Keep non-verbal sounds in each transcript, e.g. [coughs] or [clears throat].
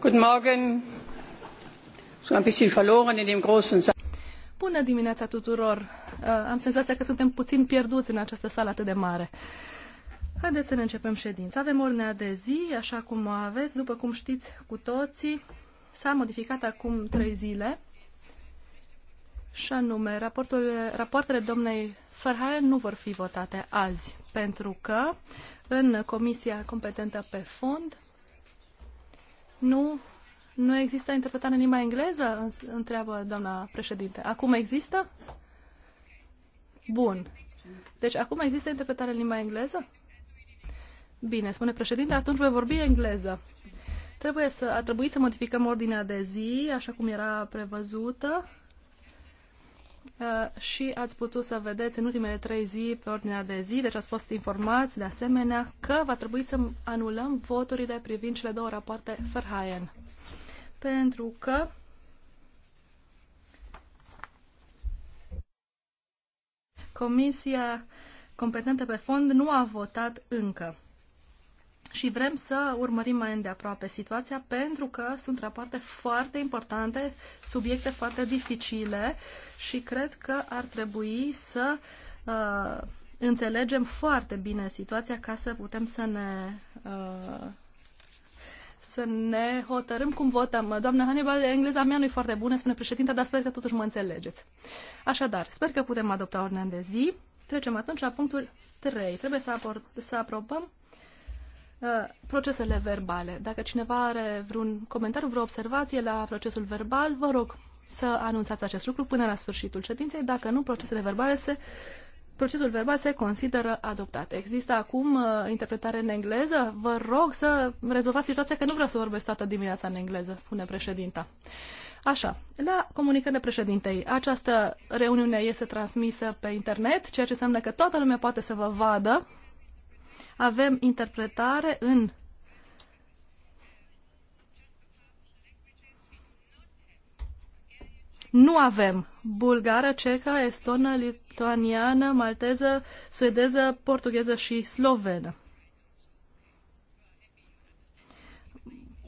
Guten Morgen. verloren in dem großen Saal. Bună dimineața tuturor! Uh, am senzația că suntem puțin pierduți în această sală atât de mare. Haideți să ne începem ședința. Avem ordinea de zi, așa cum o aveți. După cum știți cu toții, s-a modificat acum trei zile și anume, raporturile, rapoartele domnei Ferhaien nu vor fi votate azi, pentru că în comisia competentă pe fond nu, nu există interpretare în limba engleză? Întreabă doamna președinte. Acum există? Bun. Deci acum există interpretare în limba engleză? Bine, spune președinte, atunci voi vorbi engleză. Trebuie să, a trebuit să modificăm ordinea de zi, așa cum era prevăzută. Uh, și ați putut să vedeți în ultimele trei zile pe ordinea de zi, deci ați fost informați de asemenea că va trebui să anulăm voturile privind cele două rapoarte Ferhaien. Pentru că Comisia competentă pe fond nu a votat încă și vrem să urmărim mai îndeaproape situația pentru că sunt rapoarte foarte importante, subiecte foarte dificile și cred că ar trebui să uh, înțelegem foarte bine situația ca să putem să ne uh, să ne hotărâm cum votăm. Doamna Hannibal, engleza mea nu e foarte bună, spune președinta, dar sper că totuși mă înțelegeți. Așadar, sper că putem adopta ordinea de zi. Trecem atunci la punctul 3. Trebuie să, apor- să aprobăm Uh, procesele verbale. Dacă cineva are vreun comentariu, vreo observație la procesul verbal, vă rog să anunțați acest lucru până la sfârșitul ședinței. Dacă nu, procesele verbale se, procesul verbal se consideră adoptat. Există acum uh, interpretare în engleză? Vă rog să rezolvați situația că nu vreau să vorbesc toată dimineața în engleză, spune președinta. Așa, la comunicările președintei, această reuniune este transmisă pe internet, ceea ce înseamnă că toată lumea poate să vă vadă, avem interpretare în Nu avem bulgară, cecă, estonă, lituaniană, malteză, suedeză, portugheză și slovenă.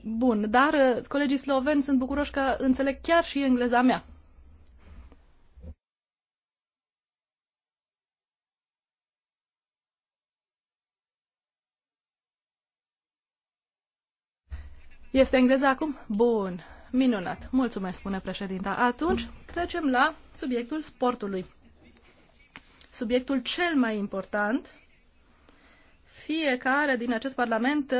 Bun, dar uh, colegii sloveni sunt bucuroși că înțeleg chiar și engleza mea. Este engleză acum? Bun. Minunat. Mulțumesc, spune președinta. Atunci trecem la subiectul sportului. Subiectul cel mai important. Fiecare din acest parlament uh,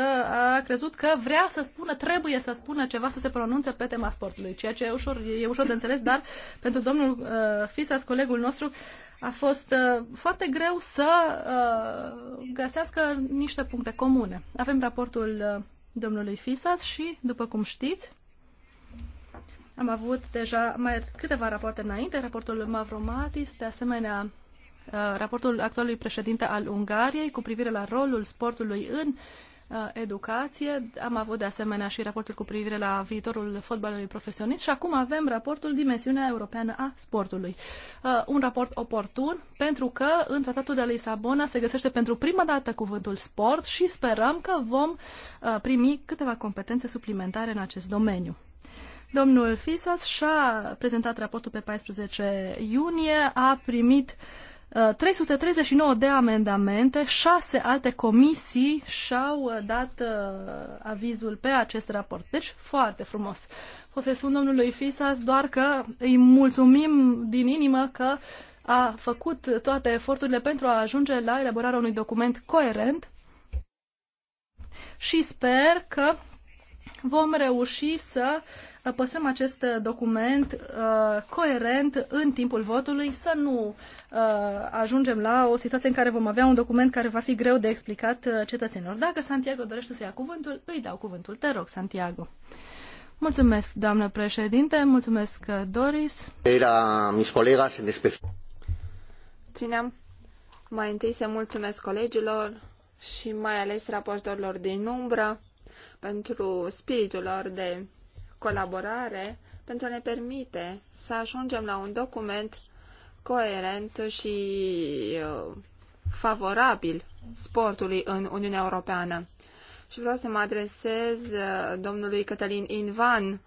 a crezut că vrea să spună, trebuie să spună ceva, să se pronunțe pe tema sportului, ceea ce e ușor, e ușor de înțeles, dar pentru domnul uh, Fisas, colegul nostru, a fost uh, foarte greu să uh, găsească niște puncte comune. Avem raportul uh, domnului Fisas și, după cum știți, am avut deja mai câteva rapoarte înainte, raportul Mavromatis, de asemenea uh, raportul actualului președinte al Ungariei cu privire la rolul sportului în Uh, educație. Am avut de asemenea și raportul cu privire la viitorul fotbalului profesionist și acum avem raportul Dimensiunea Europeană a Sportului. Uh, un raport oportun pentru că în Tratatul de Lisabona se găsește pentru prima dată cuvântul sport și sperăm că vom uh, primi câteva competențe suplimentare în acest domeniu. Domnul Fisas și-a prezentat raportul pe 14 iunie, a primit uh, 339 uh, de amendamente, 6 alte comisii și-au uh, dat uh, avizul pe acest raport. Deci foarte frumos. O să-i spun domnului Fisas doar că îi mulțumim din inimă că a făcut toate eforturile pentru a ajunge la elaborarea unui document coerent și sper că vom reuși să uh, păstrăm acest uh, document uh, coerent în timpul votului, să nu uh, ajungem la o situație în care vom avea un document care va fi greu de explicat uh, cetățenilor. Dacă Santiago dorește să ia cuvântul, îi dau cuvântul. Te rog, Santiago. Mulțumesc, doamnă președinte, mulțumesc, uh, Doris. Era mis colegas în Țineam mai întâi să mulțumesc colegilor și mai ales raportorilor din umbră pentru spiritul lor de colaborare pentru a ne permite să ajungem la un document coerent și uh, favorabil sportului în Uniunea Europeană. Și vreau să mă adresez uh, domnului Cătălin Invan,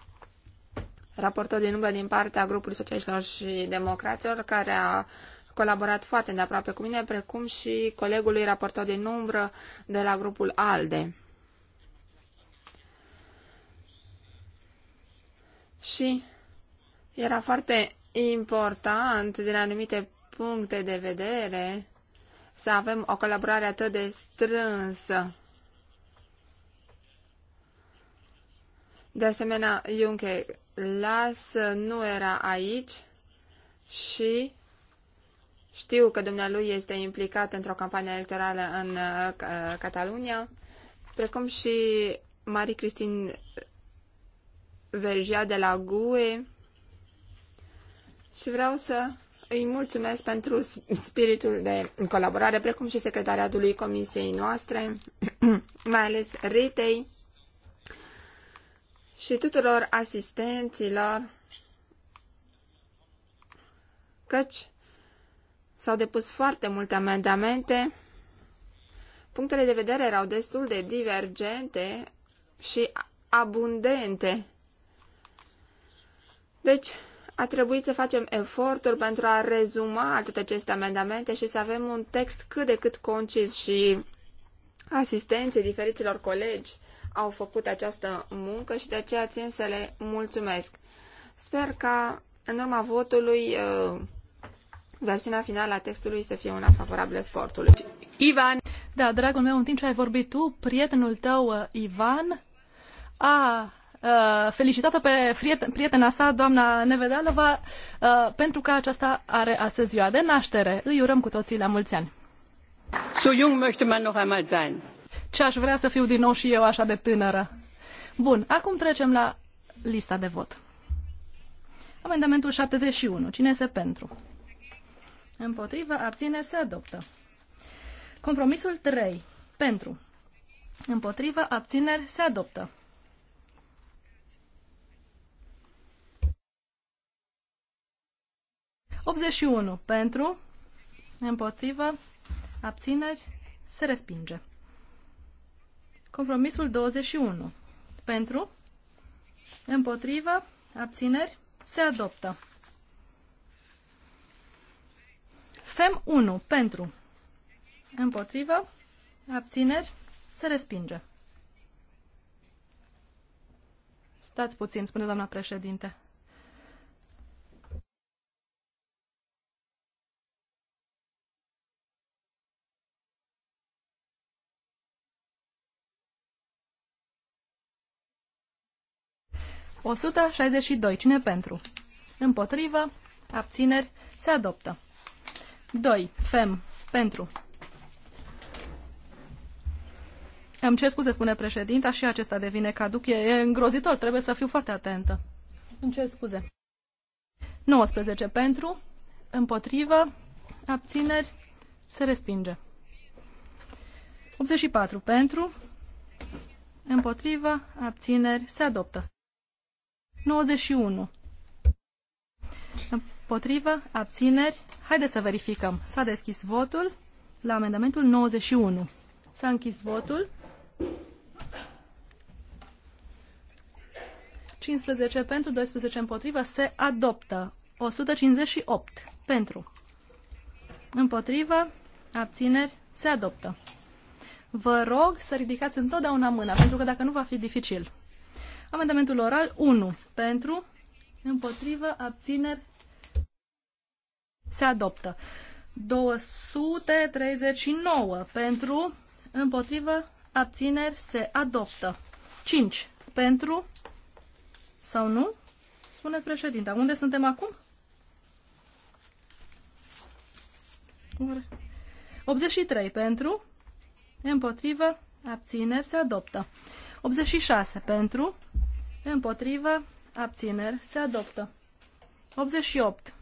raportor din umbră din partea grupului socialiștilor și democraților, care a colaborat foarte de aproape cu mine, precum și colegului raportor din umbră de la grupul ALDE. și era foarte important din anumite puncte de vedere să avem o colaborare atât de strânsă. De asemenea, Iunche Las nu era aici și știu că dumnealui este implicat într-o campanie electorală în uh, Catalunia, precum și Marie-Christine Vergia de la GUE și vreau să îi mulțumesc pentru spiritul de colaborare, precum și secretariatului comisiei noastre, [clears throat] mai ales Ritei și tuturor asistenților, căci s-au depus foarte multe amendamente, punctele de vedere erau destul de divergente și abundente deci, a trebuit să facem eforturi pentru a rezuma toate aceste amendamente și să avem un text cât de cât concis și asistenții diferiților colegi au făcut această muncă și de aceea țin să le mulțumesc. Sper ca în urma votului uh, versiunea finală a textului să fie una favorabilă sportului. Ivan! Da, dragul meu, în timp ce ai vorbit tu, prietenul tău, uh, Ivan, a Uh, felicitată pe prietena sa, doamna Nevedalova, uh, pentru că aceasta are astăzi ziua de naștere. Îi urăm cu toții la mulți ani. So jung möchte man noch einmal sein. Ce aș vrea să fiu din nou și eu așa de tânără. Bun, acum trecem la lista de vot. Amendamentul 71. Cine este pentru? Împotrivă, abțineri, se adoptă. Compromisul 3. Pentru. Împotrivă, abțineri, se adoptă. 81 pentru, împotrivă, abțineri, se respinge. Compromisul 21 pentru, împotrivă, abțineri, se adoptă. FEM 1 pentru, împotrivă, abțineri, se respinge. Stați puțin, spune doamna președinte. 162. Cine pentru? Împotrivă. Abțineri. Se adoptă. 2. Fem. Pentru. Îmi cer scuze, spune președinta, și acesta devine caduc. E, e îngrozitor, trebuie să fiu foarte atentă. Îmi cer scuze. 19 pentru, împotrivă, abțineri, se respinge. 84 pentru, împotrivă, abțineri, se adoptă. 91. Împotrivă, abțineri. Haideți să verificăm. S-a deschis votul la amendamentul 91. S-a închis votul. 15 pentru, 12 împotrivă, se adoptă. 158 pentru. Împotrivă, abțineri, se adoptă. Vă rog să ridicați întotdeauna mâna, pentru că dacă nu va fi dificil. Amendamentul oral 1. Pentru, împotrivă, abțineri, se adoptă. 239. Pentru, împotrivă, abțineri, se adoptă. 5. Pentru sau nu? Spune președinta. Unde suntem acum? 83 pentru, împotrivă, abțineri, se adoptă. 86 pentru, Împotrivă. Abțineri. Se adoptă. 88.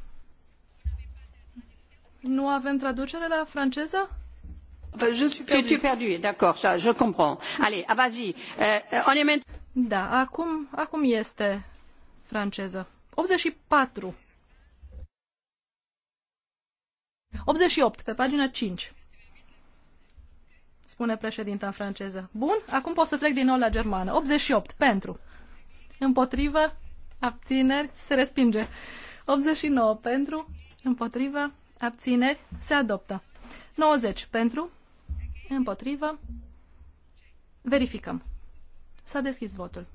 Nu avem traducere la franceză? Je suis perdu. Tu es perdu, d'accord, ça, je comprends. Allez, ah, vas-y. Euh, on est maintenant... Da, acum, acum este franceză. 84. 88, pe pagina 5. Spune președinta în franceză. Bun, acum pot să trec din nou la germană. 88, pentru împotrivă, abțineri, se respinge. 89 pentru, împotrivă, abțineri, se adoptă. 90 pentru, împotrivă, verificăm. S-a deschis votul.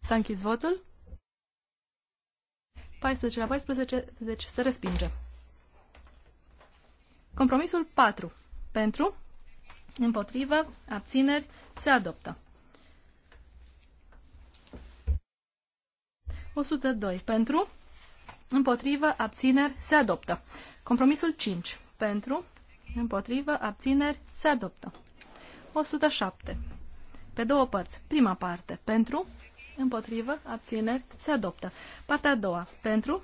S-a închis votul. 14 la 14, deci se respinge. Compromisul 4. Pentru, Împotrivă, abțineri, se adoptă. 102. Pentru, împotrivă, abțineri, se adoptă. Compromisul 5. Pentru, împotrivă, abțineri, se adoptă. 107. Pe două părți. Prima parte. Pentru, împotrivă, abțineri, se adoptă. Partea a doua. Pentru,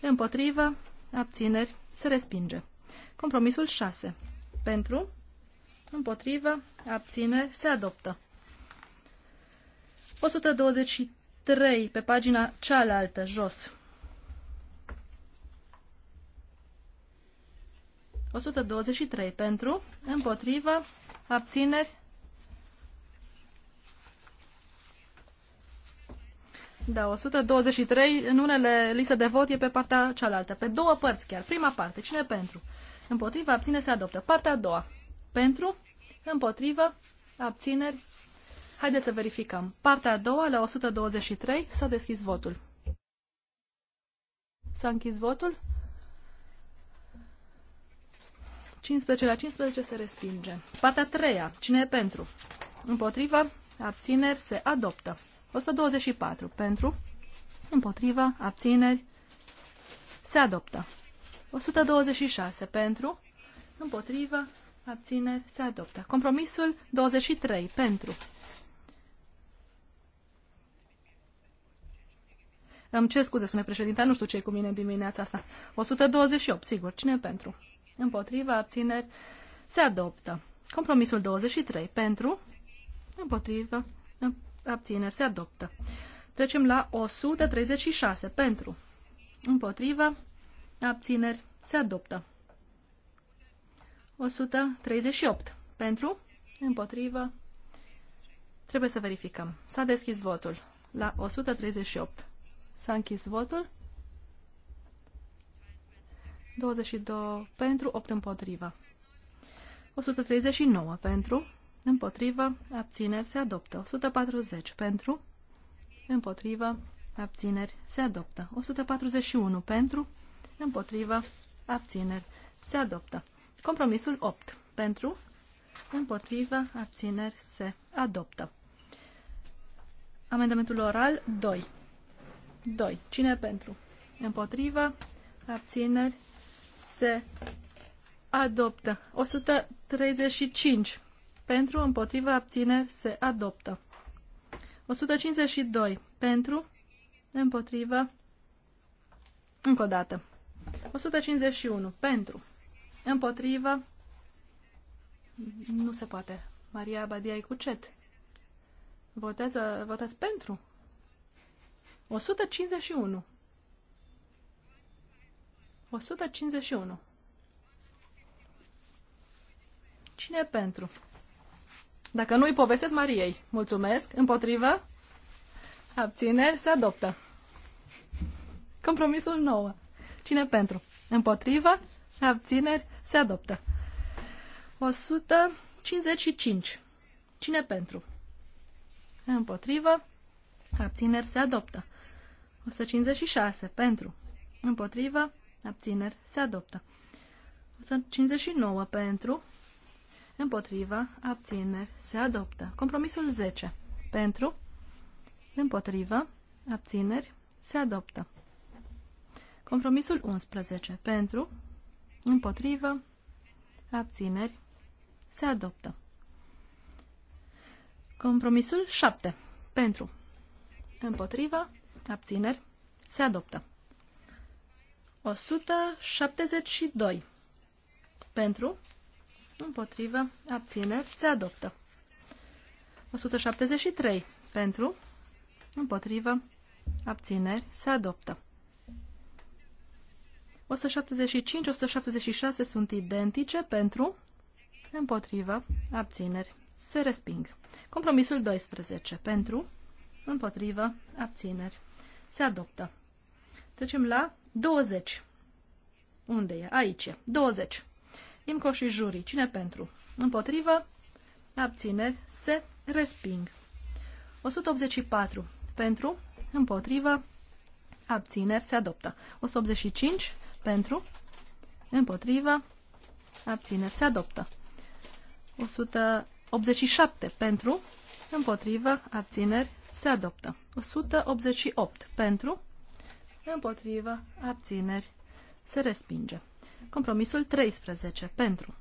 împotrivă, abțineri, se respinge. Compromisul 6. Pentru, împotrivă, abține, se adoptă. 123 pe pagina cealaltă, jos. 123 pentru, împotrivă, abțineri. Da, 123 în unele liste de vot e pe partea cealaltă, pe două părți chiar. Prima parte, cine pentru? Împotriva, abține, se adoptă. Partea a doua, pentru, împotrivă, abțineri. Haideți să verificăm. Partea a doua, la 123, s-a deschis votul. S-a închis votul. 15 la 15 se respinge. Partea a treia, cine e pentru? Împotrivă, abțineri, se adoptă. 124, pentru, împotrivă, abțineri, se adoptă. 126, pentru, împotrivă, abțineri, se adoptă. Compromisul 23, pentru. Îmi cer scuze, spune președinta, nu știu ce e cu mine dimineața asta. 128, sigur, cine pentru? Împotriva, abțineri, se adoptă. Compromisul 23, pentru, împotriva, abțineri, se adoptă. Trecem la 136, pentru, împotriva, abțineri, se adoptă. 138. Pentru? Împotrivă? Trebuie să verificăm. S-a deschis votul la 138. S-a închis votul. 22 pentru, 8 împotrivă. 139 pentru, împotrivă, abțineri, se adoptă. 140 pentru, împotrivă, abțineri, se adoptă. 141 pentru, împotrivă, abțineri, se adoptă. Compromisul 8. Pentru, împotrivă, abțineri, se adoptă. Amendamentul oral 2. 2. Cine pentru? Împotrivă, abțineri, se adoptă. 135. Pentru, împotrivă, abțineri, se adoptă. 152. Pentru, împotrivă, încă o dată. 151. Pentru, Împotrivă. Nu se poate. Maria Abadia e cucet. Votează, votați pentru. 151. 151. Cine pentru? Dacă nu i povestesc Mariei. Mulțumesc. Împotrivă? Abțineri? Se adoptă. Compromisul nouă. Cine pentru? Împotrivă? abțineri, se adoptă. 155. Cine pentru? Împotrivă, abțineri, se adoptă. 156. Pentru. Împotrivă, abțineri, se adoptă. 159. Pentru. Împotrivă. abțineri, se adoptă. Compromisul 10. Pentru. Împotrivă, abțineri, se adoptă. Compromisul 11. Pentru, Împotrivă. Abțineri. Se adoptă. Compromisul 7. Pentru. Împotrivă. Abțineri. Se adoptă. 172. Pentru. Împotrivă. Abțineri. Se adoptă. 173. Pentru. Împotrivă. Abțineri. Se adoptă. 175, 176 sunt identice pentru, împotriva, abțineri, se resping. Compromisul 12 pentru, împotriva, abțineri, se adoptă. Trecem la 20. Unde e? Aici e. 20. Imco și jurii. Cine pentru? Împotrivă. Abțineri. Se resping. 184. Pentru. Împotrivă. Abțineri. Se adoptă. 185 pentru, împotrivă, abțineri se adoptă. 187 pentru, împotrivă, abțineri se adoptă. 188 pentru, împotrivă, abțineri se respinge. Compromisul 13 pentru,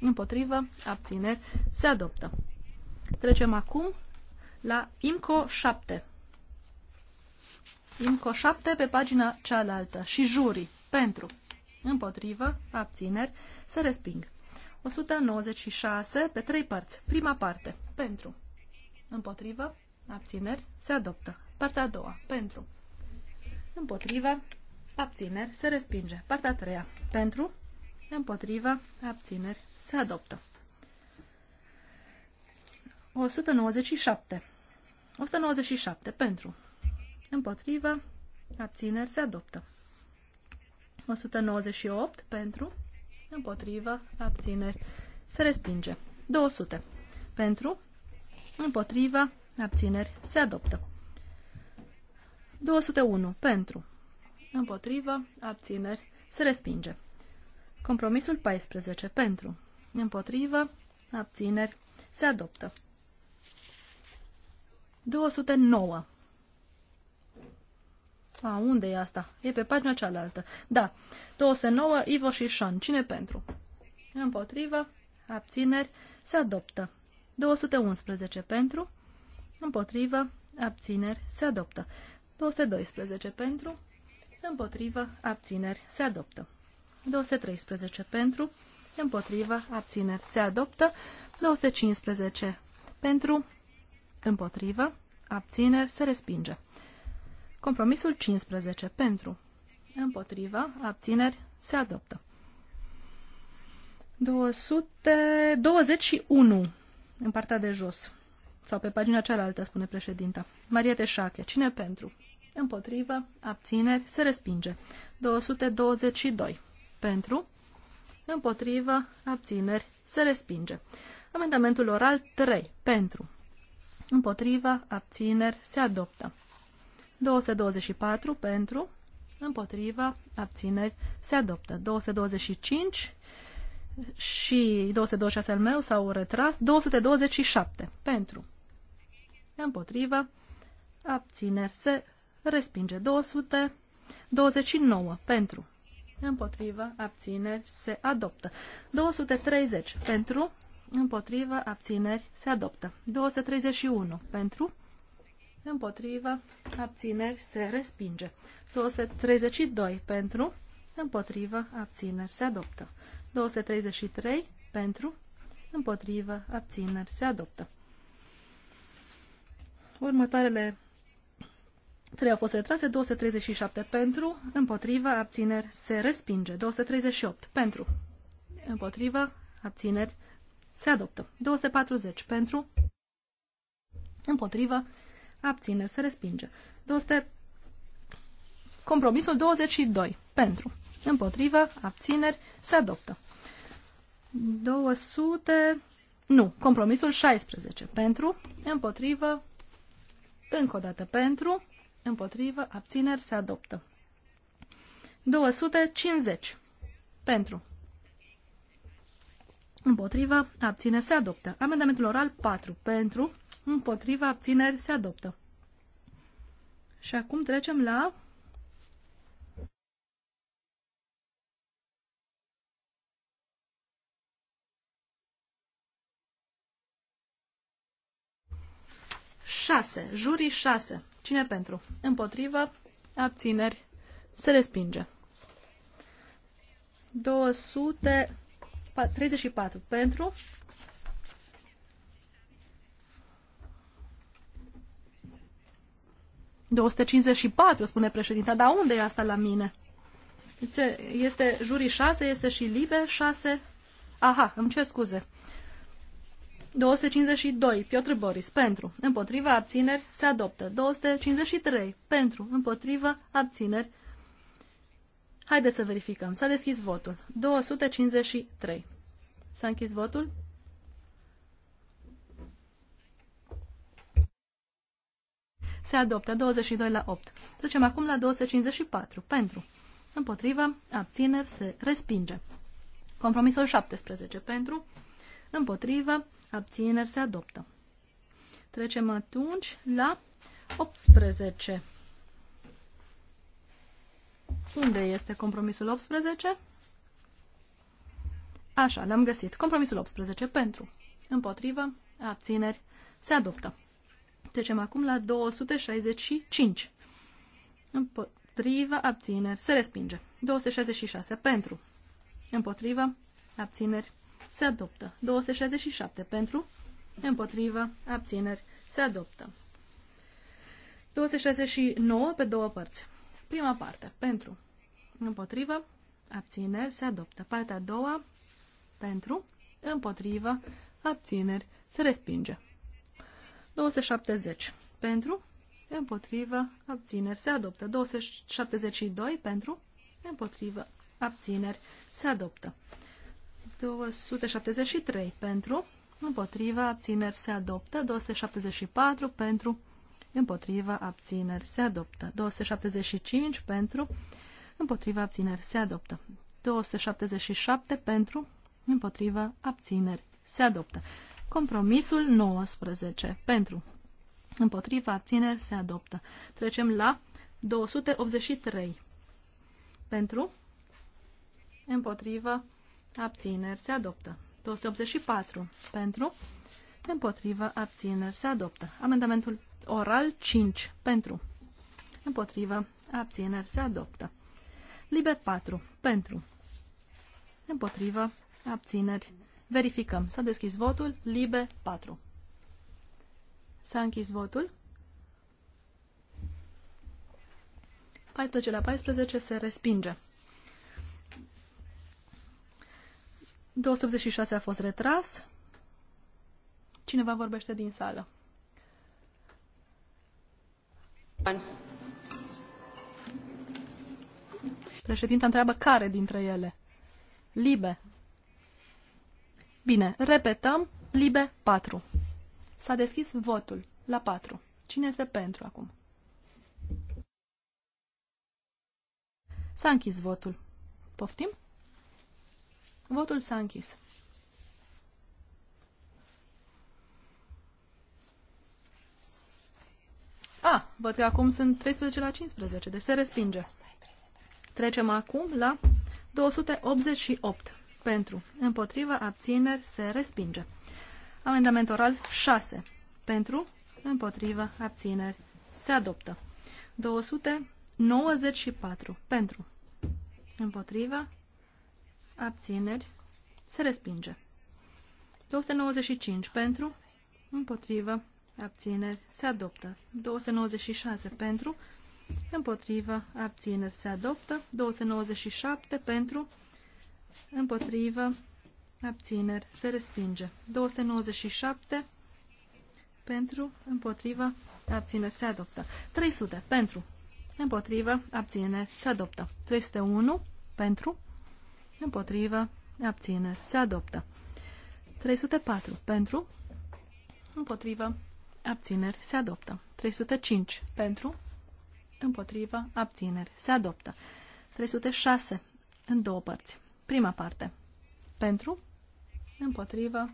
împotrivă, abțineri se adoptă. Trecem acum la IMCO 7. IMCO 7 pe pagina cealaltă și jurii. Pentru. Împotrivă. Abțineri. Se resping. 196 pe trei părți. Prima parte. Pentru. Împotrivă. Abțineri. Se adoptă. Partea a doua. Pentru. Împotrivă. Abțineri. Se respinge. Partea a treia. Pentru. Împotrivă. Abțineri. Se adoptă. 197. 197. Pentru. Împotrivă. Abțineri. Se adoptă. 198 pentru, împotriva, abțineri, se respinge. 200 pentru, împotriva, abțineri, se adoptă. 201 pentru, împotriva, abțineri, se respinge. Compromisul 14 pentru, împotriva, abțineri, se adoptă. 209 a, unde e asta? E pe pagina cealaltă. Da. 209, Ivo și Sean. Cine pentru? Împotrivă. Abțineri. Se adoptă. 211 pentru. Împotrivă. Abțineri. Se adoptă. 212 pentru. Împotrivă. Abțineri. Se adoptă. 213 pentru. Împotrivă. Abțineri. Se adoptă. 215 pentru. Împotrivă. Abțineri. Se respinge. Compromisul 15 pentru. Împotriva, abțineri, se adoptă. 221 în partea de jos. Sau pe pagina cealaltă, spune președinta. Maria Teșache, cine pentru? Împotrivă, abțineri, se respinge. 222 pentru, împotrivă, abțineri, se respinge. Amendamentul oral 3 pentru, împotrivă, abțineri, se adoptă. 224 pentru, împotriva, abțineri, se adoptă. 225 și 226 al meu s-au retras. 227 pentru, împotriva, abțineri, se respinge. 229 pentru, împotriva, abțineri, se adoptă. 230 pentru, împotriva, abțineri, se adoptă. 231 pentru, împotrivă, abțineri, se respinge. 232 pentru, împotrivă, abțineri, se adoptă. 233 pentru, împotrivă, abțineri, se adoptă. Următoarele trei au fost retrase, 237 pentru, împotrivă, abțineri, se respinge. 238 pentru, împotrivă, abțineri, se adoptă. 240 pentru, împotrivă, abțineri, se respinge. 200... Compromisul 22, pentru, împotrivă, abțineri, se adoptă. 200... Nu, compromisul 16, pentru, împotrivă, încă o dată pentru, împotrivă, abțineri, se adoptă. 250, pentru, Împotrivă, abțineri se adoptă. Amendamentul oral 4 pentru, împotriva, abțineri, se adoptă. Și acum trecem la șase, jurii șase. Cine pentru? Împotrivă, abțineri, se respinge. 234 pentru, 254, spune președinta. Dar unde e asta la mine? Zice, este jurii 6, este și libe 6. Aha, îmi ce scuze. 252. Piotr Boris. Pentru. Împotriva abțineri. Se adoptă. 253. Pentru. Împotriva abțineri. Haideți să verificăm. S-a deschis votul. 253. S-a închis votul. Se adoptă 22 la 8. Trecem acum la 254. Pentru. Împotrivă. Abțineri. Se respinge. Compromisul 17. Pentru. Împotrivă. Abțineri. Se adoptă. Trecem atunci la 18. Unde este compromisul 18? Așa, l-am găsit. Compromisul 18 pentru. Împotrivă, abțineri, se adoptă. Trecem acum la 265. Împotriva, abțineri, se respinge. 266 pentru. Împotriva, abțineri, se adoptă. 267 pentru. Împotriva, abțineri, se adoptă. 269 pe două părți. Prima parte, pentru. Împotrivă, abțineri, se adoptă. Partea a doua, pentru. Împotrivă, abțineri, se respinge. 270 pentru, împotrivă, abțineri, se adoptă. 272 pentru, împotrivă, abțineri, se adoptă. 273 pentru, împotrivă, abțineri, se adoptă. 274 pentru, împotrivă, abțineri, se adoptă. 275 pentru, împotrivă, abțineri, se adoptă. 277 pentru, împotrivă, abțineri, se adoptă. Compromisul 19 pentru. Împotriva abțineri se adoptă. Trecem la 283 pentru. Împotriva abțineri se adoptă. 284 pentru. Împotriva abțineri se adoptă. Amendamentul oral 5 pentru. Împotriva abțineri se adoptă. Libe 4 pentru. Împotriva abțineri se Verificăm. S-a deschis votul. Libe 4. S-a închis votul. 14 la 14 se respinge. 286 a fost retras. Cineva vorbește din sală. Președinta întreabă care dintre ele. Libe Bine, repetăm. Libe 4. S-a deschis votul la 4. Cine este pentru acum? S-a închis votul. Poftim? Votul s-a închis. A, văd că acum sunt 13 la 15, deci se respinge. Trecem acum la 288 pentru, împotrivă, abțineri, se respinge. Amendament oral 6, pentru, împotrivă, abțineri, se adoptă. 294, pentru, împotrivă, abțineri, se respinge. 295, pentru, împotrivă, abțineri, se adoptă. 296, pentru, împotrivă, abțineri, se adoptă. 297, pentru, împotrivă, împotrivă, abțineri, se respinge. 297 pentru, împotrivă, abțineri, se adoptă. 300 pentru, împotrivă, abțineri, se adoptă. 301 pentru, împotrivă, abțineri, se adoptă. 304 pentru, împotrivă, abțineri, se adoptă. 305 pentru, împotrivă, abțineri, se adoptă. 306 în două părți. Prima parte. Pentru, împotrivă,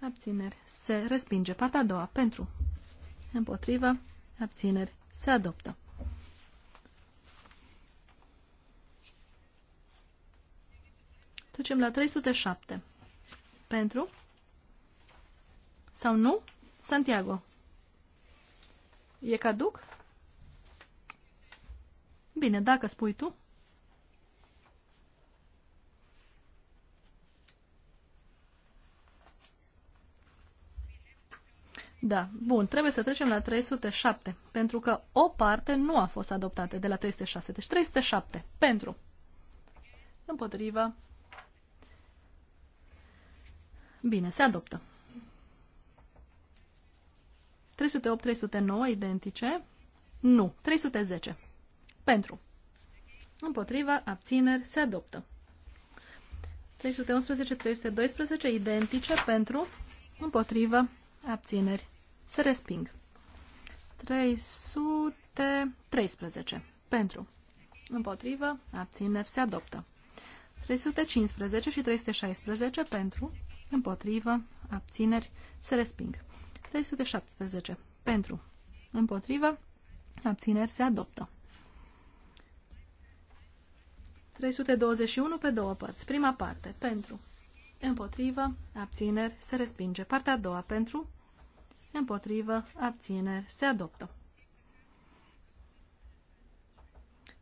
abțineri, se respinge. Partea a doua. Pentru, împotrivă, abțineri, se adoptă. Ducem la 307. Pentru? Sau nu? Santiago. E caduc? Bine, dacă spui tu. Da, bun, trebuie să trecem la 307, pentru că o parte nu a fost adoptată de la 306. Deci 307, pentru, împotrivă, bine, se adoptă. 308-309 identice? Nu. 310. Pentru. Împotriva, abțineri, se adoptă. 311-312 identice pentru, împotrivă, abțineri, se resping. 313. Pentru. Împotrivă. Abțineri. Se adoptă. 315 și 316. Pentru. Împotrivă. Abțineri. Se resping. 317. Pentru. Împotrivă. Abțineri. Se adoptă. 321 pe două părți. Prima parte. Pentru. Împotrivă. Abțineri. Se respinge. Partea a doua. Pentru împotrivă, abțineri, se adoptă.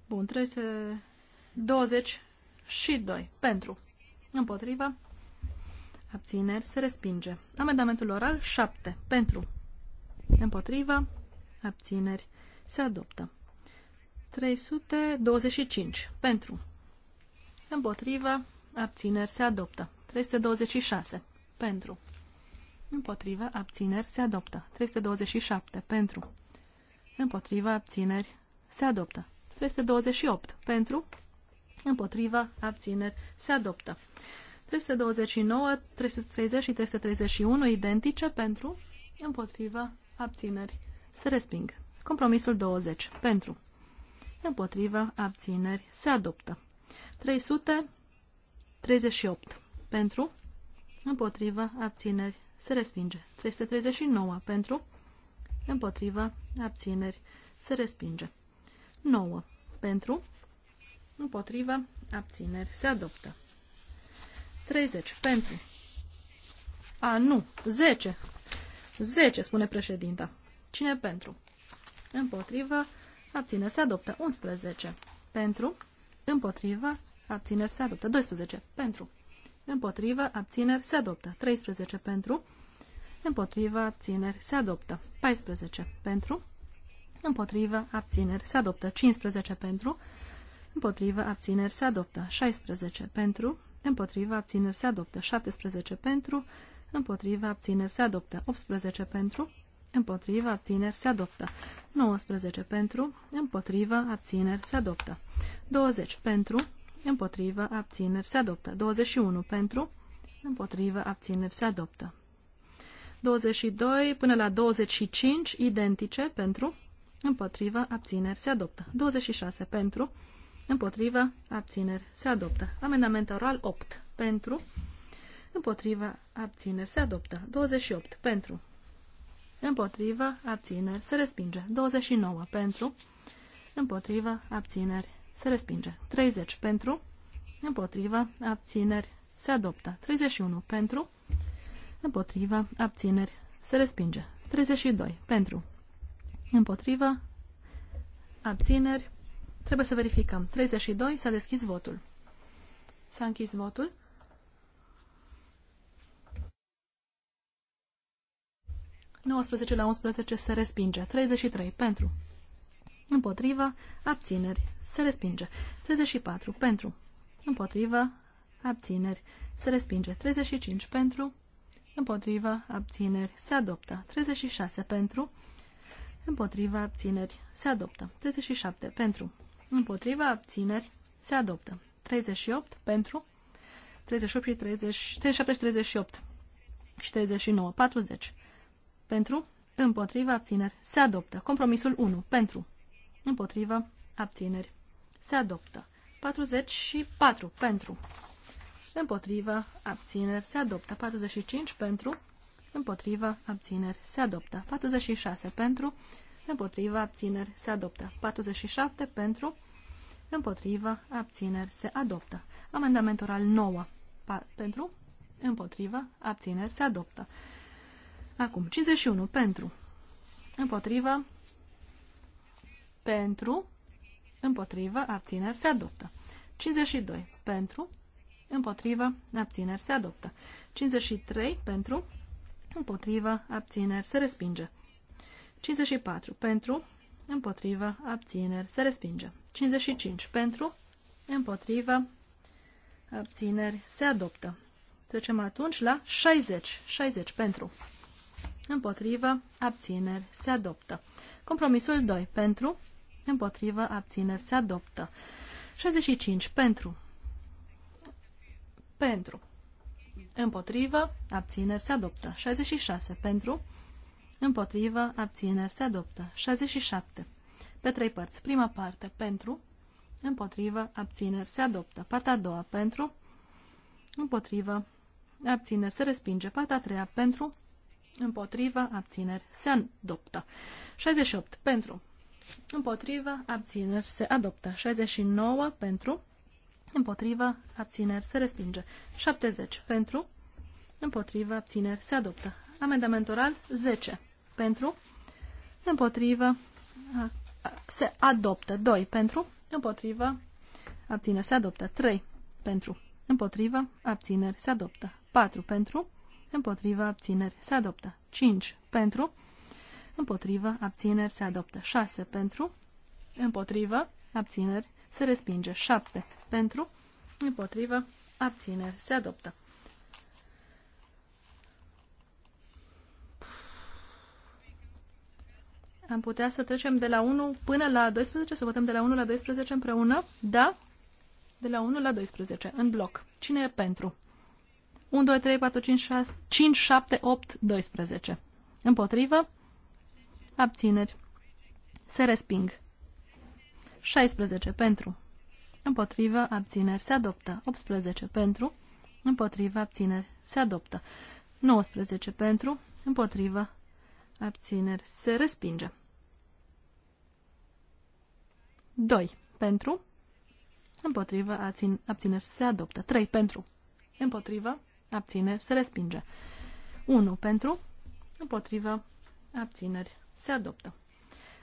Bun, 320 și 2 pentru, împotrivă, abțineri, se respinge. Amendamentul oral 7 pentru, împotrivă, abțineri, se adoptă. 325 pentru, împotrivă, abțineri, se adoptă. 326 pentru, Împotrivă, abțineri, se adoptă. 327. Pentru. Împotrivă, abțineri, se adoptă. 328. Pentru. Împotrivă, abțineri, se adoptă. 329, 330 și 331 identice pentru, împotrivă, abțineri, se resping. Compromisul 20. Pentru. Împotrivă, abțineri, se adoptă. 338. Pentru. Împotrivă, abțineri, se respinge. 339 pentru, împotriva, abțineri, se respinge. 9 pentru, împotriva, abțineri, se adoptă. 30 pentru. A, nu, 10. 10, spune președinta. Cine pentru? Împotrivă, abțineri, se adoptă. 11 pentru, împotrivă, abțineri, se adoptă. 12 pentru, împotrivă, abțineri, se adoptă. 13 pentru, împotrivă, abțineri, se adoptă. 14 pentru, împotrivă, abțineri, se adoptă. 15 pentru, împotrivă, abțineri, se adoptă. 16 pentru, împotrivă, abțineri, se adoptă. 17 pentru, împotrivă, abțineri, se adoptă. 18 pentru, Împotrivă, abțineri, se adoptă. 19 pentru, împotrivă, abțineri, se adoptă. 20 pentru, împotrivă, abțineri, se adoptă. 21 pentru, împotrivă, abțineri, se adoptă. 22 până la 25, identice, pentru, împotrivă, abțineri, se adoptă. 26 pentru, împotrivă, abțineri, se adoptă. Amendament oral 8 pentru, împotrivă, abțineri, se adoptă. 28 pentru, împotrivă, abțineri, se respinge. 29 pentru, împotrivă, abțineri, se respinge. 30 pentru. Împotriva. Abțineri. Se adoptă. 31 pentru. Împotriva. Abțineri. Se respinge. 32 pentru. Împotriva. Abțineri. Trebuie să verificăm. 32. S-a deschis votul. S-a închis votul. la 11 se respinge. 33 pentru. Împotrivă. Abțineri. Se respinge. 34. Pentru. Împotrivă. Abțineri. Se respinge. 35. Pentru. Împotrivă. Abțineri. Se adoptă. 36. Pentru. Împotrivă. Abțineri. Se adoptă. 37. Pentru. Împotrivă. Abțineri. Se adoptă. 38. Pentru. 38 și 30, 37 și 38 și 39. 40. Pentru. împotriva Abțineri. Se adoptă. Compromisul 1. Pentru. Împotrivă. Abțineri. Se adoptă. 44 pentru. Împotrivă. Abțineri. Se adoptă. 45 pentru. Împotrivă. Abțineri. Se adoptă. 46 pentru. Împotrivă. Abțineri. Se adoptă. 47 pentru. Împotrivă. Abțineri. Se adoptă. Amendament oral 9. Pa pentru. Împotrivă. Abțineri. Se adoptă. Acum, 51 pentru. Împotrivă pentru, împotrivă, abțineri, se adoptă. 52 pentru, împotrivă, abțineri, se adoptă. 53 pentru, împotrivă, abțineri, se respinge. 54 pentru, împotrivă, abțineri, se respinge. 55 pentru, împotrivă, abțineri, se adoptă. Trecem atunci la 60. 60 pentru. Împotrivă, abțineri, se adoptă. Compromisul 2. Pentru, împotrivă, abțineri, se adoptă. 65 pentru, pentru, împotrivă, abțineri, se adoptă. 66 pentru, împotrivă, abțineri, se adoptă. 67 pe trei părți. Prima parte, pentru, împotrivă, abțineri, se adoptă. Partea a doua, pentru, împotrivă, abțineri, se respinge. Partea a treia, pentru, împotrivă, abțineri, se adoptă. 68, pentru, împotrivă, abțineri, se adoptă. 69 pentru, împotrivă, abțineri, se respinge. 70 pentru, împotrivă, abțineri, se adoptă. Amendament oral 10 pentru, împotrivă, se adoptă. 2 pentru, împotrivă, abțineri, se adoptă. 3 pentru, împotrivă, abțineri, se adoptă. 4 pentru, împotrivă, abțineri, se adoptă. 5 pentru, împotrivă, abțineri, se adoptă. 6 pentru, împotrivă, abțineri, se respinge. 7 pentru, împotrivă, abțineri, se adoptă. Am putea să trecem de la 1 până la 12, să votăm de la 1 la 12 împreună? Da? De la 1 la 12, în bloc. Cine e pentru? 1, 2, 3, 4, 5, 6, 5, 7, 8, 12. Împotrivă, Abțineri. Se resping. 16 pentru. Împotrivă, abțineri, se adoptă. 18 pentru. Împotrivă, abțineri, se adoptă. 19 pentru. Împotrivă, abțineri, se respinge. 2 pentru. Împotrivă, abțineri, se adoptă. 3 pentru. Împotrivă, abțineri, se respinge. 1 pentru. Împotrivă, abțineri, se adoptă.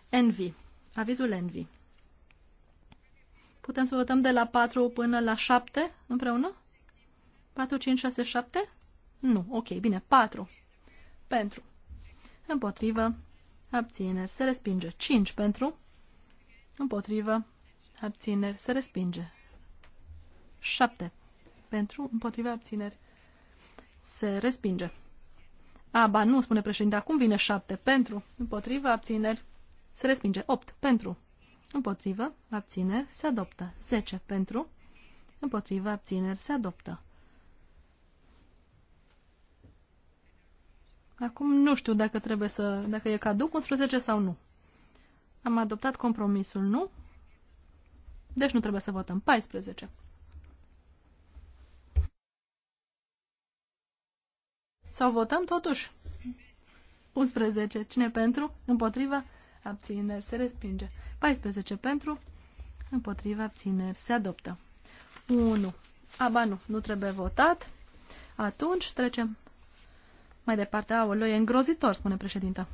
Envy. Avizul Envy. Putem să votăm de la 4 până la 7 împreună? 4, 5, 6, 7? Nu. Ok, bine. 4. Pentru. Împotrivă. Abțineri. Se respinge. 5 pentru. Împotrivă. Abțineri. Se respinge. 7. Pentru. Împotrivă. Abțineri. Se respinge. Aba nu, spune președinte, acum vine șapte pentru, împotrivă, abțineri, se respinge. opt pentru, împotrivă, abțineri, se adoptă. zece pentru, împotrivă, abțineri, se adoptă. Acum nu știu dacă trebuie să, dacă e caduc 11 sau nu. Am adoptat compromisul, nu? Deci nu trebuie să votăm. 14. Sau votăm totuși? 11. Cine pentru? Împotriva? Abțineri. Se respinge. 14. Pentru? Împotriva? Abțineri. Se adoptă. 1. Aba nu. Nu trebuie votat. Atunci trecem mai departe. Aoleu, e îngrozitor, spune președinta.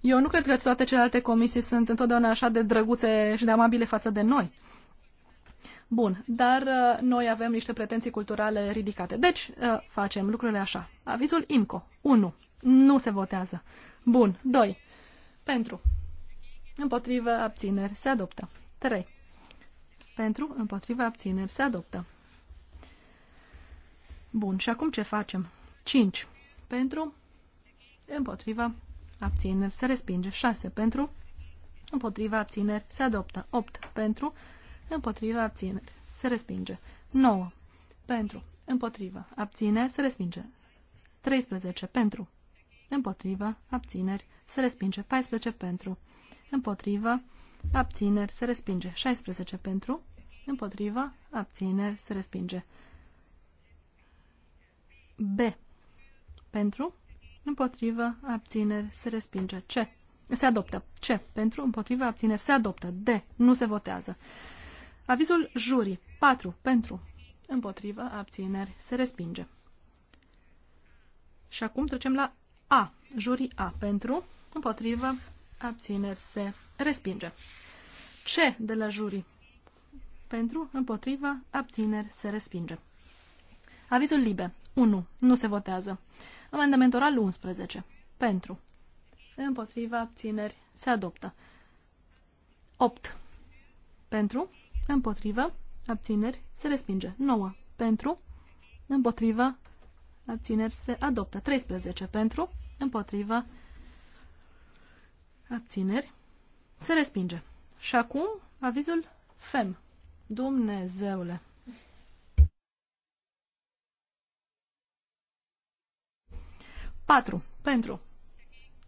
Eu nu cred că toate celelalte comisii sunt întotdeauna așa de drăguțe și de amabile față de noi. Bun, dar uh, noi avem niște pretenții culturale ridicate. Deci, uh, facem lucrurile așa. Avizul IMCO. 1. Nu se votează. Bun. 2. Pentru. Împotrivă abțineri. Se adoptă. 3. Pentru. Împotrivă abțineri. Se adoptă. Bun. Și acum ce facem? 5. Pentru. Împotrivă abțineri. Se respinge. 6. Pentru. Împotriva abțineri. Se adoptă. 8. Pentru împotriva, abțineri, se respinge. 9. Pentru, împotriva, abțineri, se respinge. 13. Pentru, împotriva, abțineri, se respinge. 14. Pentru, împotriva, abțineri, se respinge. 16. Pentru, împotriva, abțineri, se respinge. B. Pentru, împotriva abțineri, se respinge. C. Se adoptă. C. Pentru, împotriva abțineri, se adoptă. D. Nu se votează. Avizul jurii. 4. Pentru. Împotrivă. Abțineri. Se respinge. Și acum trecem la A. Jurii A. Pentru. Împotrivă. Abțineri. Se respinge. C. De la jurii. Pentru. Împotrivă. Abțineri. Se respinge. Avizul libe. 1. Nu se votează. Amendament oral 11. Pentru. Împotriva abțineri. Se adoptă. 8. Pentru împotrivă, abțineri, se respinge. 9 pentru, împotrivă, abțineri, se adoptă. 13 pentru, împotrivă, abțineri, se respinge. Și acum avizul FEM. Dumnezeule! Patru. Pentru.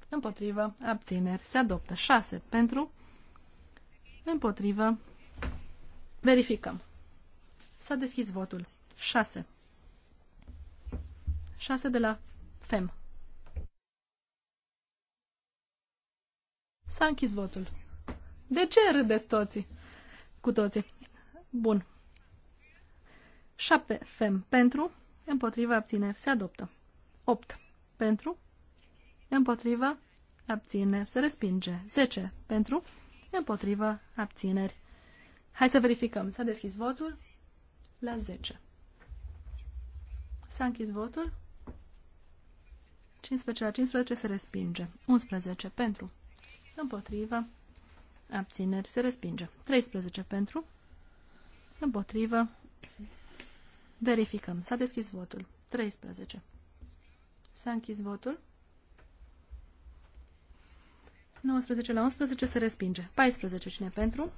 Împotrivă. Abțineri. Se adoptă. 6. Pentru. Împotrivă. Verificăm. S-a deschis votul. 6. 6 de la FEM. S-a închis votul. De ce râdeți toții? Cu toții. Bun. 7 fem pentru, împotriva abțineri, se adoptă. 8 pentru, împotriva abțineri, se respinge. 10 pentru, împotriva abțineri, Hai să verificăm. S-a deschis votul la 10. S-a închis votul. 15 la 15 se respinge. 11 pentru. Împotrivă. Abțineri se respinge. 13 pentru. Împotrivă. Verificăm. S-a deschis votul. 13. S-a închis votul. 19 la 11 se respinge. 14 cine pentru?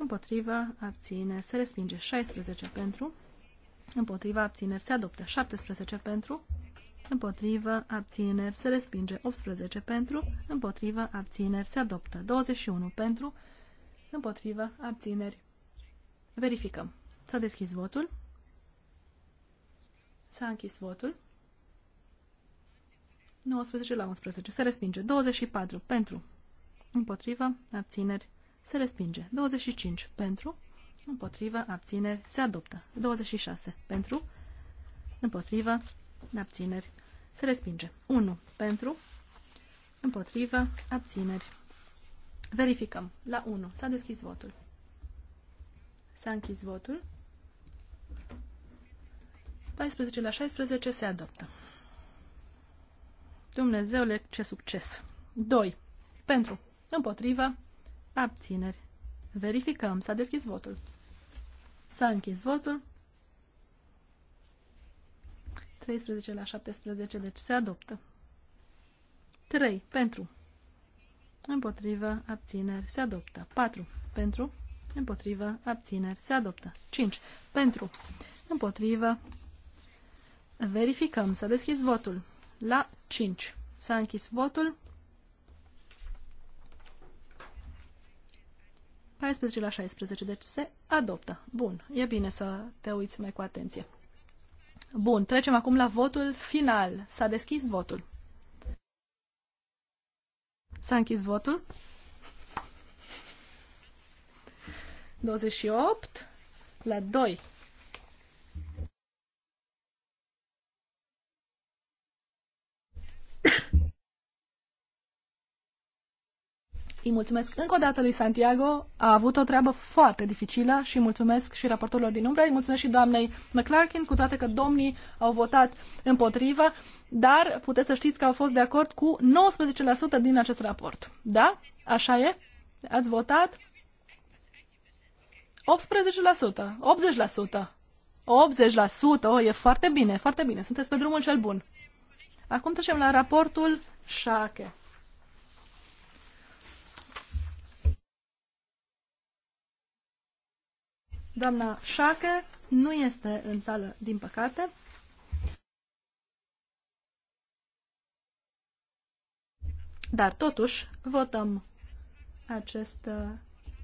împotriva abțineri se respinge 16 pentru, împotriva abțineri se adoptă 17 pentru, împotriva abțineri se respinge 18 pentru, împotriva abțineri se adoptă 21 pentru, împotriva abțineri. Verificăm. S-a deschis votul. S-a închis votul. 19 la 11. Se respinge. 24 pentru. Împotriva. Abțineri. Se respinge. 25 pentru. Împotrivă. Abțineri. Se adoptă. 26 pentru. Împotrivă. Abțineri. Se respinge. 1 pentru. Împotrivă. Abțineri. Verificăm. La 1. S-a deschis votul. S-a închis votul. 14 la 16 se adoptă. Dumnezeule, ce succes! 2. Pentru. Împotrivă. Abțineri. Verificăm. S-a deschis votul. S-a închis votul. 13 la 17, deci se adoptă. 3. Pentru. Împotrivă, abțineri, se adoptă. 4. Pentru. Împotrivă, abțineri, se adoptă. 5. Pentru. Împotrivă. Verificăm. S-a deschis votul. La 5. S-a închis votul. 14 la 16, deci se adoptă. Bun, e bine să te uiți mai cu atenție. Bun, trecem acum la votul final. S-a deschis votul. S-a închis votul. 28 la 2 Îi mulțumesc încă o dată lui Santiago. A avut o treabă foarte dificilă și mulțumesc și raportorilor din umbră. Îi mulțumesc și doamnei McClarkin, cu toate că domnii au votat împotrivă, dar puteți să știți că au fost de acord cu 19% din acest raport. Da? Așa e? Ați votat? 18%, 80%. 80%, oh, e foarte bine, foarte bine. Sunteți pe drumul cel bun. Acum trecem la raportul Șache. Doamna Șache nu este în sală, din păcate. Dar totuși votăm acest uh,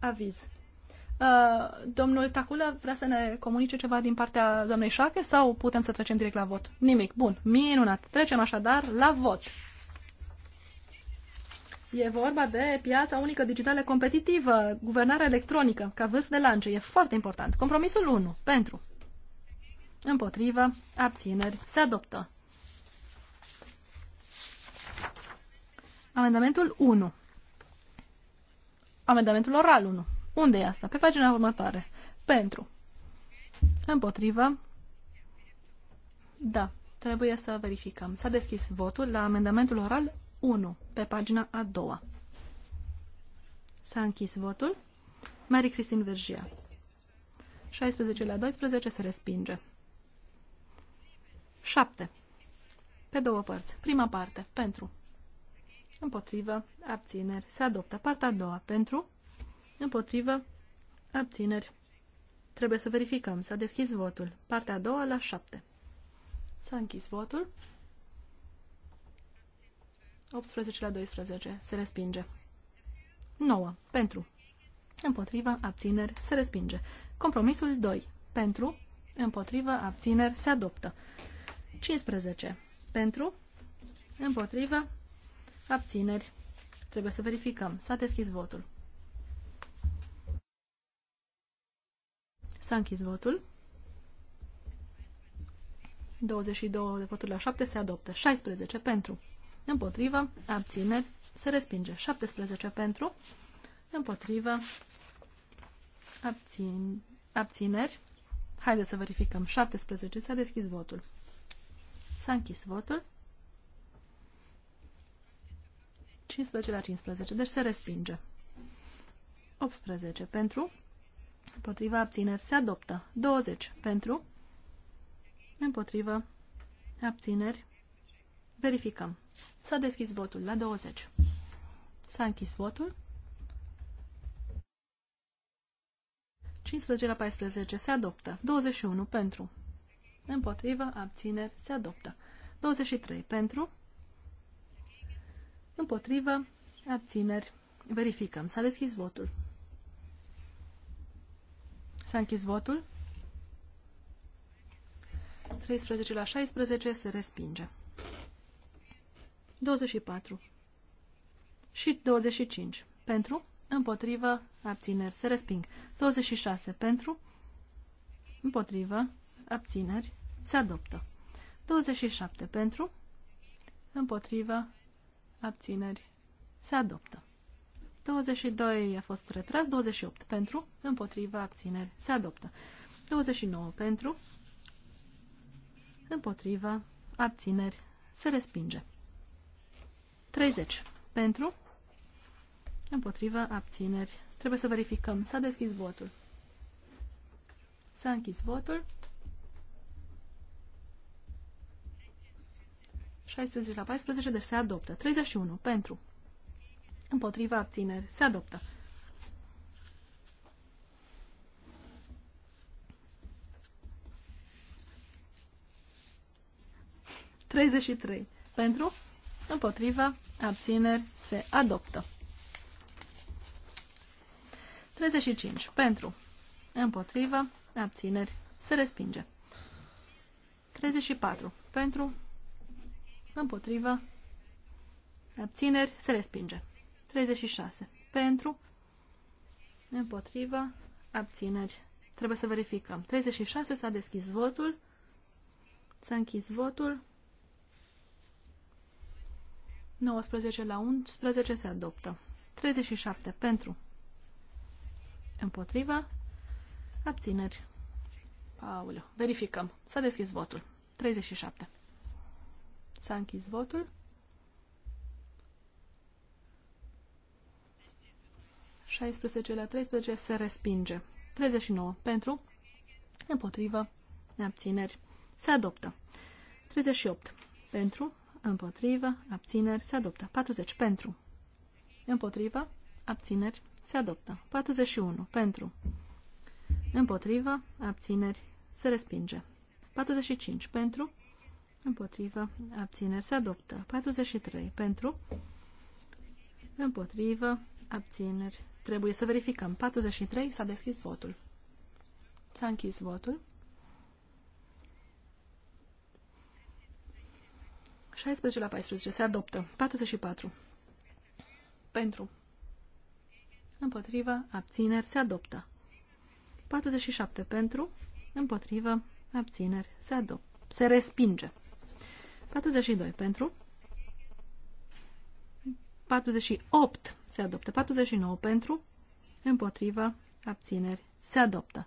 aviz. Uh, domnul Tacula vrea să ne comunice ceva din partea doamnei Șache sau putem să trecem direct la vot? Nimic. Bun. Minunat. Trecem așadar la vot. E vorba de piața unică digitală competitivă, guvernarea electronică, ca vârf de lance. E foarte important. Compromisul 1. Pentru. Împotrivă. Abțineri. Se adoptă. Amendamentul 1. Amendamentul oral 1. Unde e asta? Pe pagina următoare. Pentru. Împotrivă. Da. Trebuie să verificăm. S-a deschis votul la amendamentul oral 1, pe pagina a doua. S-a închis votul. Marie Christine Vergia. 16 la 12 se respinge. 7. Pe două părți. Prima parte. Pentru. Împotrivă. Abțineri. Se adoptă. Partea a doua. Pentru. Împotrivă. Abțineri. Trebuie să verificăm. S-a deschis votul. Partea a doua la 7. S-a închis votul. 18 la 12. Se respinge. 9. Pentru. Împotriva, abțineri, se respinge. Compromisul 2. Pentru. Împotriva, abțineri, se adoptă. 15. Pentru. Împotriva, abțineri. Trebuie să verificăm. S-a deschis votul. S-a închis votul. 22 de voturi la 7 se adoptă. 16 pentru împotrivă, abțineri, se respinge. 17 pentru, împotrivă, abțin, abțineri. Haideți să verificăm. 17 s-a deschis votul. S-a închis votul. 15 la 15, deci se respinge. 18 pentru, împotrivă, abțineri, se adoptă. 20 pentru, împotrivă, abțineri, verificăm. S-a deschis votul la 20. S-a închis votul. 15 la 14 se adoptă. 21 pentru. Împotrivă, abțineri, se adoptă. 23 pentru. Împotrivă, abțineri. Verificăm. S-a deschis votul. S-a închis votul. 13 la 16 se respinge. 24 și 25 pentru, împotrivă, abțineri, se resping. 26 pentru, împotrivă, abțineri, se adoptă. 27 pentru, împotrivă, abțineri, se adoptă. 22 a fost retras, 28 pentru, împotriva, abțineri, se adoptă. 29 pentru, împotriva, abțineri, se respinge. 30. Pentru? Împotrivă, abțineri. Trebuie să verificăm. S-a deschis votul. S-a închis votul. 16 la 14, deci se adoptă. 31. Pentru. Împotriva abțineri. Se adoptă. Treizeci și trei. Pentru? Împotriva. Abțineri. Se adoptă. 35. Pentru. Împotriva. Abțineri. Se respinge. 34. Pentru. Împotriva. Abțineri. Se respinge. 36. Pentru. Împotriva. Abțineri. Trebuie să verificăm. 36 s-a deschis votul. S-a închis votul. 19 la 11 se adoptă. 37 pentru. Împotriva. Abțineri. Paulă. Verificăm. S-a deschis votul. 37. S-a închis votul. 16 la 13 se respinge. 39 pentru. Împotrivă. Abțineri. Se adoptă. 38 pentru împotrivă, abțineri, se adoptă. 40 pentru, împotrivă, abțineri, se adoptă. 41 pentru, împotrivă, abțineri, se respinge. 45 pentru, împotrivă, abțineri, se adoptă. 43 pentru, împotrivă, abțineri, trebuie să verificăm. 43 s-a deschis votul. S-a închis votul. 16 la 14. Se adoptă. 44. Pentru. Împotrivă. Abțineri. Se adoptă. 47. Pentru. Împotrivă. Abțineri. Se adoptă. Se respinge. 42. Pentru. 48. Se adoptă. 49. Pentru. Împotrivă. Abțineri. Se adoptă.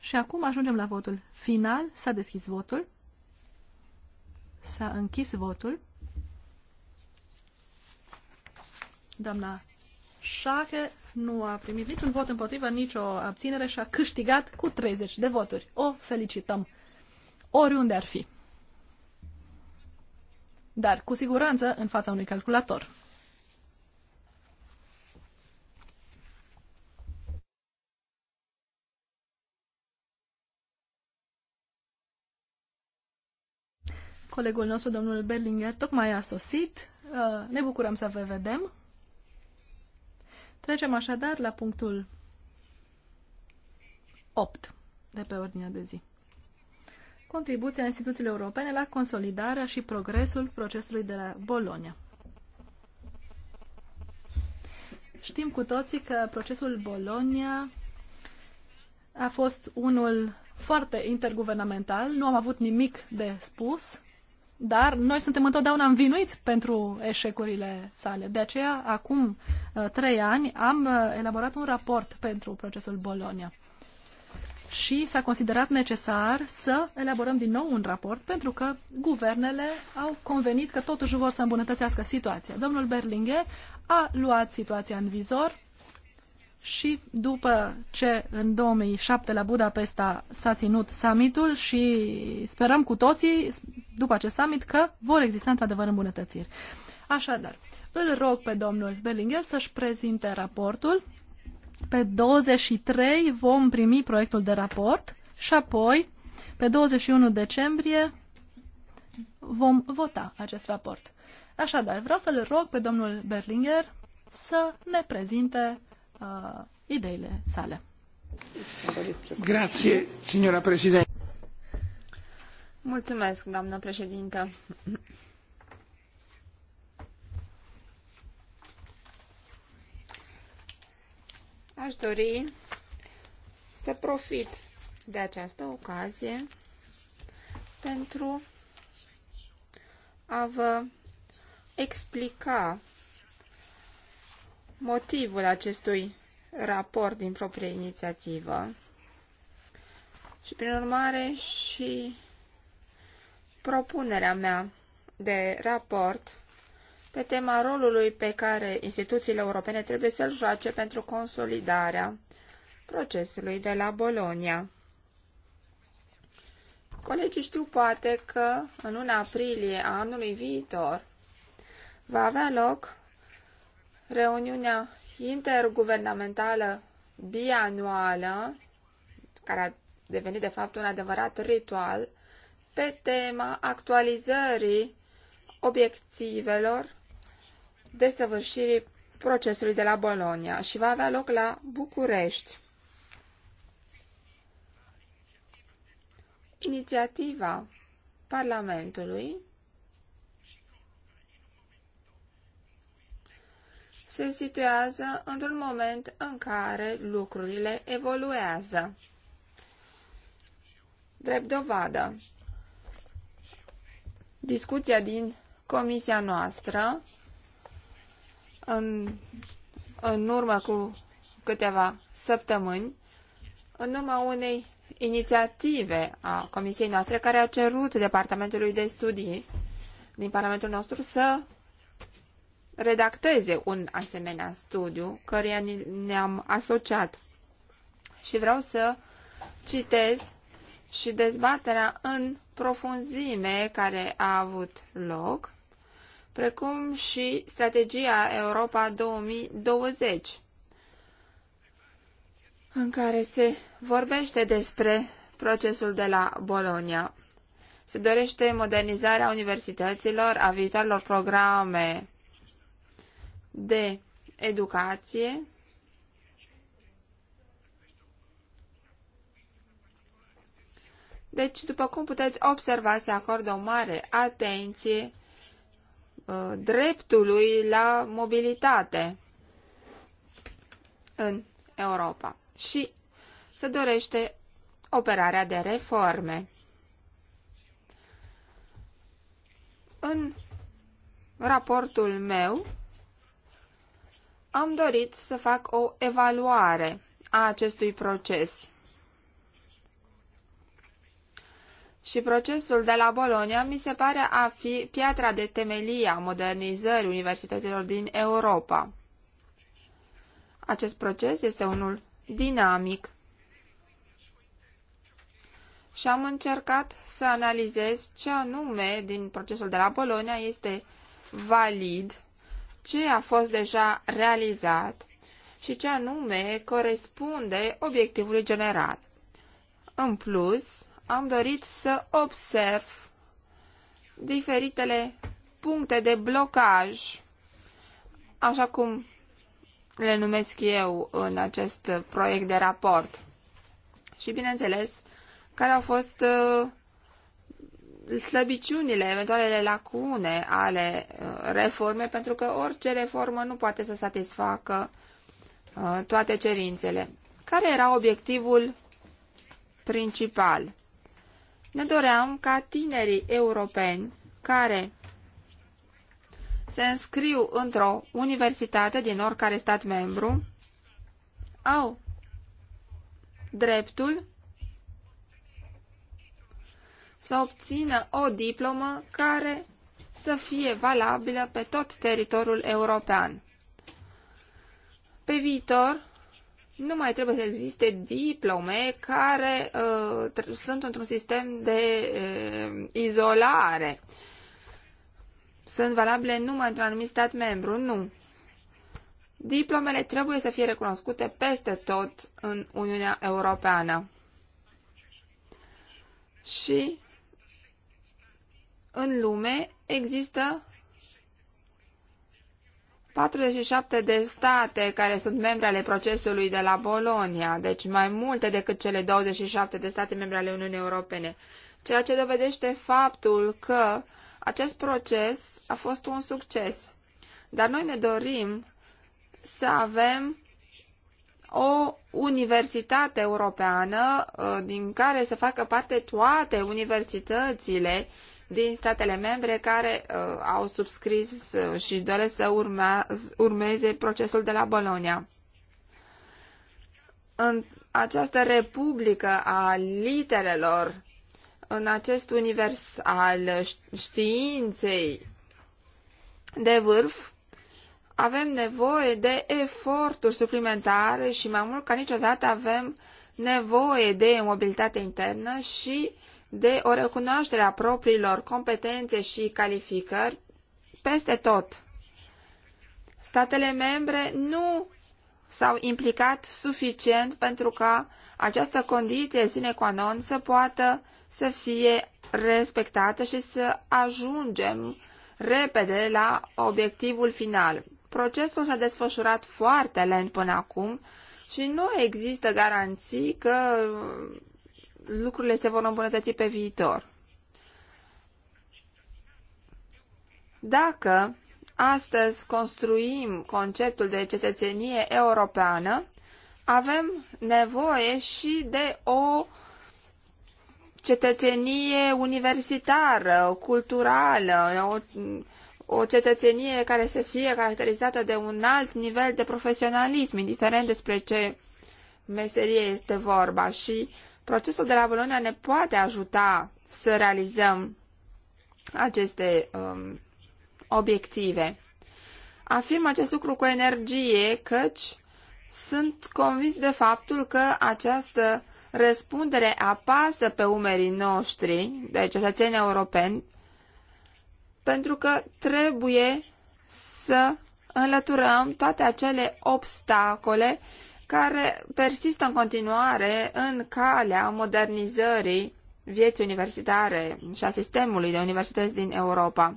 Și acum ajungem la votul final. S-a deschis votul. S-a închis votul. Doamna Șache nu a primit niciun vot împotrivă, nicio abținere și a câștigat cu 30 de voturi. O felicităm, oriunde ar fi. Dar cu siguranță în fața unui calculator. Colegul nostru, domnul Berlinger, tocmai a sosit. Uh, ne bucurăm să vă vedem. Trecem așadar la punctul 8 de pe ordinea de zi. Contribuția instituțiilor europene la consolidarea și progresul procesului de la Bologna. Știm cu toții că procesul Bologna a fost unul foarte interguvernamental, nu am avut nimic de spus dar noi suntem întotdeauna învinuiți pentru eșecurile sale. De aceea, acum uh, trei ani, am uh, elaborat un raport pentru procesul Bologna. Și s-a considerat necesar să elaborăm din nou un raport, pentru că guvernele au convenit că totuși vor să îmbunătățească situația. Domnul Berlinghe a luat situația în vizor, și după ce în 2007 la Budapesta s-a ținut summitul și sperăm cu toții după acest summit că vor exista într-adevăr îmbunătățiri. Așadar, îl rog pe domnul Bellinger să-și prezinte raportul. Pe 23 vom primi proiectul de raport și apoi pe 21 decembrie vom vota acest raport. Așadar, vreau să-l rog pe domnul Berlinger să ne prezinte uh, ideile sale. Grazie, signora Presidente. Mulțumesc, doamnă președintă. Aș dori să profit de această ocazie pentru a vă explica motivul acestui raport din proprie inițiativă și, prin urmare, și propunerea mea de raport pe tema rolului pe care instituțiile europene trebuie să-l joace pentru consolidarea procesului de la Bolonia. Colegii știu poate că în luna aprilie a anului viitor va avea loc reuniunea interguvernamentală bianuală, care a devenit de fapt un adevărat ritual, pe tema actualizării obiectivelor desăvârșirii procesului de la Bologna și va avea loc la București. Inițiativa Parlamentului se situează într-un moment în care lucrurile evoluează. Drept dovadă, discuția din comisia noastră în, în urmă cu câteva săptămâni, în urma unei inițiative a comisiei noastre care a cerut Departamentului de Studii din Parlamentul nostru să redacteze un asemenea studiu căruia ne-am asociat. Și vreau să citez și dezbaterea în profunzime care a avut loc, precum și strategia Europa 2020, în care se vorbește despre procesul de la Bologna. Se dorește modernizarea universităților, a viitoarelor programe de educație Deci, după cum puteți observa, se acordă o mare atenție uh, dreptului la mobilitate în Europa și se dorește operarea de reforme. În raportul meu am dorit să fac o evaluare a acestui proces. Și procesul de la Bolonia mi se pare a fi piatra de temelie a modernizării universităților din Europa. Acest proces este unul dinamic și am încercat să analizez ce anume din procesul de la Bolonia este valid ce a fost deja realizat și ce anume corespunde obiectivului general. În plus, am dorit să observ diferitele puncte de blocaj, așa cum le numesc eu în acest proiect de raport. Și, bineînțeles, care au fost uh, slăbiciunile, eventualele lacune ale uh, reforme, pentru că orice reformă nu poate să satisfacă uh, toate cerințele. Care era obiectivul principal? Ne doream ca tinerii europeni care se înscriu într-o universitate din oricare stat membru au dreptul să obțină o diplomă care să fie valabilă pe tot teritoriul european. Pe viitor, nu mai trebuie să existe diplome care uh, sunt într-un sistem de uh, izolare. Sunt valabile numai într-un anumit stat membru, nu. Diplomele trebuie să fie recunoscute peste tot în Uniunea Europeană. Și în lume există 47 de state care sunt membre ale procesului de la Bolonia, deci mai multe decât cele 27 de state membre ale Uniunii Europene, ceea ce dovedește faptul că acest proces a fost un succes. Dar noi ne dorim să avem o universitate europeană uh, din care să facă parte toate universitățile din statele membre care uh, au subscris uh, și doresc să urmea, urmeze procesul de la Bologna. În această republică a literelor, în acest univers al științei de vârf, avem nevoie de eforturi suplimentare și mai mult ca niciodată avem nevoie de mobilitate internă și uh, de o recunoaștere a propriilor competențe și calificări peste tot. Statele membre nu s-au implicat suficient pentru ca această condiție sine qua non să poată să fie respectată și să ajungem repede la obiectivul final. Procesul s-a desfășurat foarte lent până acum și nu există garanții că lucrurile se vor îmbunătăți pe viitor. Dacă astăzi construim conceptul de cetățenie europeană, avem nevoie și de o cetățenie universitară, culturală, o, o cetățenie care să fie caracterizată de un alt nivel de profesionalism, indiferent despre ce meserie este vorba și uh, Procesul de la Bologna ne poate ajuta să realizăm aceste um, obiective. Afirm acest lucru cu energie, căci sunt convins de faptul că această răspundere apasă pe umerii noștri, de cetățeni europeni, pentru că trebuie să înlăturăm toate acele obstacole care persistă în continuare în calea modernizării vieții universitare și a sistemului de universități din Europa.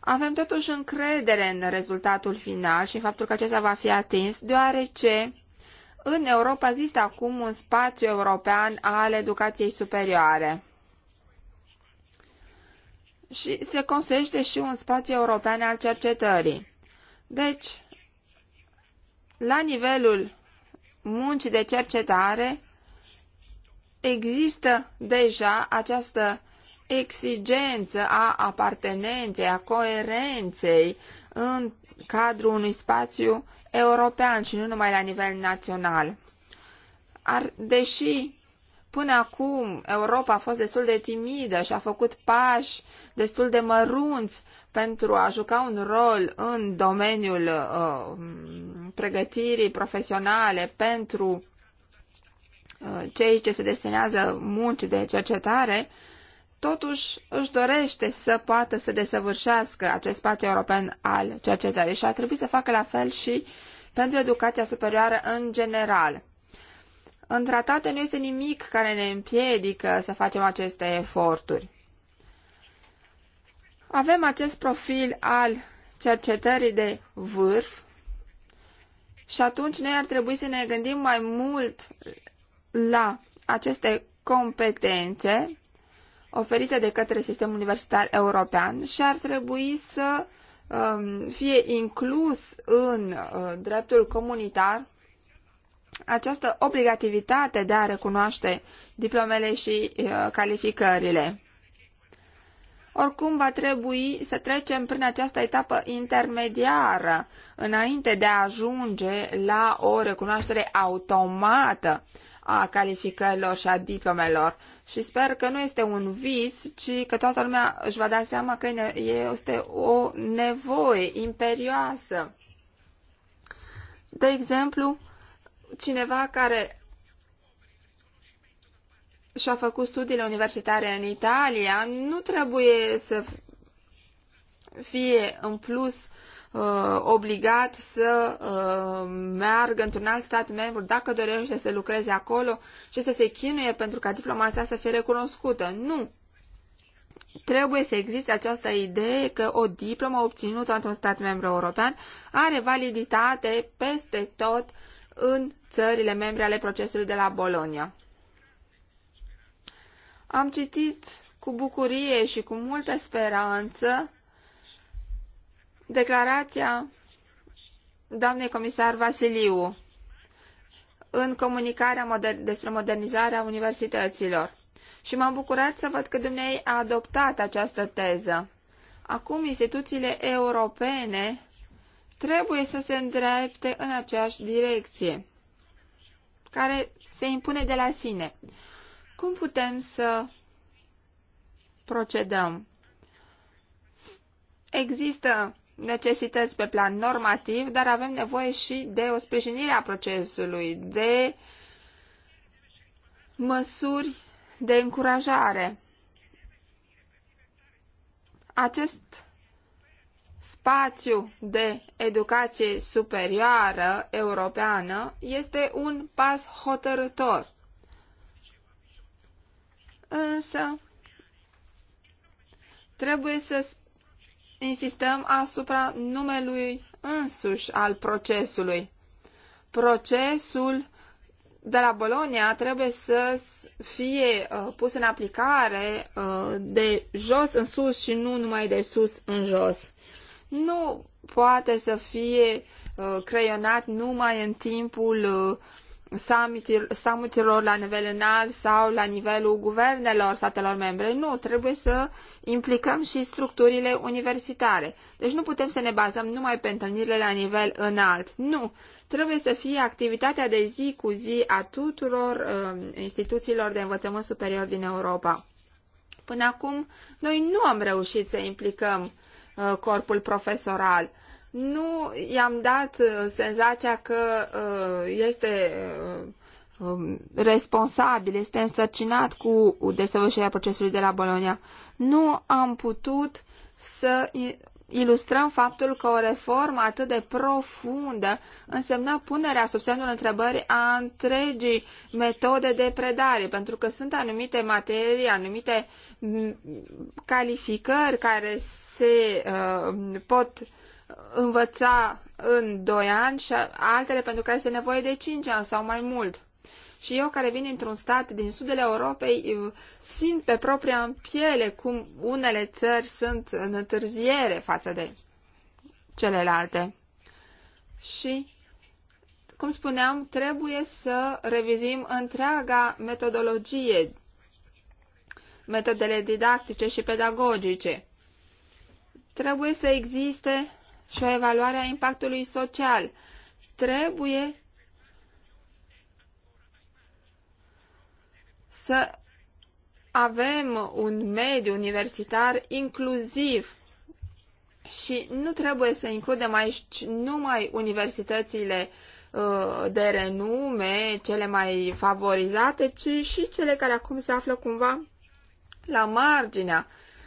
Avem totuși încredere în rezultatul final și în faptul că acesta va fi atins, deoarece în Europa există acum un spațiu european al educației superioare. Și se construiește și un spațiu european al cercetării. Deci, la nivelul munci de cercetare există deja această exigență a apartenenței, a coerenței în cadrul unui spațiu european și nu numai la nivel național. Ar, deși Până acum, Europa a fost destul de timidă și a făcut pași destul de mărunți pentru a juca un rol în domeniul uh, pregătirii profesionale pentru uh, cei ce se destinează muncii de cercetare, totuși își dorește să poată să desăvârșească acest spațiu european al cercetării și ar trebui să facă la fel și pentru educația superioară în general. În tratate nu este nimic care ne împiedică să facem aceste eforturi. Avem acest profil al cercetării de vârf și atunci noi ar trebui să ne gândim mai mult la aceste competențe oferite de către sistemul universitar european și ar trebui să um, fie inclus în uh, dreptul comunitar această obligativitate de a recunoaște diplomele și uh, calificările. Oricum, va trebui să trecem prin această etapă intermediară înainte de a ajunge la o recunoaștere automată a calificărilor și a diplomelor. Și sper că nu este un vis, ci că toată lumea își va da seama că este o nevoie imperioasă. De exemplu, cineva care și-a făcut studiile universitare în Italia, nu trebuie să fie în plus uh, obligat să uh, meargă într-un alt stat membru dacă dorește să lucreze acolo și să se chinuie pentru ca diploma asta să fie recunoscută. Nu! Trebuie să existe această idee că o diplomă obținută într-un stat membru european are validitate peste tot uh, în țările membre ale procesului de la Bologna. Am citit cu bucurie și cu multă speranță declarația doamnei comisar Vasiliu în comunicarea moder despre modernizarea universităților. Și m-am bucurat să văd că dumnei a adoptat această teză. Acum instituțiile europene trebuie să se îndrepte în aceeași direcție, care se impune de la sine. Cum putem să procedăm? Există necesități pe plan normativ, dar avem nevoie și de o sprijinire a procesului, de măsuri de încurajare. Acest spațiu de educație superioară europeană este un pas hotărător. Însă, trebuie să insistăm asupra numelui însuși al procesului. Procesul de la Bolonia trebuie să fie uh, pus în aplicare uh, de jos în sus și nu numai de sus în jos nu poate să fie uh, creionat numai în timpul uh, summitelor la nivel înalt sau la nivelul guvernelor statelor membre. Nu, trebuie să implicăm și structurile universitare. Deci nu putem să ne bazăm numai pe întâlnirile la nivel înalt. Nu, trebuie să fie activitatea de zi cu zi a tuturor uh, instituțiilor de învățământ superior din Europa. Până acum, noi nu am reușit să implicăm Uh, corpul profesoral. Nu i-am dat uh, senzația că uh, este um, responsabil, este însărcinat cu desăvârșirea procesului de la Bologna. Nu am putut să ilustrăm faptul că o reformă atât de profundă însemna punerea sub semnul întrebării a întregii metode de predare, pentru că sunt anumite materii, anumite calificări care se uh, pot învăța în 2 ani și altele pentru care este nevoie de 5 ani sau mai mult. Și eu, care vin într un stat din sudul Europei, simt pe propria piele cum unele țări sunt în întârziere față de celelalte. Și, cum spuneam, trebuie să revizim întreaga metodologie, metodele didactice și pedagogice. Trebuie să existe și o evaluare a impactului social. Trebuie să avem un mediu universitar inclusiv și nu trebuie să includem aici numai universitățile uh, de renume, cele mai favorizate, ci și cele care acum se află cumva la marginea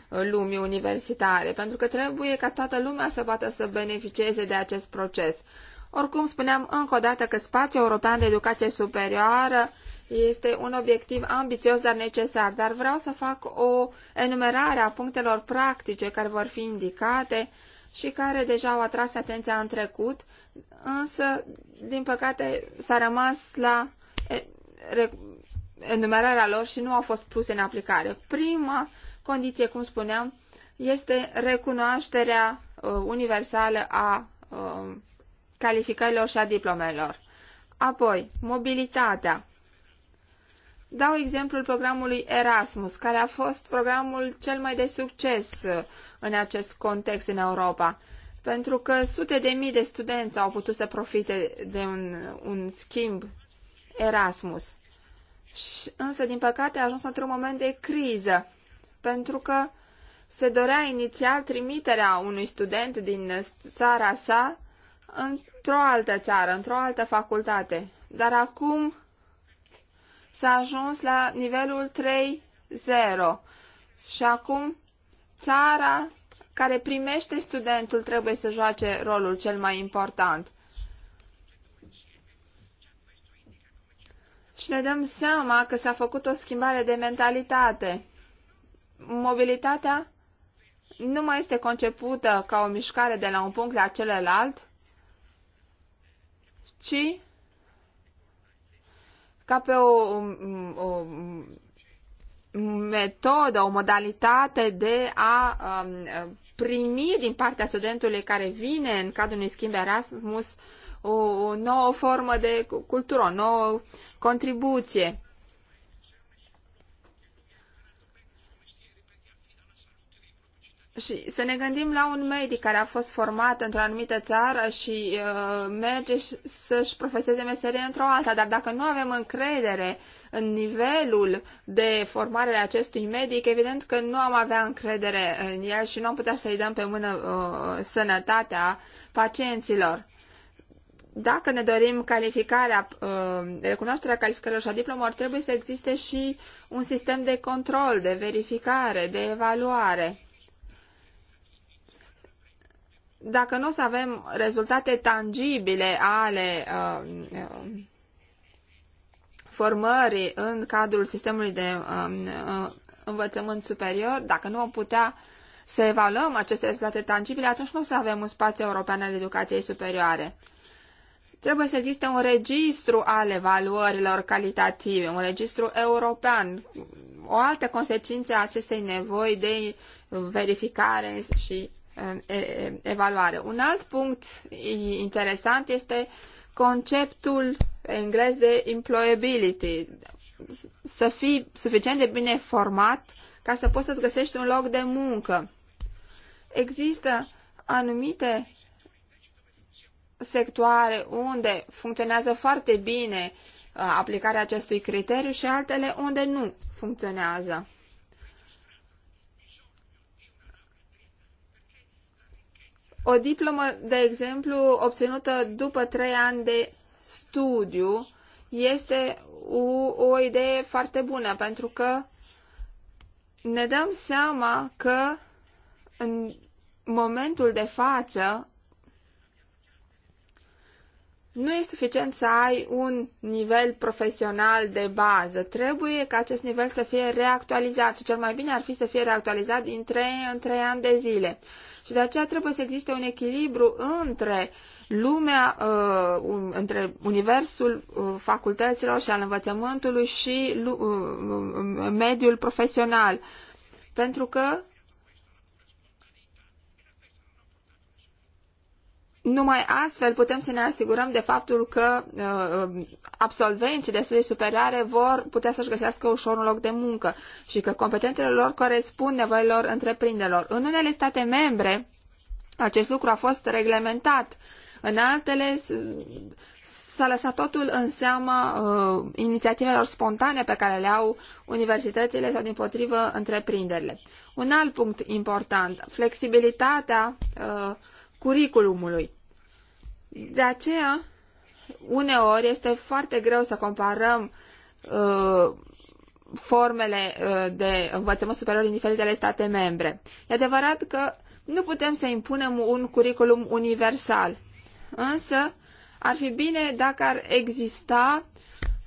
uh, lumii universitare, pentru că trebuie ca toată lumea să poată să beneficieze de acest proces. Oricum, spuneam încă o dată că spațiul european de educație superioară este un obiectiv ambițios, dar necesar, dar vreau să fac o enumerare a punctelor practice care vor fi indicate și care deja au atras atenția în trecut, însă, din păcate, s-a rămas la enumerarea lor și nu au fost puse în aplicare. Prima condiție, cum spuneam, este recunoașterea uh, universală a uh, calificărilor și a diplomelor. Apoi, mobilitatea. Dau exemplul programului Erasmus, care a fost programul cel mai de succes uh, în acest context în Europa, pentru că sute de mii de studenți au putut să profite de un, un schimb Erasmus. Și, însă, din păcate, a ajuns într-un moment de criză, pentru că se dorea inițial trimiterea unui student din țara sa într-o altă țară, într-o altă facultate. Dar acum s-a ajuns la nivelul 3-0 și acum țara care primește studentul trebuie să joace rolul cel mai important. Și ne dăm seama că s-a făcut o schimbare de mentalitate. Mobilitatea nu mai este concepută ca o mișcare de la un punct la celălalt, ci ca pe o, o um, um, um, metodă, o modalitate de a um, primi din partea studentului care vine în cadrul unui schimb Erasmus o, o nouă formă de cultură, o nouă contribuție. Și să ne gândim la un medic care a fost format într-o anumită țară și uh, merge să-și profeseze meserie într-o alta, dar dacă nu avem încredere în nivelul de formare al acestui medic, evident că nu am avea încredere în el și nu am putea să-i dăm pe mână uh, sănătatea pacienților. Dacă ne dorim calificarea, uh, recunoașterea calificărilor și a diplomelor, trebuie să existe și un sistem de control, de verificare, de evaluare dacă nu o să avem rezultate tangibile ale uh, uh, formării în cadrul sistemului de uh, învățământ superior, dacă nu o putea să evaluăm aceste rezultate tangibile, atunci nu o să avem un spațiu european al educației superioare. Trebuie să existe un registru al evaluărilor calitative, un registru european. O altă consecință a acestei nevoi de verificare și evaluare. Un alt punct interesant este conceptul englez de employability. Să fii suficient de bine format ca să poți să-ți găsești un loc de muncă. Există anumite sectoare unde funcționează foarte bine uh, aplicarea acestui criteriu și altele unde nu funcționează. O diplomă, de exemplu, obținută după trei ani de studiu este o, o idee foarte bună pentru că ne dăm seama că în momentul de față nu e suficient să ai un nivel profesional de bază. Trebuie ca acest nivel să fie reactualizat și cel mai bine ar fi să fie reactualizat din 3 în 3 ani de zile. Și de aceea trebuie să existe un echilibru între lumea, uh, între universul uh, facultăților și al învățământului și uh, mediul profesional. Pentru că Numai astfel putem să ne asigurăm de faptul că uh, absolvenții de studii superioare vor putea să-și găsească ușor un loc de muncă și că competențele lor corespund nevoilor întreprinderilor. În unele state membre, acest lucru a fost reglementat. În altele s-a lăsat totul în seama uh, inițiativelor spontane pe care le au universitățile sau, din potrivă, întreprinderile. Un alt punct important, flexibilitatea uh, curiculumului. De aceea, uneori este foarte greu să comparăm uh, formele uh, de învățământ superior în diferitele state membre. E adevărat că nu putem să impunem un curriculum universal, însă ar fi bine dacă ar exista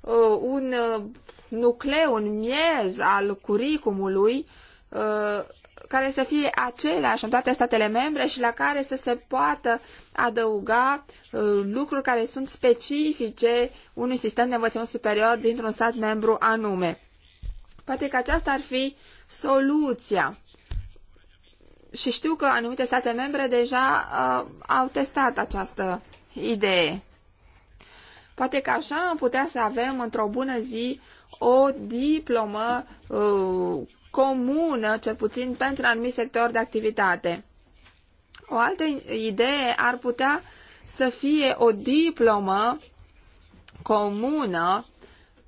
uh, un uh, nucleu, un miez al Uh, care să fie aceleași în toate statele membre și la care să se poată adăuga uh, lucruri care sunt specifice unui sistem de învățământ superior dintr-un stat membru anume. Poate că aceasta ar fi soluția. Și știu că anumite state membre deja uh, au testat această idee. Poate că așa am putea să avem într-o bună zi o diplomă uh, comună, cel puțin pentru anumite anumit sector de activitate. O altă idee ar putea să fie o diplomă comună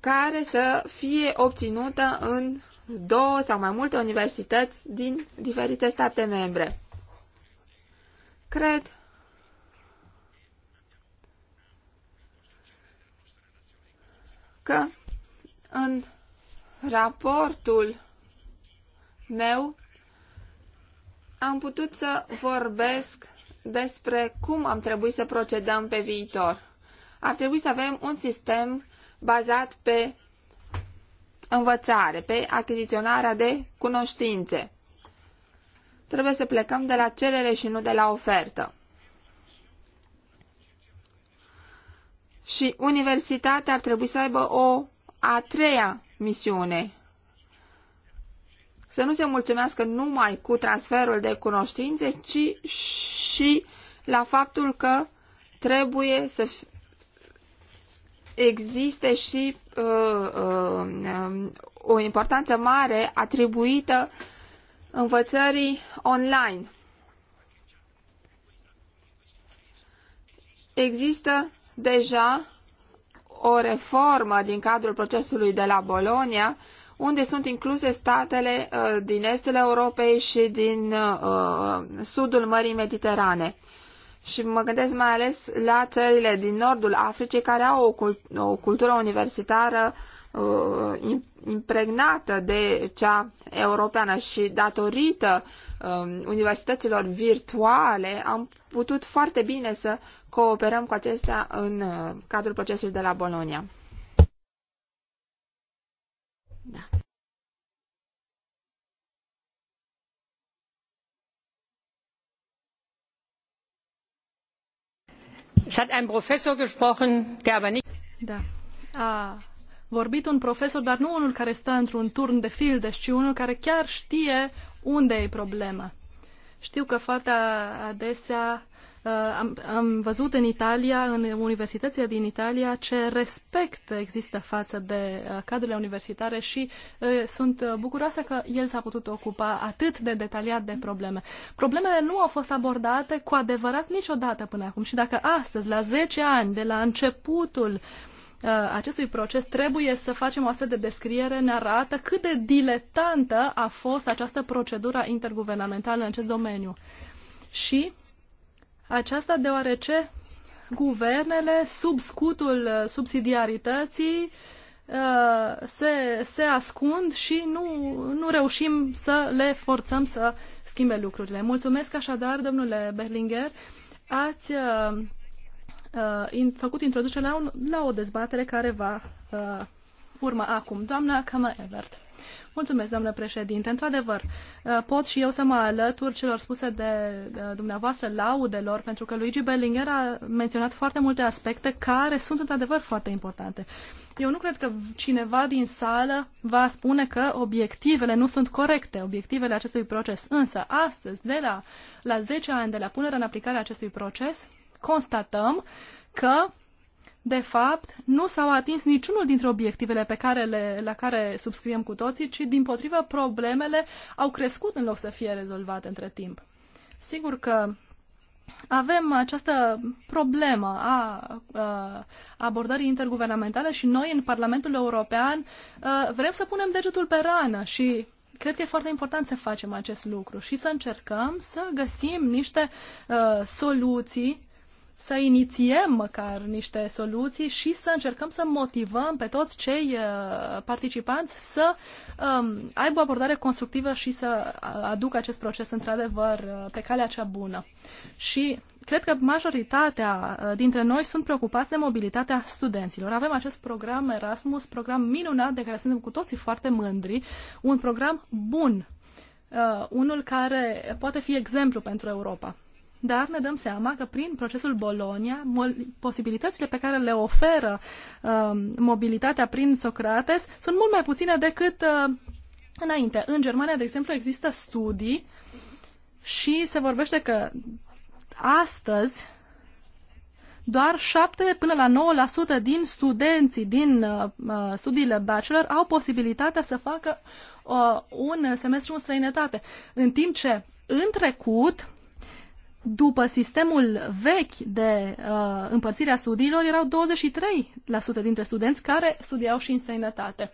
care să fie obținută în două sau mai multe universități din diferite state membre. Cred că în raportul meu am putut să vorbesc despre cum am trebuit să procedăm pe viitor. Ar trebui să avem un sistem bazat pe învățare, pe achiziționarea de cunoștințe. Trebuie să plecăm de la cerere și nu de la ofertă. Și universitatea ar trebui să aibă o a treia misiune, să nu se mulțumească numai cu transferul de cunoștințe, ci și la faptul că trebuie să existe și uh, uh, um, o importanță mare atribuită învățării online. Există deja o reformă din cadrul procesului de la Bologna unde sunt incluse statele uh, din estul Europei și din uh, uh, sudul Mării Mediterane. Și mă gândesc mai ales la țările din nordul Africii care au o, cult o cultură universitară uh, impregnată de cea europeană și datorită uh, universităților virtuale am putut foarte bine să cooperăm cu acestea în uh, cadrul procesului de la Bologna. Da. Da. A vorbit un profesor, dar nu unul care stă într-un turn de filde, deci ci unul care chiar știe unde e problema. Știu că foarte adesea Uh, am, am văzut în Italia, în universitățile din Italia, ce respect există față de uh, cadrele universitare și uh, sunt bucuroasă că el s-a putut ocupa atât de detaliat de probleme. Problemele nu au fost abordate cu adevărat niciodată până acum și dacă astăzi, la 10 ani, de la începutul acestui proces, trebuie să facem o astfel de descriere, ne arată cât de diletantă a fost această procedură interguvernamentală în acest domeniu. Și aceasta deoarece guvernele, sub scutul uh, subsidiarității, uh, se, se ascund și nu, nu reușim să le forțăm să schimbe lucrurile. Mulțumesc așadar, domnule Berlinger. Ați uh, uh in, făcut introducerea la, un, la o dezbatere care va uh, urma acum. Doamna Kama Evert. Mulțumesc, domnule președinte. Într-adevăr, uh, pot și eu să mă alătur celor spuse de uh, dumneavoastră laudelor, pentru că Luigi Bellinger a menționat foarte multe aspecte care sunt într-adevăr foarte importante. Eu nu cred că cineva din sală va spune că obiectivele nu sunt corecte, obiectivele acestui proces. Însă, astăzi, de la, la 10 ani de la punerea în aplicare a acestui proces, constatăm că de fapt, nu s-au atins niciunul dintre obiectivele pe care le, la care subscriem cu toții, ci, din potrivă, problemele au crescut în loc să fie rezolvate între timp. Sigur că avem această problemă a, a abordării interguvernamentale și noi, în Parlamentul European, a, vrem să punem degetul pe rană și cred că e foarte important să facem acest lucru și să încercăm să găsim niște a, soluții să inițiem măcar niște soluții și să încercăm să motivăm pe toți cei uh, participanți să um, aibă o abordare constructivă și să uh, aducă acest proces într-adevăr uh, pe calea cea bună. Și cred că majoritatea dintre noi sunt preocupați de mobilitatea studenților. Avem acest program Erasmus, program minunat de care suntem cu toții foarte mândri, un program bun, unul care poate fi exemplu pentru Europa dar ne dăm seama că prin procesul Bologna, posibilitățile pe care le oferă uh, mobilitatea prin Socrates sunt mult mai puține decât uh, înainte. În Germania, de exemplu, există studii și se vorbește că astăzi doar 7 până la 9% din studenții din uh, uh, studiile bachelor au posibilitatea să facă uh, un semestru în străinătate. În timp ce în trecut, după sistemul vechi de uh, împărțire a studiilor, erau 23% dintre studenți care studiau și în străinătate.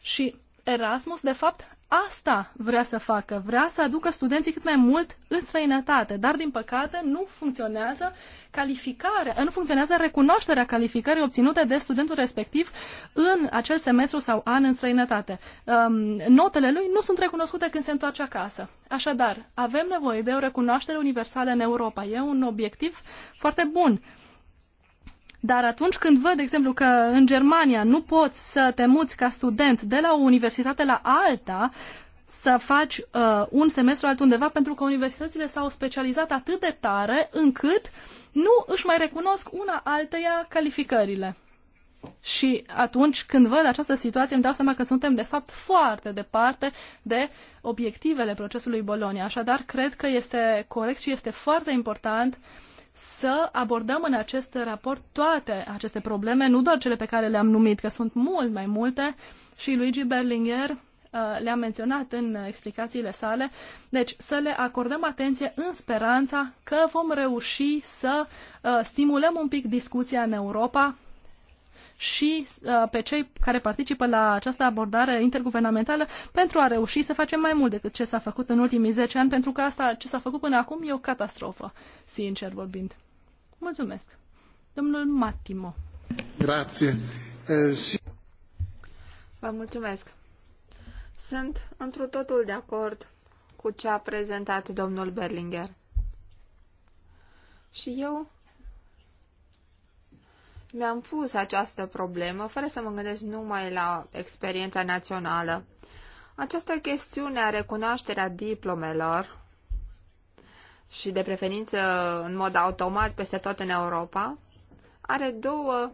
Și Erasmus, de fapt, asta vrea să facă, vrea să aducă studenții cât mai mult în străinătate, dar din păcate nu funcționează calificarea, nu funcționează recunoașterea calificării obținute de studentul respectiv în acel semestru sau an în străinătate. Um, notele lui nu sunt recunoscute când se întoarce acasă. Așadar, avem nevoie de o recunoaștere universală în Europa. E un obiectiv foarte bun dar atunci când văd, de exemplu, că în Germania nu poți să te muți ca student de la o universitate la alta, să faci uh, un semestru altundeva pentru că universitățile s-au specializat atât de tare încât nu își mai recunosc una alteia calificările. Și atunci când văd această situație îmi dau seama că suntem de fapt foarte departe de obiectivele procesului Bolonia. Așadar, cred că este corect și este foarte important uh, să abordăm în acest raport toate aceste probleme, nu doar cele pe care le-am numit, că sunt mult mai multe și Luigi Berlinger uh, le-a menționat în explicațiile sale. Deci să le acordăm atenție în speranța că vom reuși să uh, stimulăm un pic discuția în Europa și uh, pe cei care participă la această abordare interguvernamentală pentru a reuși să facem mai mult decât ce s-a făcut în ultimii 10 ani, pentru că asta ce s-a făcut până acum e o catastrofă, sincer vorbind. Mulțumesc. Domnul Matimo. Grație. Eh, Vă mulțumesc. Sunt întru totul de acord cu ce a prezentat domnul Berlinger. Și eu mi-am pus această problemă fără să mă gândesc numai la experiența națională. Această chestiune a recunoașterea diplomelor și de preferință în mod automat peste tot în Europa are două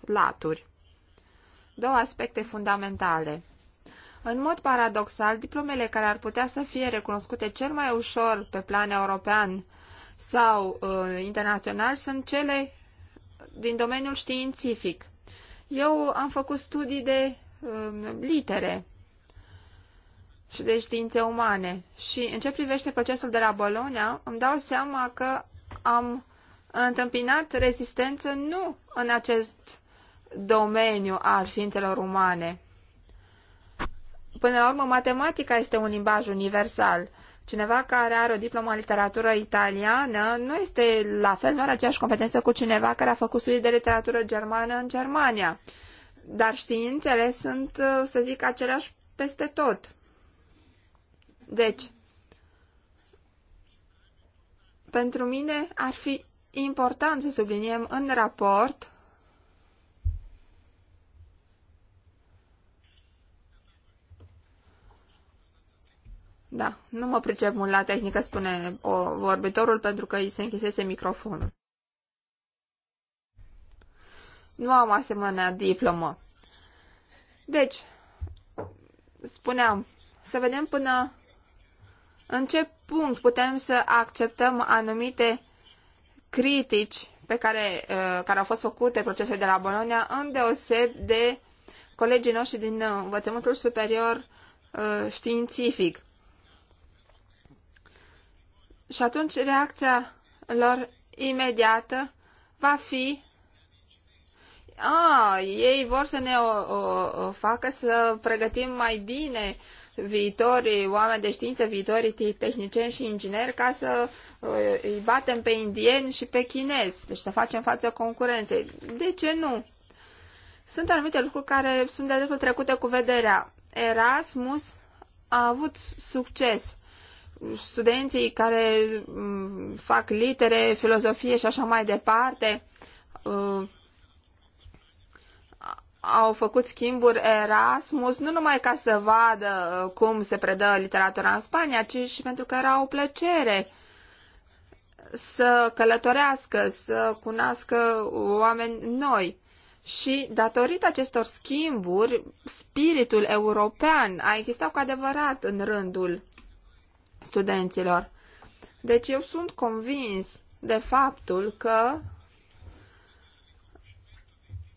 laturi, două aspecte fundamentale. În mod paradoxal, diplomele care ar putea să fie recunoscute cel mai ușor pe plan european sau uh, internațional sunt cele din domeniul științific. Eu am făcut studii de uh, litere și de științe umane și în ce privește procesul de la Bologna, îmi dau seama că am întâmpinat rezistență nu în acest domeniu al științelor umane. Până la urmă, matematica este un limbaj universal Cineva care are o diplomă în literatură italiană nu este la fel, nu are aceeași competență cu cineva care a făcut studii de literatură germană în Germania. Dar științele sunt, să zic, aceleași peste tot. Deci, pentru mine ar fi important să subliniem în raport Da, nu mă pricep mult la tehnică, spune o, vorbitorul, pentru că îi se închisese microfonul. Nu am asemenea diplomă. Deci, spuneam, să vedem până în ce punct putem să acceptăm anumite critici pe care, uh, care au fost făcute procesele de la Bologna, îndeoseb de colegii noștri din uh, învățământul superior uh, științific. Și atunci reacția lor imediată va fi a, ei vor să ne o, o, o facă să pregătim mai bine viitorii oameni de știință, viitorii tehnicieni și ingineri ca să îi batem pe indieni și pe chinezi, deci să facem față concurenței. De ce nu? Sunt anumite lucruri care sunt de dreptul trecute cu vederea. Erasmus a avut succes studenții care mm, fac litere, filozofie și așa mai departe uh, au făcut schimburi Erasmus nu numai ca să vadă uh, cum se predă literatura în Spania, ci și pentru că era o plăcere să călătorească, să cunoască oameni noi. Și datorită acestor schimburi, spiritul european a existat cu adevărat în rândul studenților. Deci eu sunt convins de faptul că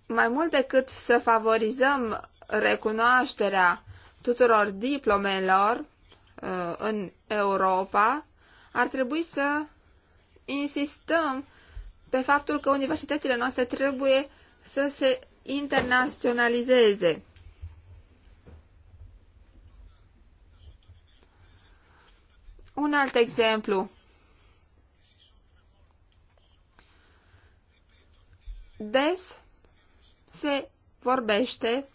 mai mult decât să favorizăm recunoașterea tuturor diplomelor uh, în Europa, ar trebui să insistăm pe faptul că universitățile noastre trebuie să se internaționalizeze. Un alt exemplu. Des se vorbește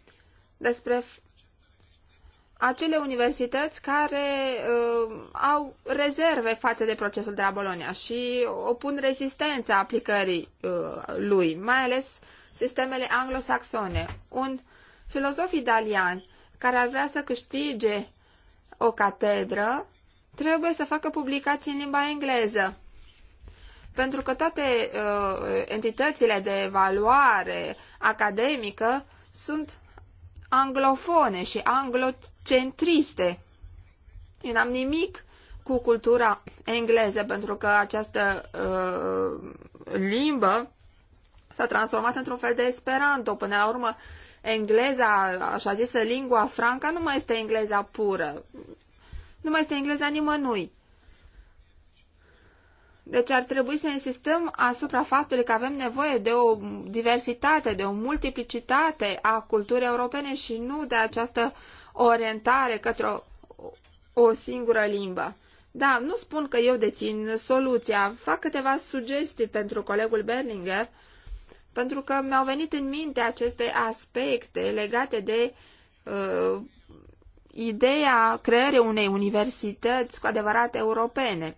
despre acele universități care uh, au rezerve față de procesul de la Bologna și opun rezistența aplicării uh, lui, mai ales sistemele anglosaxone. Un filozof italian care ar vrea să câștige o catedră trebuie să facă publicații în limba engleză. Pentru că toate uh, entitățile de evaluare academică sunt anglofone și anglocentriste. Eu n-am nimic cu cultura engleză, pentru că această uh, limbă s-a transformat într-un fel de esperanto. Până la urmă, engleza, așa zisă, lingua franca, nu mai este engleza pură nu mai este engleza nimănui. Deci ar trebui să insistăm asupra faptului că avem nevoie de o diversitate, de o multiplicitate a culturii europene și nu de această orientare către o, o singură limbă. Da, nu spun că eu dețin soluția, fac câteva sugestii pentru colegul Berlinger, pentru că mi-au venit în minte aceste aspecte legate de uh, ideea creării unei universități cu adevărat europene.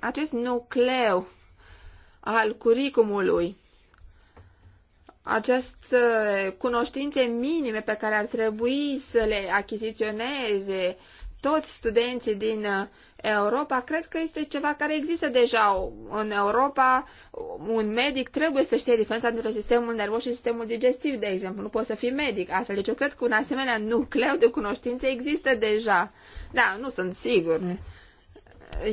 Acest nucleu al curicumului, aceste cunoștințe minime pe care ar trebui să le achiziționeze toți studenții din Europa, cred că este ceva care există deja în Europa. Un medic trebuie să știe diferența între sistemul nervos și sistemul digestiv, de exemplu. Nu poți să fii medic altfel. Deci eu cred că un asemenea nucleu de cunoștințe există deja. Da, nu sunt sigur.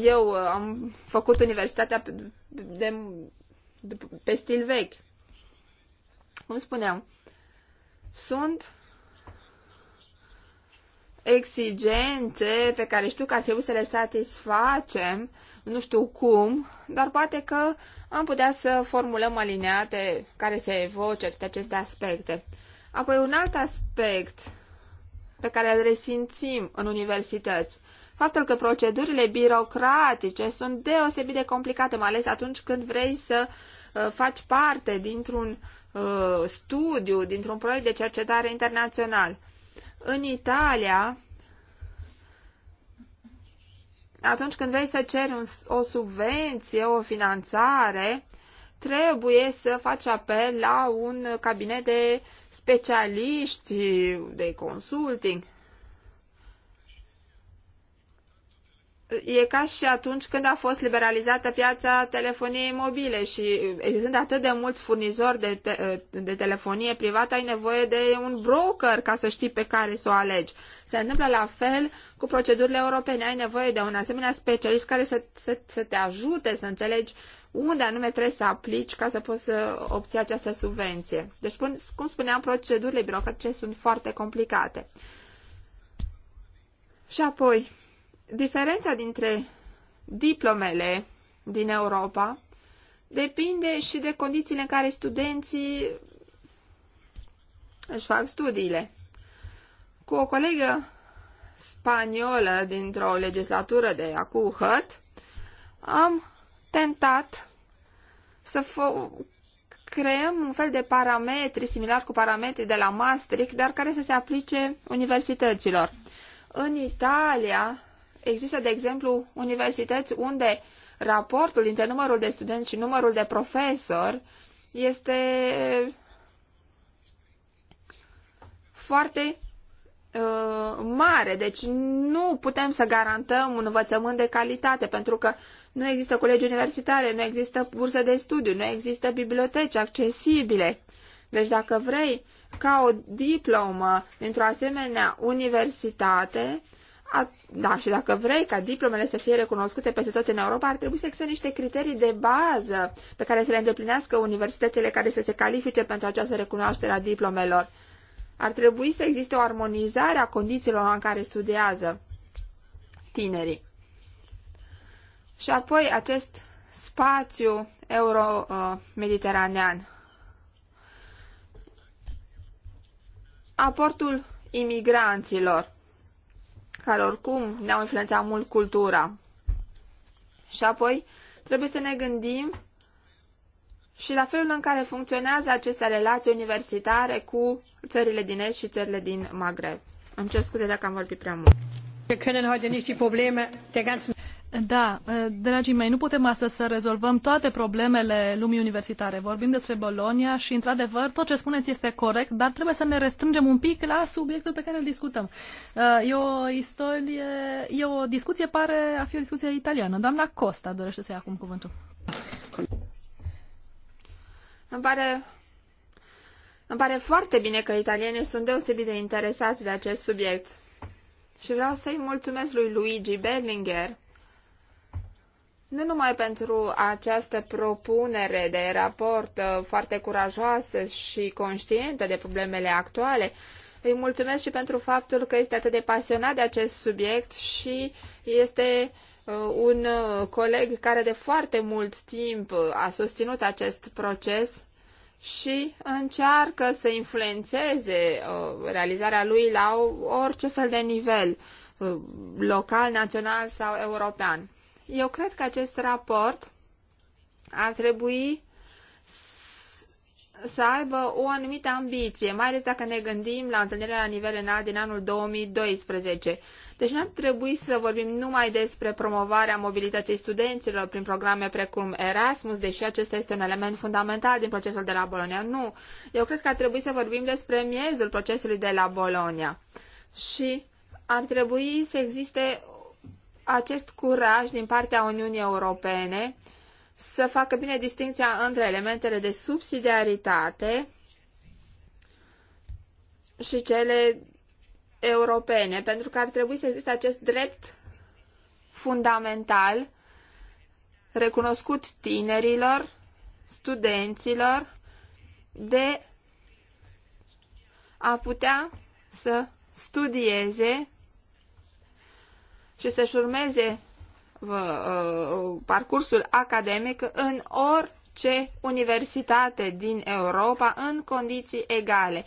Eu am făcut universitatea de, de, pe stil vechi. Cum spuneam, sunt exigențe pe care știu că ar trebui să le satisfacem, nu știu cum, dar poate că am putea să formulăm alineate care se evoce toate aceste aspecte. Apoi un alt aspect pe care îl resimțim în universități, faptul că procedurile birocratice sunt deosebit de complicate, mai ales atunci când vrei să uh, faci parte dintr-un uh, studiu, dintr-un proiect de cercetare internațional. În Italia, atunci când vrei să ceri un, o subvenție, o finanțare, trebuie să faci apel la un cabinet de specialiști, de consulting. E ca și atunci când a fost liberalizată piața telefoniei mobile și existând atât de mulți furnizori de, te- de telefonie privată, ai nevoie de un broker ca să știi pe care să o alegi. Se întâmplă la fel cu procedurile europene. Ai nevoie de un asemenea specialist care să, să, să te ajute să înțelegi unde anume trebuie să aplici ca să poți să obții această subvenție. Deci, cum spuneam, procedurile birocratice sunt foarte complicate. Și apoi, diferența dintre diplomele din Europa depinde și de condițiile în care studenții își fac studiile. Cu o colegă spaniolă dintr-o legislatură de acum hăt, am tentat să creăm un fel de parametri similar cu parametrii de la Maastricht, dar care să se aplice universităților. În Italia, Există, de exemplu, universități unde raportul dintre numărul de studenți și numărul de profesori este foarte uh, mare, deci nu putem să garantăm un învățământ de calitate, pentru că nu există colegi universitare, nu există burse de studiu, nu există biblioteci accesibile. Deci dacă vrei ca o diplomă într-o asemenea universitate, a, da, și dacă vrei ca diplomele să fie recunoscute peste tot în Europa, ar trebui să existe niște criterii de bază pe care să le îndeplinească universitățile care să se califice pentru această recunoaștere a diplomelor. Ar trebui să existe o armonizare a condițiilor în care studiază tinerii. Și apoi acest spațiu euro-mediteranean. Aportul imigranților care oricum ne-au influențat mult cultura. Și apoi trebuie să ne gândim și la felul în care funcționează aceste relații universitare cu țările din Est și țările din Maghreb. Îmi cer scuze dacă am vorbit prea mult. Da, eh, dragii mei, nu putem astăzi să rezolvăm toate problemele lumii universitare. Vorbim despre Bolonia și, într-adevăr, tot ce spuneți este corect, dar trebuie să ne restrângem un pic la subiectul pe care îl discutăm. Eh, e o istorie, e o discuție, pare a fi o discuție italiană. Doamna Costa dorește să ia acum cuvântul. Îmi pare, îmi pare foarte bine că italienii sunt deosebit de interesați de acest subiect. Și vreau să-i mulțumesc lui Luigi Berlinger, nu numai pentru această propunere de raport uh, foarte curajoasă și conștientă de problemele actuale, îi mulțumesc și pentru faptul că este atât de pasionat de acest subiect și este uh, un uh, coleg care de foarte mult timp a susținut acest proces și încearcă să influențeze realizarea lui la orice fel de nivel, local, național sau european. Eu cred că acest raport ar trebui să aibă o anumită ambiție, mai ales dacă ne gândim la întâlnirea la nivel înalt din anul 2012. Deci n-ar trebui să vorbim numai despre promovarea mobilității studenților prin programe precum Erasmus, deși acesta este un element fundamental din procesul de la Bolonia. Nu, eu cred că ar trebui să vorbim despre miezul procesului de la Bolonia. Și ar trebui să existe acest curaj din partea Uniunii Europene să facă bine distinția între elementele de subsidiaritate și cele europene, pentru că ar trebui să existe acest drept fundamental recunoscut tinerilor, studenților, de a putea să studieze și să-și urmeze uh, uh, parcursul academic în orice universitate din Europa în condiții egale.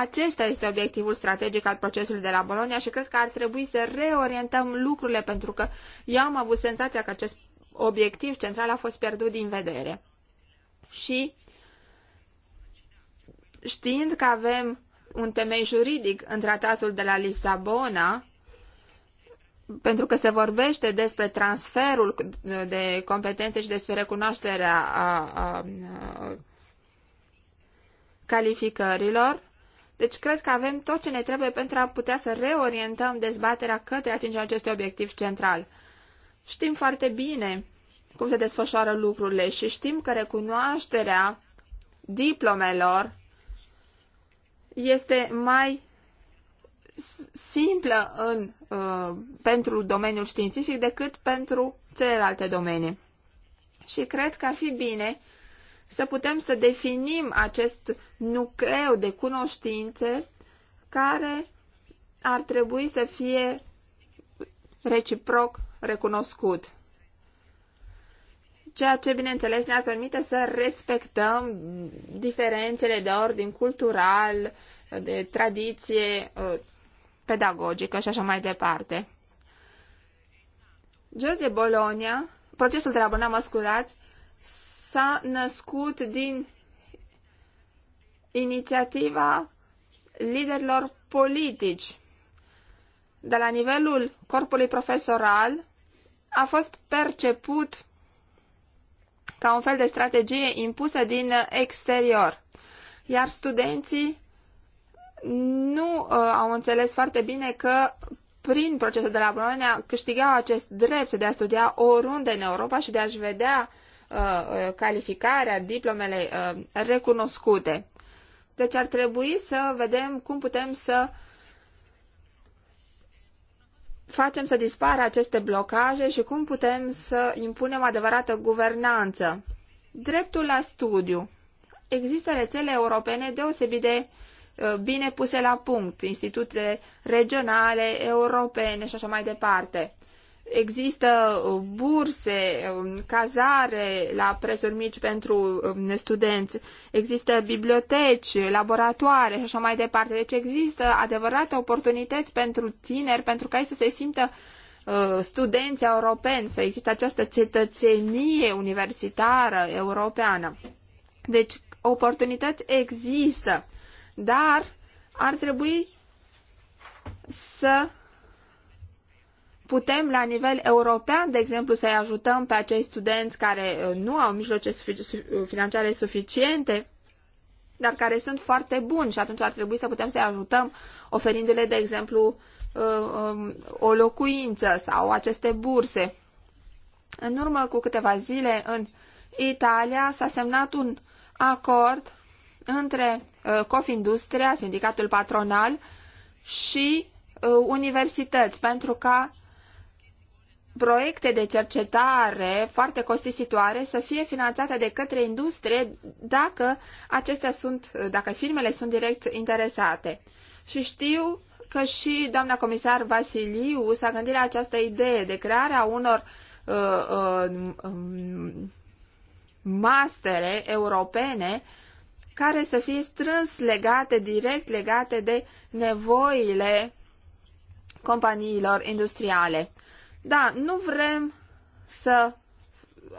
Acesta este obiectivul strategic al procesului de la Bologna și cred că ar trebui să reorientăm lucrurile pentru că eu am avut senzația că acest obiectiv central a fost pierdut din vedere. Și știind că avem un temei juridic în tratatul de la Lisabona, pentru că se vorbește despre transferul de competențe și despre recunoașterea a, a, a calificărilor. Deci cred că avem tot ce ne trebuie pentru a putea să reorientăm dezbaterea către atingerea acestui obiectiv central. Știm foarte bine cum se desfășoară lucrurile și știm că recunoașterea diplomelor este mai simplă în, uh, pentru domeniul științific decât pentru celelalte domenii. Și cred că ar fi bine să putem să definim acest nucleu de cunoștințe care ar trebui să fie reciproc recunoscut. Ceea ce, bineînțeles, ne-ar permite să respectăm diferențele de ordin cultural, de tradiție, uh, pedagogică și așa mai departe. Jose Bologna, procesul de la Bologna, mă scuzați, s-a născut din inițiativa liderilor politici. De la nivelul corpului profesoral a fost perceput ca un fel de strategie impusă din exterior, iar studenții nu uh, au înțeles foarte bine că prin procesul de la Bologna câștigau acest drept de a studia oriunde în Europa și de a-și vedea uh, uh, calificarea, diplomele uh, recunoscute. Deci ar trebui să vedem cum putem să facem să dispară aceste blocaje și cum putem să impunem adevărată guvernanță. Dreptul la studiu. Există rețele europene deosebit de uh, Uh, bine puse la punct, institute regionale, europene și așa mai departe. Există uh, burse, um, cazare la prețuri mici pentru um, studenți, există biblioteci, laboratoare și așa mai departe. Deci există adevărate oportunități pentru tineri, pentru ca ei să se simtă uh, studenți europeni, să există această cetățenie universitară europeană. Deci oportunități există dar ar trebui să putem la nivel european, de exemplu, să-i ajutăm pe acei studenți care uh, nu au mijloace uh, financiare suficiente, dar care sunt foarte buni și atunci ar trebui să putem să-i ajutăm oferindu-le, de exemplu, uh, um, o locuință sau aceste burse. În urmă cu câteva zile, în Italia s-a semnat un acord între Uh, Cofindustria, sindicatul patronal și uh, universități, pentru ca proiecte de cercetare foarte costisitoare să fie finanțate de către industrie dacă acestea sunt, uh, dacă firmele sunt direct interesate. Și știu că și doamna comisar Vasiliu s-a gândit la această idee de crearea unor uh, uh, um, mastere europene care să fie strâns legate, direct legate de nevoile companiilor industriale. Da, nu vrem să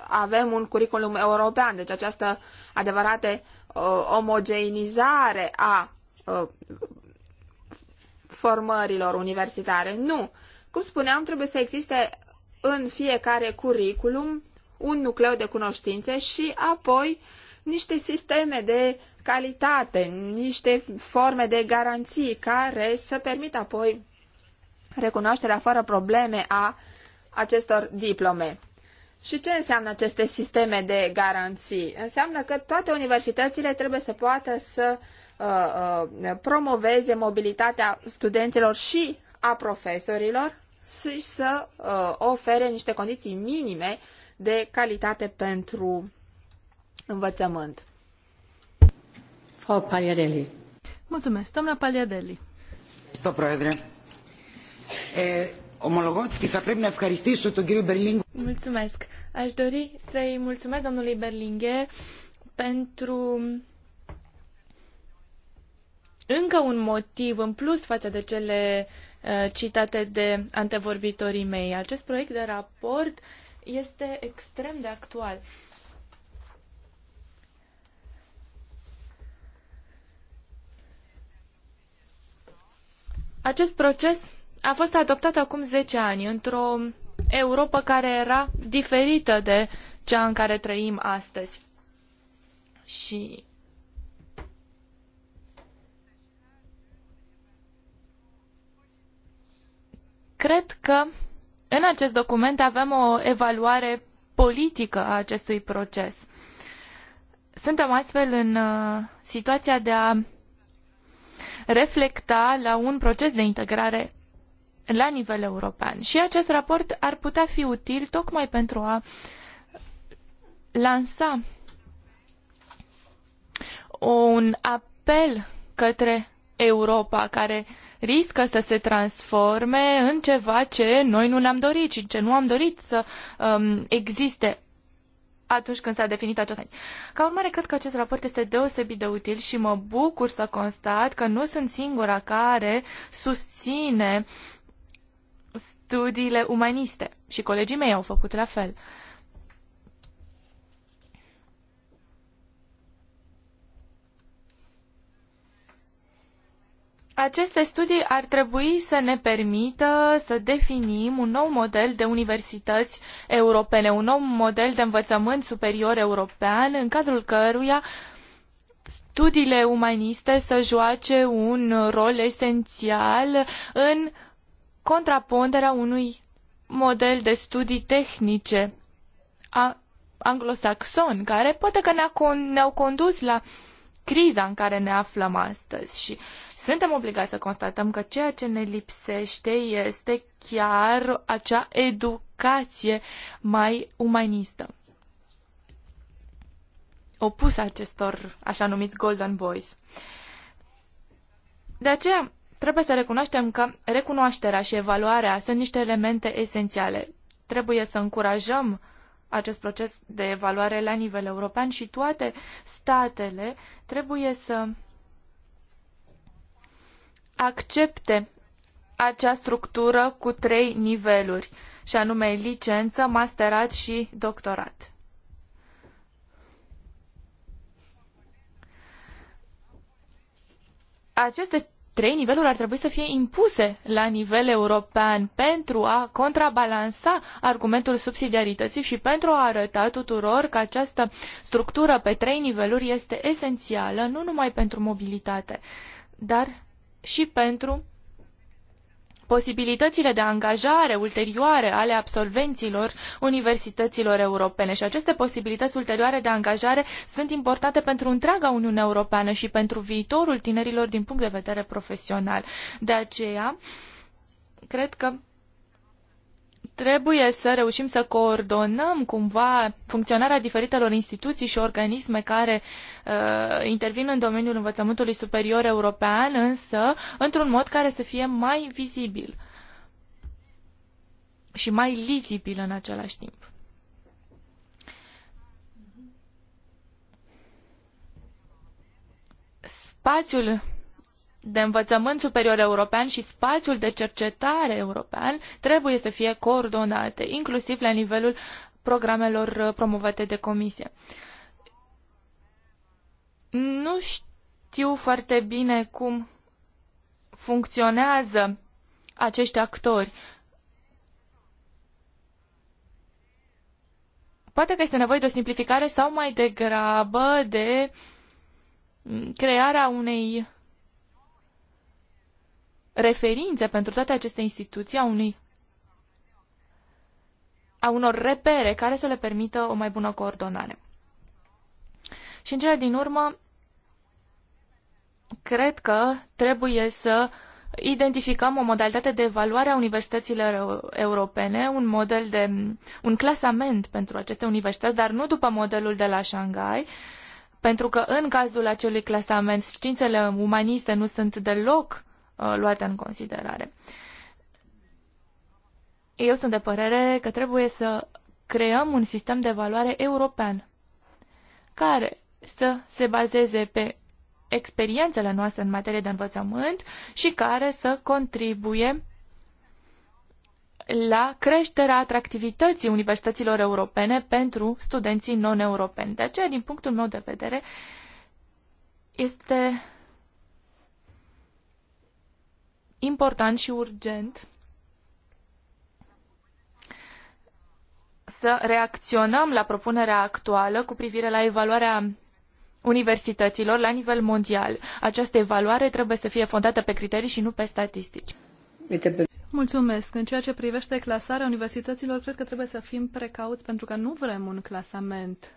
avem un curriculum european, deci această adevărată uh, omogenizare a uh, formărilor universitare. Nu. Cum spuneam, trebuie să existe în fiecare curriculum un nucleu de cunoștințe și apoi uh, niște sisteme de calitate, niște forme de garanții care să permită apoi recunoașterea fără probleme a acestor diplome. Și ce înseamnă aceste sisteme de garanții? Înseamnă că toate universitățile trebuie să poată să uh, uh, promoveze mobilitatea studenților și a profesorilor și să uh, ofere niște condiții minime de calitate pentru învățământ. Mulțumesc. Doamna Pagliarelli. Mulțumesc. Aș dori să-i mulțumesc domnului Berlinghe pentru încă un motiv în plus față de cele uh, citate de antevorbitorii mei. Acest proiect de raport este extrem de actual. Uh, Acest proces a fost adoptat acum zece ani într-o Europa care era diferită de cea în care trăim astăzi. Și cred că în acest document avem o evaluare politică a acestui proces. Suntem astfel în uh, situația de a reflecta la un proces de integrare la nivel european. Și acest raport ar putea fi util tocmai pentru a lansa un apel către Europa care riscă să se transforme în ceva ce noi nu ne-am dorit și ce nu am dorit să um, existe atunci când s-a definit acest Ca urmare, cred că acest raport este deosebit de util și mă bucur să constat că nu sunt singura care susține studiile umaniste și colegii mei au făcut la fel. Aceste studii ar trebui să ne permită să definim un nou model de universități europene, un nou model de învățământ superior european, în cadrul căruia studiile umaniste să joace un rol esențial în contraponderea unui model de studii tehnice anglosaxon, care poate că ne-au condus la criza în care ne aflăm astăzi și suntem obligați să constatăm că ceea ce ne lipsește este chiar acea educație mai umanistă. Opus acestor așa numiți Golden Boys. De aceea, trebuie să recunoaștem că recunoașterea și evaluarea sunt niște elemente esențiale. Trebuie să încurajăm acest proces de evaluare la nivel european și toate statele trebuie să accepte acea structură cu trei niveluri, și anume licență, masterat și doctorat. Aceste trei niveluri ar trebui să fie impuse la nivel european pentru a contrabalansa argumentul subsidiarității și pentru a arăta tuturor că această structură pe trei niveluri este esențială nu numai pentru mobilitate, dar și pentru posibilitățile de angajare ulterioare ale absolvenților universităților europene și aceste posibilități ulterioare de angajare sunt importante pentru întreaga Uniune Europeană și pentru viitorul tinerilor din punct de vedere profesional. De aceea, cred că trebuie să reușim să coordonăm cumva funcționarea diferitelor instituții și organisme care uh, intervin în domeniul învățământului superior european, însă într-un mod care să fie mai vizibil și mai lizibil în același timp. Spațiul de învățământ superior european și spațiul de cercetare european trebuie să fie coordonate, inclusiv la nivelul programelor uh, promovate de comisie. Nu știu foarte bine cum funcționează acești actori. Poate că este nevoie de o simplificare sau mai degrabă de mm, crearea unei referințe pentru toate aceste instituții, a unui a unor repere care să le permită o mai bună coordonare. Și în cele din urmă, cred că trebuie să identificăm o modalitate de evaluare a universităților europene, un model de un clasament pentru aceste universități, dar nu după modelul de la Shanghai, pentru că în cazul acelui clasament științele umaniste nu sunt deloc Uh, luate în considerare. Eu sunt de părere că trebuie să creăm un sistem de valoare european care să se bazeze pe experiențele noastre în materie de învățământ și care să contribuie la creșterea atractivității universităților europene pentru studenții non-europeni. De aceea, din punctul meu de vedere, este important și urgent să reacționăm la propunerea actuală cu privire la evaluarea universităților la nivel mondial. Această evaluare trebuie să fie fondată pe criterii și nu pe statistici. Mulțumesc. În ceea ce privește clasarea universităților, cred că trebuie să fim precauți pentru că nu vrem un clasament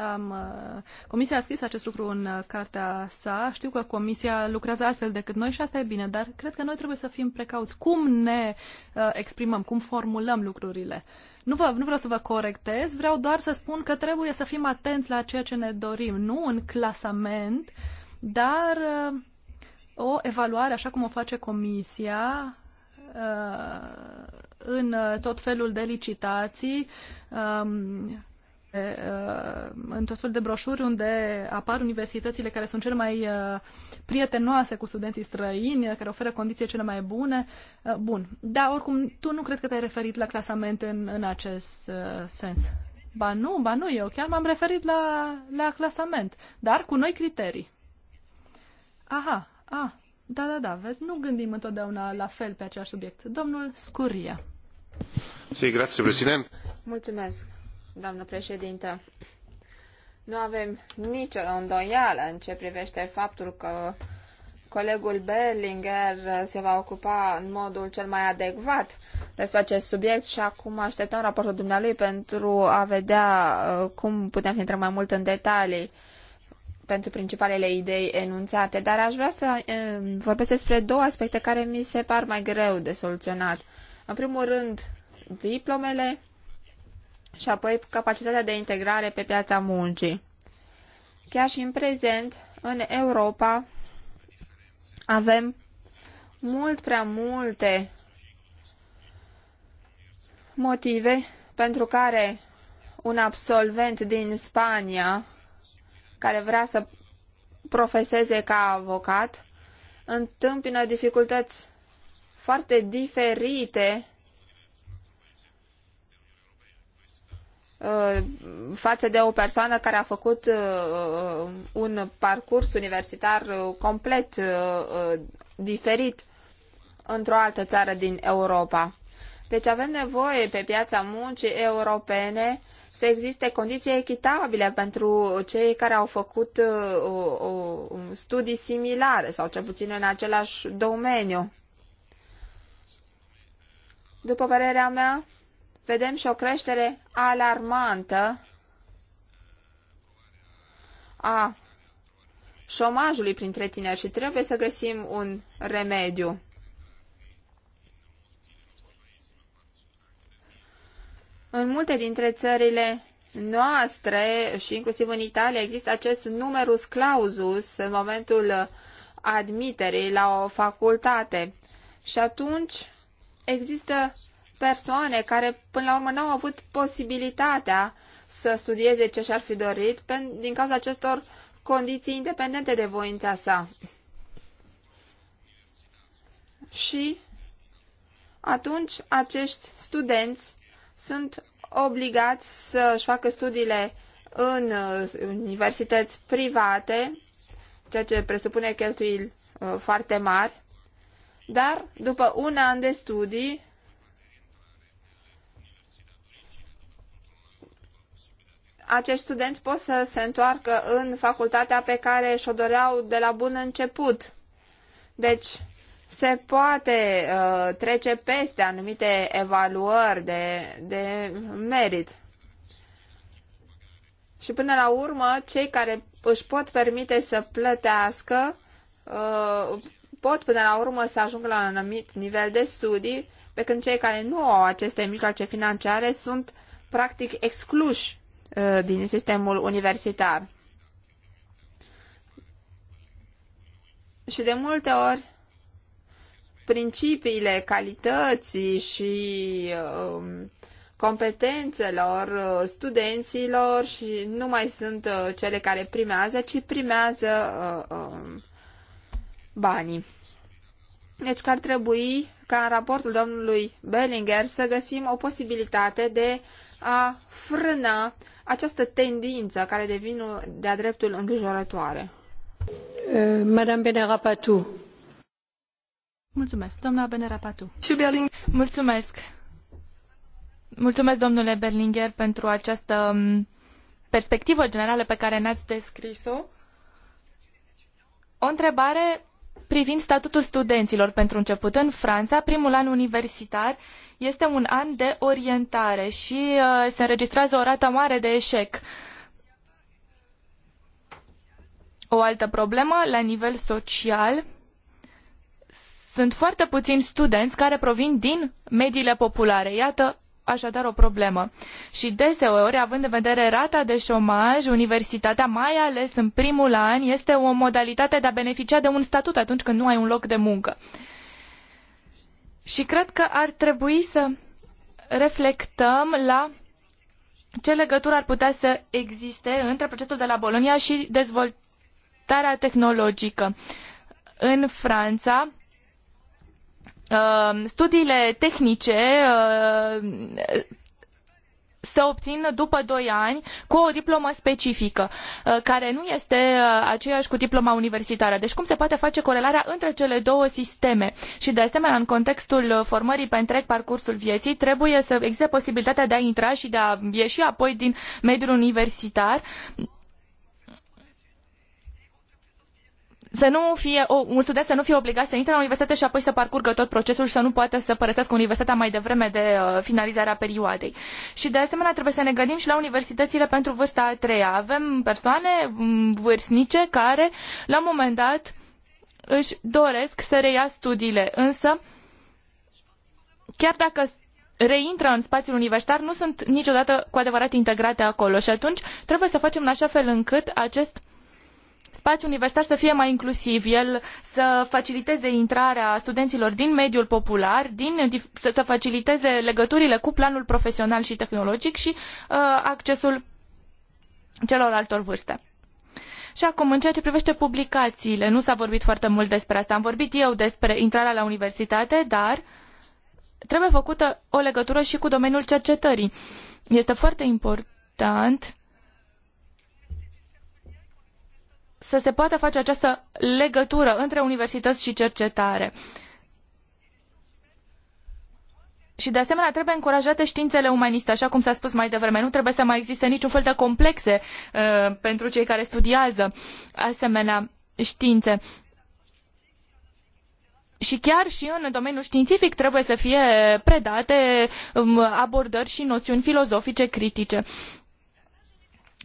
am, uh, comisia a scris acest lucru în uh, cartea sa. Știu că Comisia lucrează altfel decât noi și asta e bine, dar cred că noi trebuie să fim precauți. Cum ne uh, exprimăm, cum formulăm lucrurile? Nu, vă, nu vreau să vă corectez, vreau doar să spun că trebuie să fim atenți la ceea ce ne dorim, nu în clasament, dar uh, o evaluare, așa cum o face Comisia, uh, în uh, tot felul de licitații, um, Uh, în tot fel de broșuri unde apar universitățile care sunt cele mai uh, prietenoase cu studenții străini, care oferă condiții cele mai bune. Uh, bun. Da, oricum, tu nu cred că te-ai referit la clasament în, în acest sens. Ba nu, ba nu, eu chiar m-am referit la, la clasament, dar cu noi criterii. Aha, a, da, da, da, vezi, nu gândim întotdeauna la fel pe același subiect. Domnul Scuria. Sí, grazie, Mulțumesc doamnă președintă. Nu avem nicio îndoială în ce privește faptul că colegul Berlinger se va ocupa în modul cel mai adecvat despre acest subiect și acum așteptăm raportul dumnealui pentru a vedea uh, cum putem intra mai mult în detalii pentru principalele idei enunțate, dar aș vrea să uh, vorbesc despre două aspecte care mi se par mai greu de soluționat. În primul rând, diplomele și apoi capacitatea de integrare pe piața muncii. Chiar și în prezent, în Europa, avem mult prea multe motive pentru care un absolvent din Spania care vrea să profeseze ca avocat întâmpină dificultăți foarte diferite Uh, față de o persoană care a făcut uh, uh, un parcurs universitar complet diferit într-o altă țară din Europa. Deci avem nevoie pe piața muncii europene să existe condiții echitabile pentru cei care au făcut um, studii similare sau cel puțin în același domeniu. După părerea mea, vedem și o creștere alarmantă a șomajului printre tineri și trebuie să găsim un remediu. În multe dintre țările noastre și inclusiv în Italia există acest numerus clausus în momentul admiterii la o facultate și atunci există persoane care până la urmă n-au avut posibilitatea să studieze ce și-ar fi dorit din cauza acestor condiții independente de voința sa. Și atunci acești studenți sunt obligați să-și facă studiile în uh, universități private, ceea ce presupune cheltuieli uh, foarte mari, dar după un an de studii acești studenți pot să se întoarcă în facultatea pe care și-o doreau de la bun început. Deci, se poate uh, trece peste anumite evaluări de, de merit. Și până la urmă, cei care își pot permite să plătească uh, pot până la urmă să ajungă la un anumit nivel de studii, pe când cei care nu au aceste mijloace financiare sunt practic excluși Uh, din sistemul universitar. Și de multe ori, principiile calității și um, competențelor uh, studenților și nu mai sunt uh, cele care primează, ci primează um, banii. Deci că ar trebui ca în raportul domnului Bellinger să găsim o posibilitate de a frâna această tendință care devine de-a dreptul îngrijorătoare. Uh, Madame Benera Mulțumesc, doamna Benera Mulțumesc. Mulțumesc, domnule Berlinger, pentru această um, perspectivă generală pe care ne-ați descris-o. O întrebare privind statutul studenților pentru început. În Franța, primul an universitar este un an de orientare și uh, se înregistrează o rată mare de eșec. O altă problemă, la nivel social, sunt foarte puțini studenți care provin din mediile populare. Iată așadar o problemă. Și deseori, având în vedere rata de șomaj, universitatea, mai ales în primul an, este o modalitate de a beneficia de un statut atunci când nu ai un loc de muncă. Și cred că ar trebui să reflectăm la ce legătură ar putea să existe între procesul de la Bologna și dezvoltarea tehnologică. În Franța, Uh, studiile tehnice uh, se obțin după doi ani cu o diplomă specifică, uh, care nu este aceeași cu diploma universitară. Deci cum se poate face corelarea între cele două sisteme? Și de asemenea, în contextul formării pe întreg parcursul vieții, trebuie să existe posibilitatea de a intra și de a ieși apoi din mediul universitar să nu fie o, un student să nu fie obligat să intre la universitate și apoi să parcurgă tot procesul și să nu poată să părăsească universitatea mai devreme de uh, finalizarea perioadei. Și de asemenea trebuie să ne gândim și la universitățile pentru vârsta a treia. Avem persoane mm, vârstnice care la un moment dat își doresc să reia studiile, însă chiar dacă reintră în spațiul universitar, nu sunt niciodată cu adevărat integrate acolo și atunci trebuie să facem în așa fel încât acest spațiu universitar să fie mai inclusiv, el să faciliteze intrarea studenților din mediul popular, din, să, să faciliteze legăturile cu planul profesional și tehnologic și uh, accesul celor altor vârste. Și acum, în ceea ce privește publicațiile, nu s-a vorbit foarte mult despre asta. Am vorbit eu despre intrarea la universitate, dar trebuie făcută o legătură și cu domeniul cercetării. Este foarte important să se poată face această legătură între universități și cercetare. Și de asemenea trebuie încurajate științele umaniste, așa cum s-a spus mai devreme. Nu trebuie să mai existe niciun fel de complexe uh, pentru cei care studiază asemenea științe. Și chiar și în domeniul științific trebuie să fie predate um, abordări și noțiuni filozofice critice. Uh,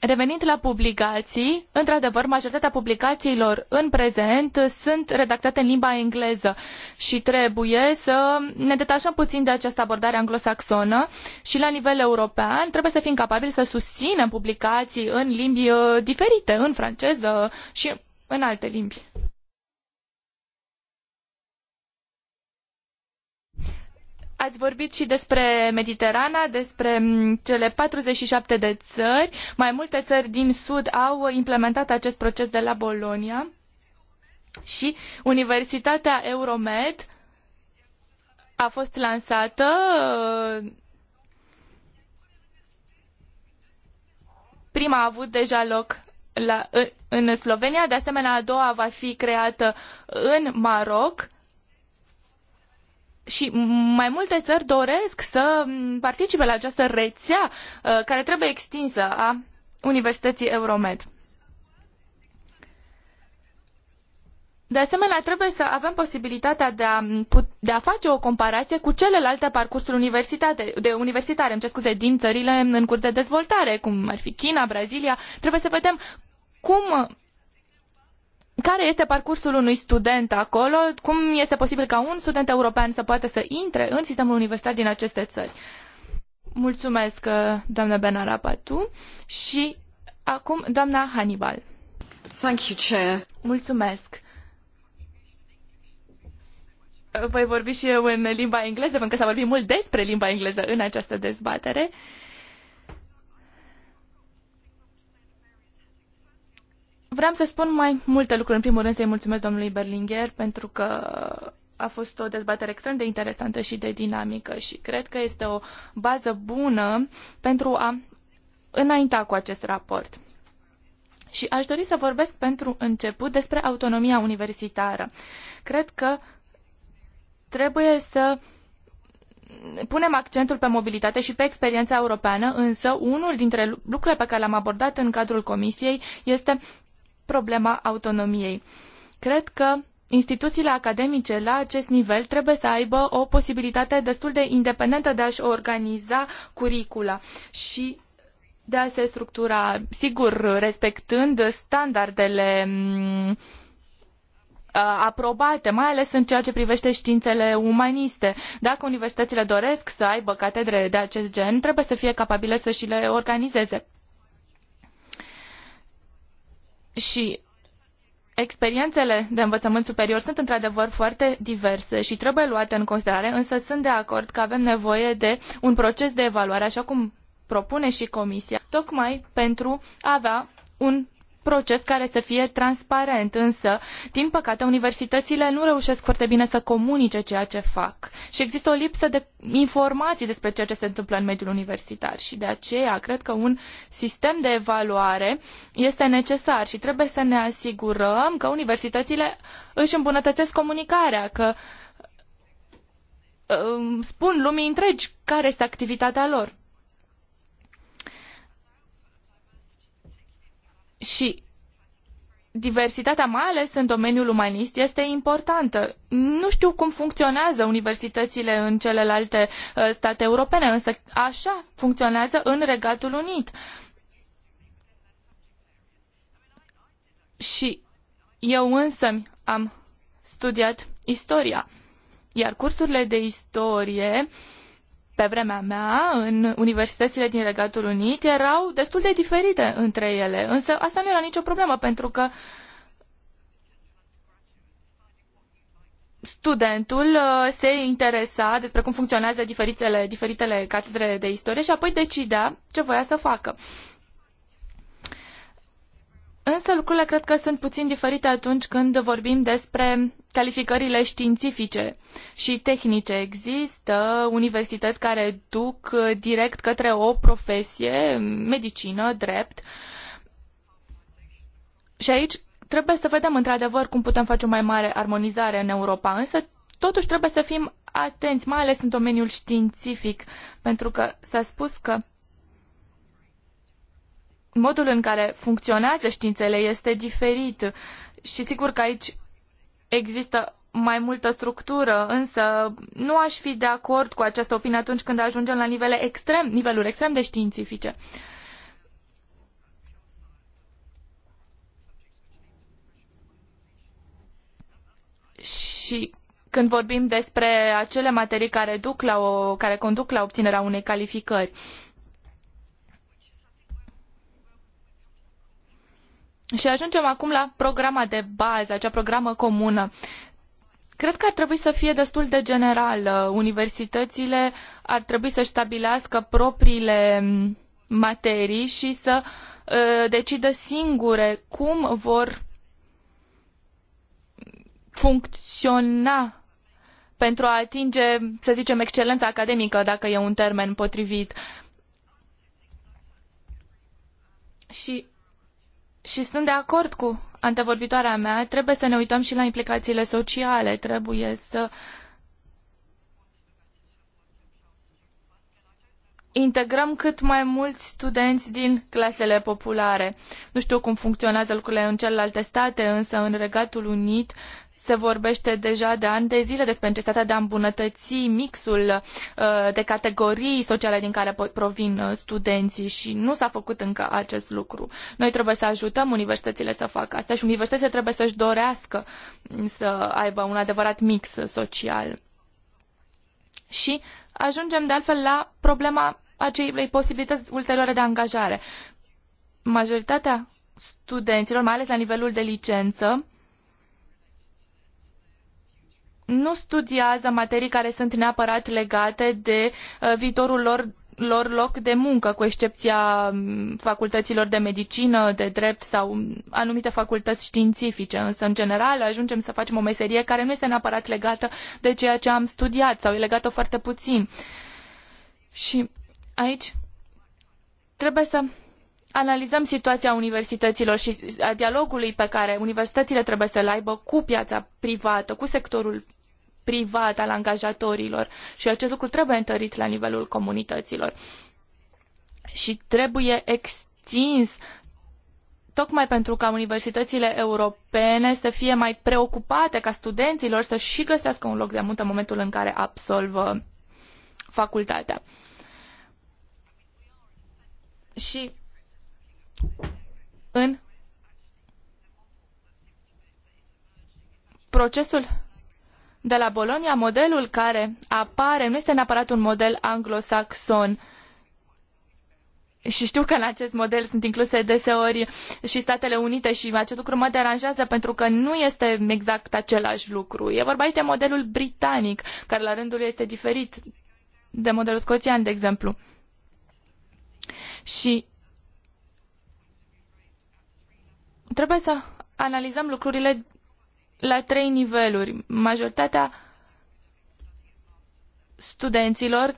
Revenind la publicații, într-adevăr, majoritatea publicațiilor în prezent sunt redactate în limba engleză și trebuie să ne detașăm puțin de această abordare anglosaxonă și la nivel european trebuie să fim capabili să susținem publicații în limbi uh, diferite, în franceză și în alte limbi. ați vorbit și despre Mediterana, despre mm, cele 47 de țări. Mai multe țări din Sud au implementat acest proces de la Bologna și Universitatea Euromed a fost lansată uh, prima a avut deja loc la, în Slovenia, de asemenea a doua va fi creată în Maroc și mai multe țări doresc să participe la această rețea uh, care trebuie extinsă a Universității Euromed. De asemenea, trebuie să avem posibilitatea de a, de a face o comparație cu celelalte parcursuri universitate, de universitare, îmi scuze, din țările în curs de dezvoltare, cum ar fi China, Brazilia. Trebuie să vedem cum care este parcursul unui student acolo, cum este posibil ca un student european să poată să intre în sistemul universitar din aceste țări. Mulțumesc, uh, doamna Benara Și acum, doamna Hannibal. Thank you, Chair. Mulțumesc. Voi vorbi și eu în limba engleză, pentru că s-a vorbit mult despre limba engleză în această dezbatere. Uh, Vreau să spun mai multe lucruri. În primul rând să-i mulțumesc domnului Berlinger pentru că a fost o dezbatere extrem de interesantă și de dinamică și cred că este o bază bună pentru a înainta cu acest raport. Și aș dori să vorbesc pentru început despre autonomia universitară. Cred că trebuie să punem accentul pe mobilitate și pe experiența europeană, însă unul dintre lucrurile pe care le-am abordat în cadrul comisiei este problema autonomiei. Cred că instituțiile academice la acest nivel trebuie să aibă o posibilitate destul de independentă de a-și organiza curicula și de a se structura, sigur, respectând standardele mm, aprobate, mai ales în ceea ce privește științele umaniste. Dacă universitățile doresc să aibă catedre de acest gen, trebuie să fie capabile să și le organizeze. Și experiențele de învățământ superior sunt într-adevăr foarte diverse și trebuie luate în considerare, însă sunt de acord că avem nevoie de un proces de evaluare, așa cum propune și Comisia, tocmai pentru a avea un proces care să fie transparent, însă, din păcate, universitățile nu reușesc foarte bine să comunice ceea ce fac și există o lipsă de informații despre ceea ce se întâmplă în mediul universitar și de aceea cred că un sistem de evaluare este necesar și trebuie să ne asigurăm că universitățile își îmbunătățesc comunicarea, că um, spun lumii întregi care este activitatea lor. Și diversitatea, mai ales în domeniul umanist, este importantă. Nu știu cum funcționează universitățile în celelalte uh, state europene, însă așa funcționează în Regatul Unit. Și eu însă am studiat istoria, iar cursurile de istorie uh, pe vremea mea, în universitățile din Regatul Unit, erau destul de diferite între ele. Însă asta nu era nicio problemă, pentru că studentul uh, se interesa despre cum funcționează diferitele, diferitele catedre de istorie și apoi decidea ce voia să facă. Însă lucrurile cred că sunt puțin diferite atunci când vorbim despre calificările științifice și tehnice. Există universități care duc uh, direct către o profesie, medicină, drept. Și aici trebuie să vedem într-adevăr cum putem face o mai mare armonizare în Europa, însă totuși trebuie să fim atenți, mai ales în domeniul științific, pentru că s-a spus că modul în care funcționează științele este diferit și sigur că aici există mai multă structură, însă nu aș fi de acord cu această opinie atunci când ajungem la nivele extrem, niveluri extrem de științifice. Și când vorbim despre acele materii care, duc la o, care conduc la obținerea unei calificări. Uh, Și ajungem acum la programa de bază, acea programă comună. Cred că ar trebui să fie destul de general. Uh, universitățile ar trebui să stabilească propriile mm, materii și să uh, decidă singure cum vor funcționa pentru a atinge, să zicem, excelența academică, dacă e un termen potrivit. Și și sunt de acord cu antevorbitoarea mea, trebuie să ne uităm și la implicațiile sociale, trebuie să integrăm cât mai mulți studenți din clasele populare. Nu știu cum funcționează lucrurile în celelalte state, însă în Regatul Unit se vorbește deja de ani de zile despre necesitatea de a îmbunătăți mixul uh, de categorii sociale din care provin uh, studenții și nu s-a făcut încă acest lucru. Noi trebuie să ajutăm universitățile să facă asta și universitățile trebuie să-și dorească mm, să aibă un adevărat mix social. Și ajungem de altfel la problema acelei posibilități ulterioare de angajare. Majoritatea studenților, mai ales la nivelul de licență, nu studiază materii care sunt neapărat legate de uh, viitorul lor lor loc de muncă, cu excepția mm, facultăților de medicină, de drept sau mm, anumite facultăți științifice. Însă, în general, ajungem să facem o meserie care nu este neapărat legată de ceea ce am studiat sau e legată foarte puțin. Și aici trebuie să analizăm situația universităților și a dialogului pe care universitățile trebuie să-l aibă cu piața privată, cu sectorul privat al angajatorilor și acest lucru trebuie întărit la nivelul comunităților. Și trebuie extins tocmai pentru ca universitățile europene să fie mai preocupate ca studenților să și găsească un loc de muncă în momentul în care absolvă facultatea. Și în procesul de la Bologna, modelul care apare nu este neapărat un model anglosaxon. Și știu că în acest model sunt incluse deseori și Statele Unite și acest lucru mă deranjează pentru că nu este exact același lucru. E vorba aici de modelul britanic, care la rândul lui este diferit de modelul scoțian, de exemplu. Și Trebuie să analizăm lucrurile la trei niveluri. Majoritatea studenților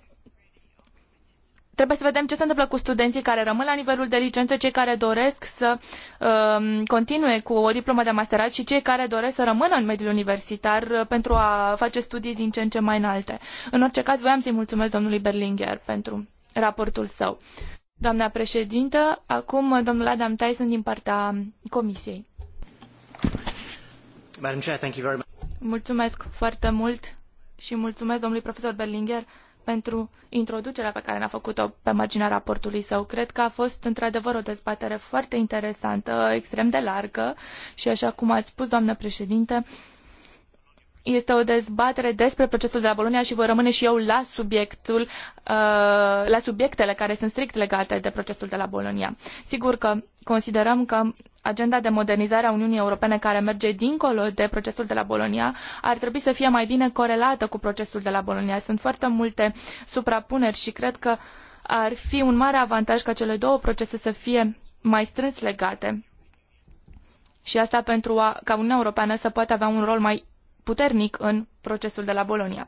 trebuie să vedem ce se întâmplă cu studenții care rămân la nivelul de licență, cei care doresc să um, continue cu o diplomă de masterat și cei care doresc să rămână în mediul universitar uh, pentru a face studii din ce în ce mai înalte. În orice caz, voiam să-i mulțumesc domnului Berlinger pentru raportul său. Doamna președintă, acum domnul Adam Tyson din partea Comisiei. Madam Chair, thank you very much. Mulțumesc foarte mult și mulțumesc domnului profesor Berlinger pentru introducerea pe care ne-a făcut-o pe marginea raportului său. Cred că a fost într-adevăr o dezbatere foarte interesantă, extrem de largă și așa cum ați spus, doamnă președinte, uh, este o dezbatere despre procesul de la Bologna și voi rămâne și eu la subiectul, uh, la subiectele care sunt strict legate de procesul de la Bologna. Sigur că considerăm că agenda de modernizare a Uniunii Europene care merge dincolo de procesul de la Bologna ar trebui să fie mai bine corelată cu procesul de la Bologna. Sunt foarte multe suprapuneri și cred că ar fi un mare avantaj ca cele două procese să fie mai strâns legate. Și asta pentru a, ca Uniunea Europeană să poată avea un rol mai puternic în procesul de la Bolonia.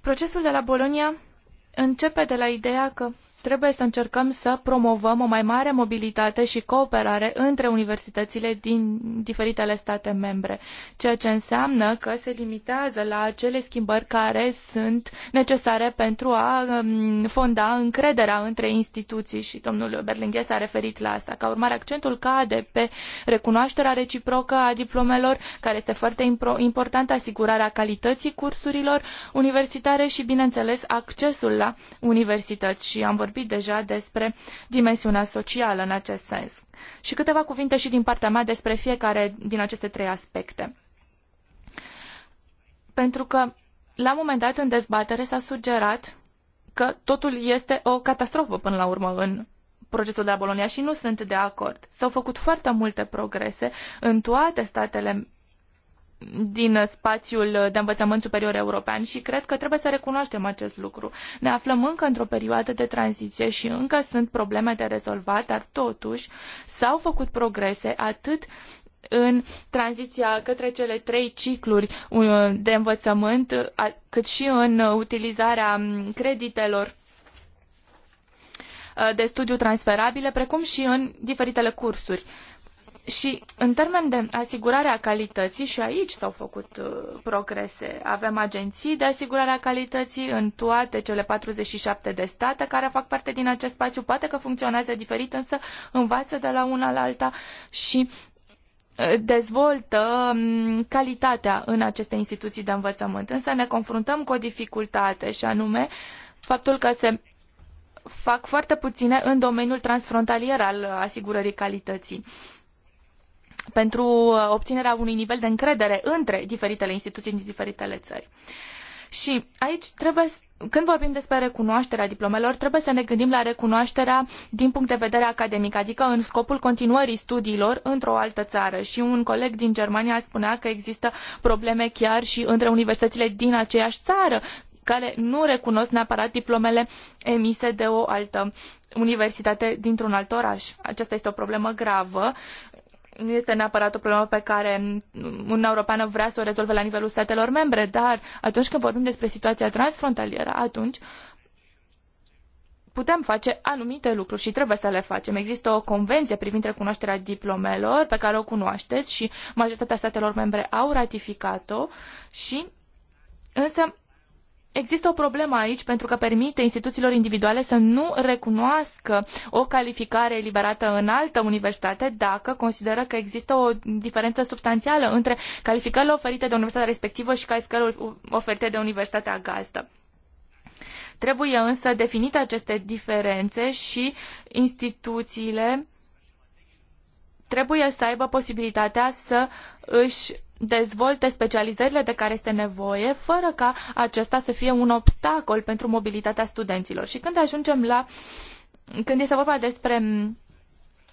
Procesul de la Bolonia începe de la ideea că Trebuie să încercăm să promovăm o mai mare mobilitate și cooperare între universitățile din diferitele state membre, ceea ce înseamnă că se limitează la acele schimbări care sunt necesare pentru a um, fonda încrederea între instituții și domnul Berlinghe s-a referit la asta. Ca urmare, accentul cade pe recunoașterea reciprocă a diplomelor, care este foarte importantă, asigurarea calității cursurilor universitare și, bineînțeles, accesul la universități și am vorbit vorbit deja despre dimensiunea socială în acest sens. Și câteva cuvinte și din partea mea despre fiecare din aceste trei aspecte. Pentru că la un moment dat în dezbatere s-a sugerat că totul este o catastrofă până la urmă în procesul de la Bolonia și nu sunt de acord. S-au făcut foarte multe progrese în toate statele din spațiul de învățământ superior european și cred că trebuie să recunoaștem acest lucru. Ne aflăm încă într-o perioadă de tranziție și încă sunt probleme de rezolvat, dar totuși s-au făcut progrese atât în tranziția către cele trei cicluri uh, de învățământ, cât și în utilizarea um, creditelor uh, de studiu transferabile, precum și în diferitele cursuri și în termen de asigurare a calității, și aici s-au făcut uh, progrese. Avem agenții de asigurare a calității în toate cele 47 de state care fac parte din acest spațiu. Poate că funcționează diferit, însă învață de la una la alta și uh, dezvoltă um, calitatea în aceste instituții de învățământ. Însă ne confruntăm cu o dificultate și anume faptul că se fac foarte puține în domeniul transfrontalier al asigurării calității pentru uh, obținerea unui nivel de încredere între diferitele instituții din diferitele țări. Și aici trebuie, când vorbim despre recunoașterea diplomelor, trebuie să ne gândim la recunoașterea din punct de vedere academic, adică în scopul continuării studiilor într-o altă țară. Și un coleg din Germania spunea că există probleme chiar și între universitățile din aceeași țară, care nu recunosc neapărat diplomele emise de o altă universitate dintr-un alt oraș. Aceasta este o problemă gravă nu este neapărat o problemă pe care Uniunea Europeană vrea să o rezolve la nivelul statelor membre, dar atunci când vorbim despre situația transfrontalieră, atunci putem face anumite lucruri și trebuie să le facem. Există o convenție privind recunoașterea diplomelor pe care o cunoașteți și majoritatea statelor membre au ratificat-o și însă Există o problemă aici pentru că permite instituțiilor individuale să nu recunoască o calificare eliberată în altă universitate dacă consideră că există o diferență substanțială între calificările oferite de universitatea respectivă și calificările oferite de universitatea gazdă. Trebuie însă definite aceste diferențe și instituțiile trebuie să aibă posibilitatea să își dezvolte specializările de care este nevoie, fără ca acesta să fie un obstacol pentru mobilitatea studenților. Și când ajungem la. când este vorba despre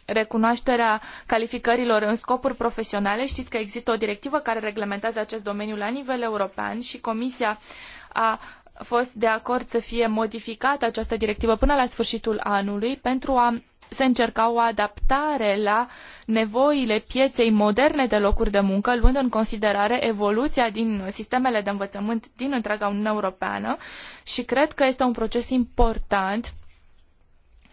recunoașterea calificărilor în scopuri profesionale, știți că există o directivă care reglementează acest domeniu la nivel european și Comisia a fost de acord să fie modificată această directivă până la sfârșitul anului pentru a se încerca o adaptare la nevoile pieței moderne de locuri de muncă, luând în considerare evoluția din sistemele de învățământ din întreaga Uniune Europeană și cred că este un proces important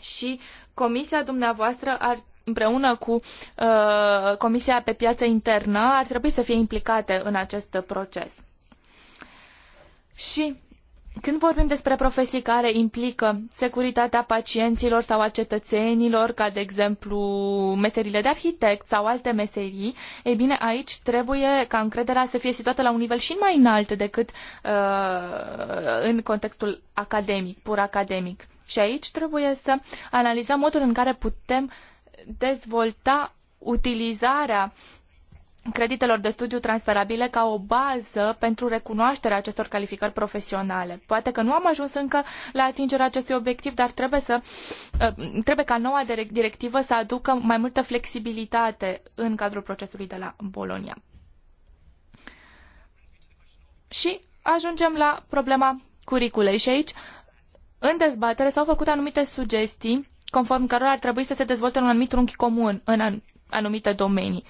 și Comisia dumneavoastră ar împreună cu uh, Comisia pe piață internă ar trebui să fie implicate în acest proces. Și când vorbim despre profesii care implică securitatea pacienților sau a cetățenilor, ca de exemplu meserile de arhitect sau alte meserii, ei bine, aici trebuie ca încrederea să fie situată la un nivel și mai înalt decât uh, în contextul academic, pur academic. Și aici trebuie să analizăm modul în care putem dezvolta utilizarea uh, creditelor de studiu transferabile ca o bază pentru recunoașterea acestor calificări profesionale. Poate că nu am ajuns încă la atingerea acestui obiectiv, dar trebuie, să, uh, trebuie ca noua directivă să aducă mai multă flexibilitate în cadrul procesului de la Bologna. Și ajungem la problema curiculei și aici, în dezbatere s-au făcut anumite sugestii conform cărora ar trebui să se dezvolte un anumit trunchi comun în anumite domenii.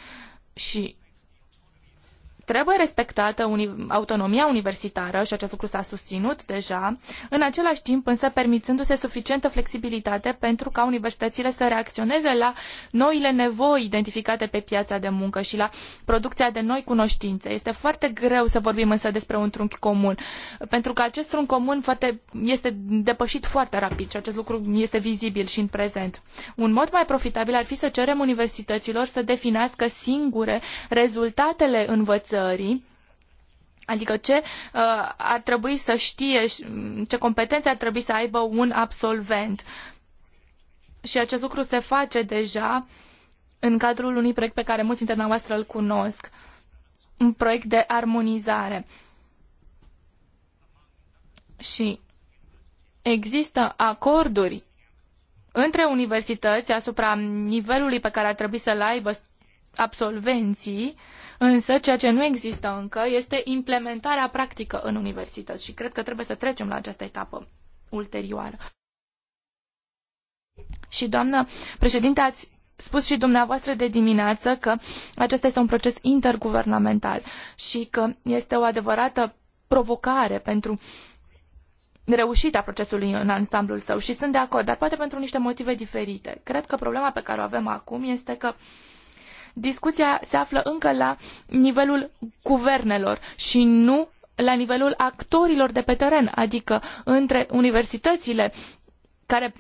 Și Trebuie respectată uni- autonomia universitară și acest lucru s-a susținut deja, în același timp însă permițându-se suficientă flexibilitate pentru ca universitățile să reacționeze la noile nevoi identificate pe piața de muncă și la producția de noi cunoștințe. Este foarte greu să vorbim însă despre un trunchi comun, pentru că acest trunchi comun foarte, este depășit foarte rapid și acest lucru este vizibil și în prezent. Un mod mai profitabil ar fi să cerem universităților să definească singure rezultatele învățării țării, adică ce uh, ar trebui să știe, mm, ce competențe ar trebui să aibă un absolvent. Și acest lucru se face deja în cadrul unui proiect pe care mulți dintre dumneavoastră îl cunosc, un proiect de armonizare. Și există acorduri între universități asupra nivelului pe care ar trebui să-l aibă absolvenții uh, Însă, ceea ce nu există încă este implementarea practică în universități și cred că trebuie să trecem la această etapă ulterioară. Și, doamnă președinte, ați spus și dumneavoastră de dimineață că acesta este un proces interguvernamental și că este o adevărată provocare pentru reușita procesului în ansamblul său și sunt de acord, dar poate pentru niște motive diferite. Cred că problema pe care o avem acum este că uh, discuția se află încă la nivelul guvernelor și nu la nivelul actorilor de pe teren, adică între universitățile care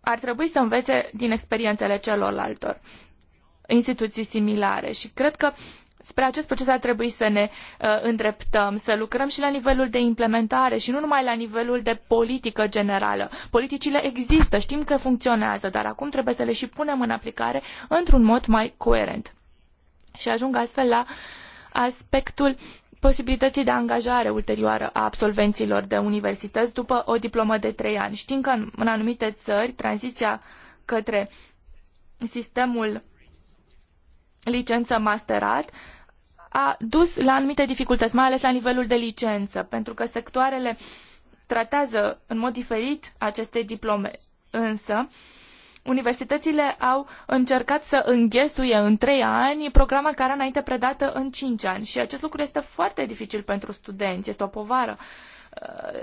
ar trebui să învețe din experiențele celorlaltor instituții similare. Și cred că spre acest proces ar trebui să ne uh, îndreptăm, să lucrăm și la nivelul de implementare și nu numai la nivelul de politică generală. Politicile există, știm că funcționează, dar acum trebuie să le și punem în aplicare într-un mod mai coerent. Și ajung astfel la aspectul posibilității de angajare ulterioară a absolvenților de universități după o diplomă de trei ani. Știm că în, în anumite țări tranziția către sistemul licență masterat a dus la anumite dificultăți, mai ales la nivelul de licență, pentru că sectoarele tratează în mod diferit aceste diplome. Însă, universitățile au încercat să înghesuie în trei ani programa care era înainte predată în cinci ani și acest lucru este foarte dificil pentru studenți, este o povară uh,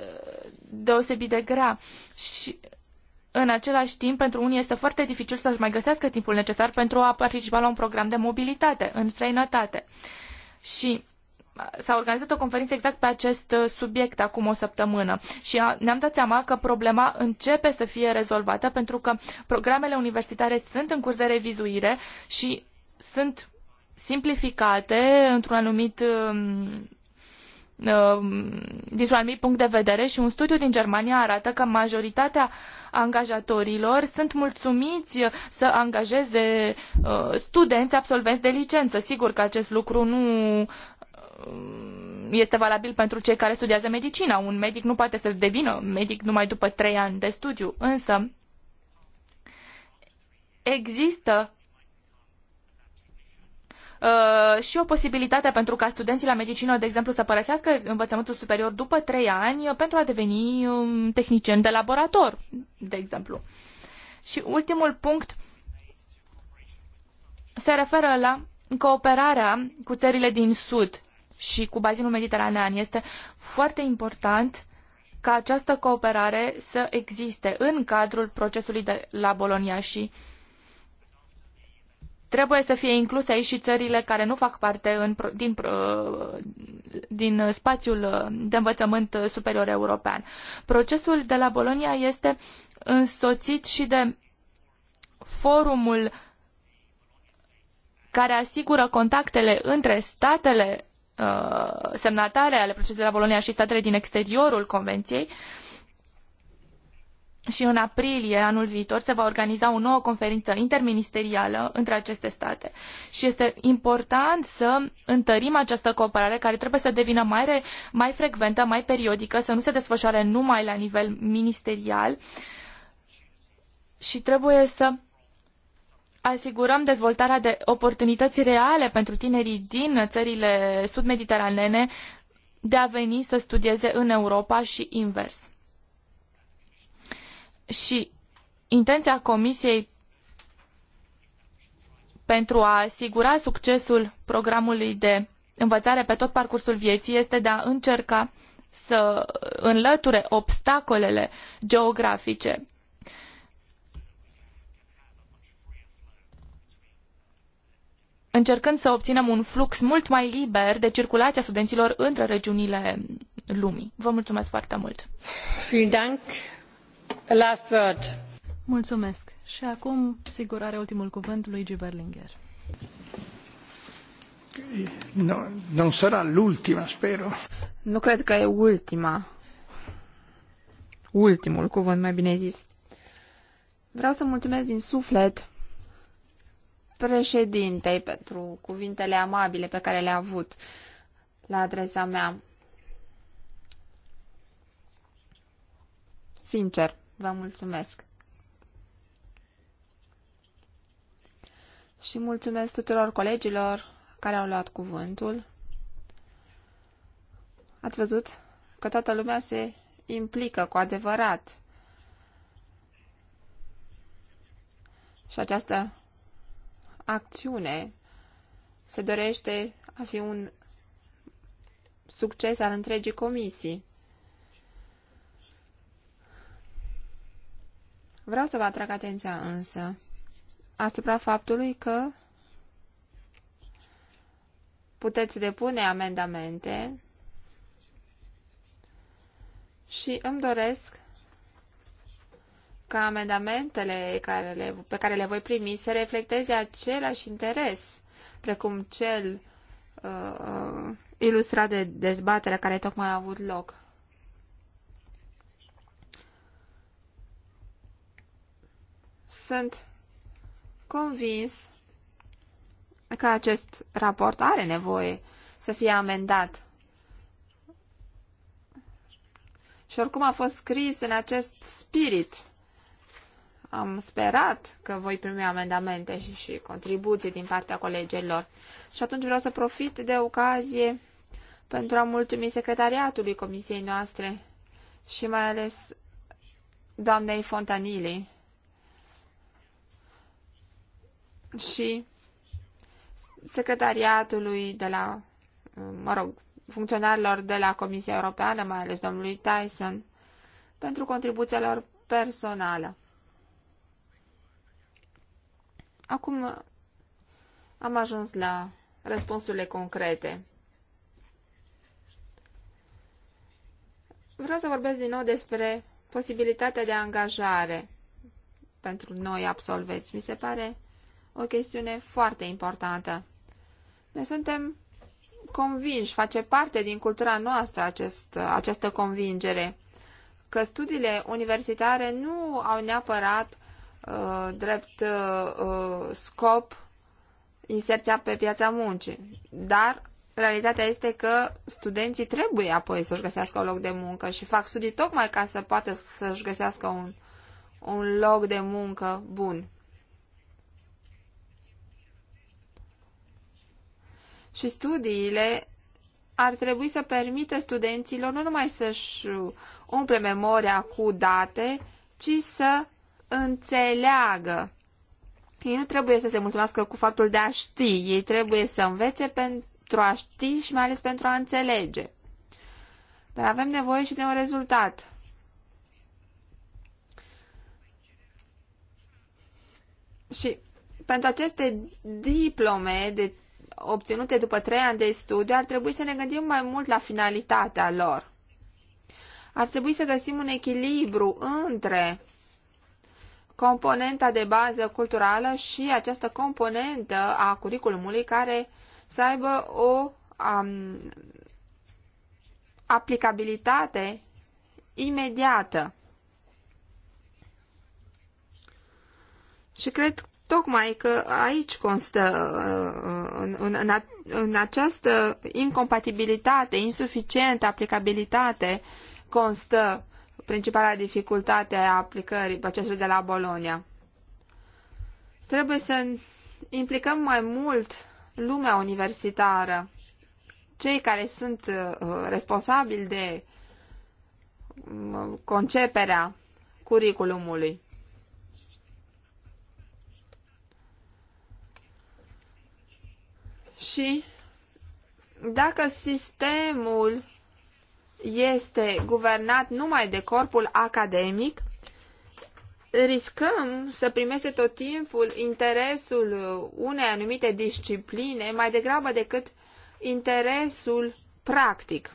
deosebit de grea și în același timp, pentru unii este foarte dificil să-și mai găsească timpul necesar pentru a participa la un program de mobilitate în străinătate. Uh, și uh, s-a organizat o conferință exact pe acest uh, subiect acum o săptămână și uh, ne-am dat seama că problema începe să fie rezolvată pentru că programele universitare sunt în curs de revizuire și sunt simplificate într-un anumit um, um, dintr-un anumit punct de vedere și un studiu din Germania arată că majoritatea uh, angajatorilor sunt mulțumiți să angajeze uh, studenți absolvenți de licență. Sigur că acest lucru nu uh, este valabil pentru cei care studiază medicina. Un medic nu poate să devină medic numai după trei ani de studiu, însă există Uh, și o posibilitate pentru ca studenții la medicină, de exemplu, să părăsească învățământul superior după trei ani uh, pentru a deveni um, tehnicieni de laborator, de exemplu. Și ultimul punct se referă la cooperarea cu țările din Sud și cu bazinul mediteranean. Este foarte important ca această cooperare să existe în cadrul procesului de la Bolonia și uh, Trebuie să fie incluse aici și țările care nu fac parte în, din, din spațiul uh, de învățământ superior european. Procesul de la Bolonia este însoțit și de forumul care asigură contactele între statele uh, semnatare ale procesului de la Bolonia și statele din exteriorul Convenției uh, și în aprilie anul viitor se va organiza o nouă conferință interministerială între aceste state și este important să întărim această cooperare care trebuie să devină mai, re, mai frecventă, mai periodică, să nu se desfășoare numai la nivel ministerial și trebuie să asigurăm dezvoltarea de oportunități reale pentru tinerii din țările sud-mediteranene de a veni să studieze în Europa și invers și intenția Comisiei pentru a asigura succesul programului de învățare pe tot parcursul vieții este de a încerca să înlăture obstacolele geografice. Încercând să obținem un flux mult mai liber de circulația studenților între regiunile lumii. Vă mulțumesc foarte mult! Vielen Dank. The last word. Mulțumesc. Și acum, sigur, are ultimul cuvânt Luigi Berlinger. No, non sarà l'ultima, spero. Nu cred că e ultima. Ultimul cuvânt, mai bine zis. Vreau să mulțumesc din suflet președintei pentru cuvintele amabile pe care le-a avut la adresa mea. Sincer. Vă mulțumesc! Și mulțumesc tuturor colegilor care au luat cuvântul. Ați văzut că toată lumea se implică cu adevărat. Și această acțiune se dorește a fi un succes al întregii comisii. Vreau să vă atrag atenția însă asupra faptului că puteți depune amendamente și îmi doresc ca amendamentele care le, pe care le voi primi să reflecteze același interes, precum cel uh, uh ilustrat de dezbaterea care tocmai a avut loc. Sunt convins că acest raport are nevoie să fie amendat. Și oricum a fost scris în acest spirit. Am sperat că voi primi amendamente și, și contribuții din partea colegilor. Și atunci vreau să profit de ocazie pentru a mulțumi secretariatului comisiei noastre și mai ales doamnei Fontanilei și secretariatului de la, mă rog, funcționarilor de la Comisia Europeană, mai ales domnului Tyson, pentru contribuția lor personală. Acum am ajuns la răspunsurile concrete. Vreau să vorbesc din nou despre posibilitatea de angajare pentru noi absolveți. Mi se pare o chestiune foarte importantă. Ne suntem convinși, face parte din cultura noastră acest, această convingere, că studiile universitare nu au neapărat uh, drept uh, uh, scop inserția pe piața muncii, dar realitatea este că studenții trebuie apoi să-și găsească un loc de muncă și fac studii tocmai ca să poată să-și găsească un, un loc de muncă bun. și studiile ar trebui să permită studenților nu numai să-și umple memoria cu date, ci să înțeleagă. Ei nu trebuie să se mulțumească cu faptul de a ști, ei trebuie să învețe pentru a ști și mai ales pentru a înțelege. Dar avem nevoie și de un rezultat. Și pentru aceste diplome de obținute după trei ani de studiu, ar trebui să ne gândim mai mult la finalitatea lor. Ar trebui să găsim un echilibru între componenta de bază culturală și această componentă a curriculumului care să aibă o um, aplicabilitate imediată. Și cred Tocmai că aici constă, uh, în, în, în această incompatibilitate, insuficientă aplicabilitate, constă principala dificultate a aplicării procesului de la Bolonia. Trebuie să implicăm mai mult lumea universitară, cei care sunt uh, responsabili de uh, conceperea curiculumului. Și dacă sistemul este guvernat numai de corpul academic, riscăm să primeze tot timpul interesul unei anumite discipline mai degrabă decât interesul practic.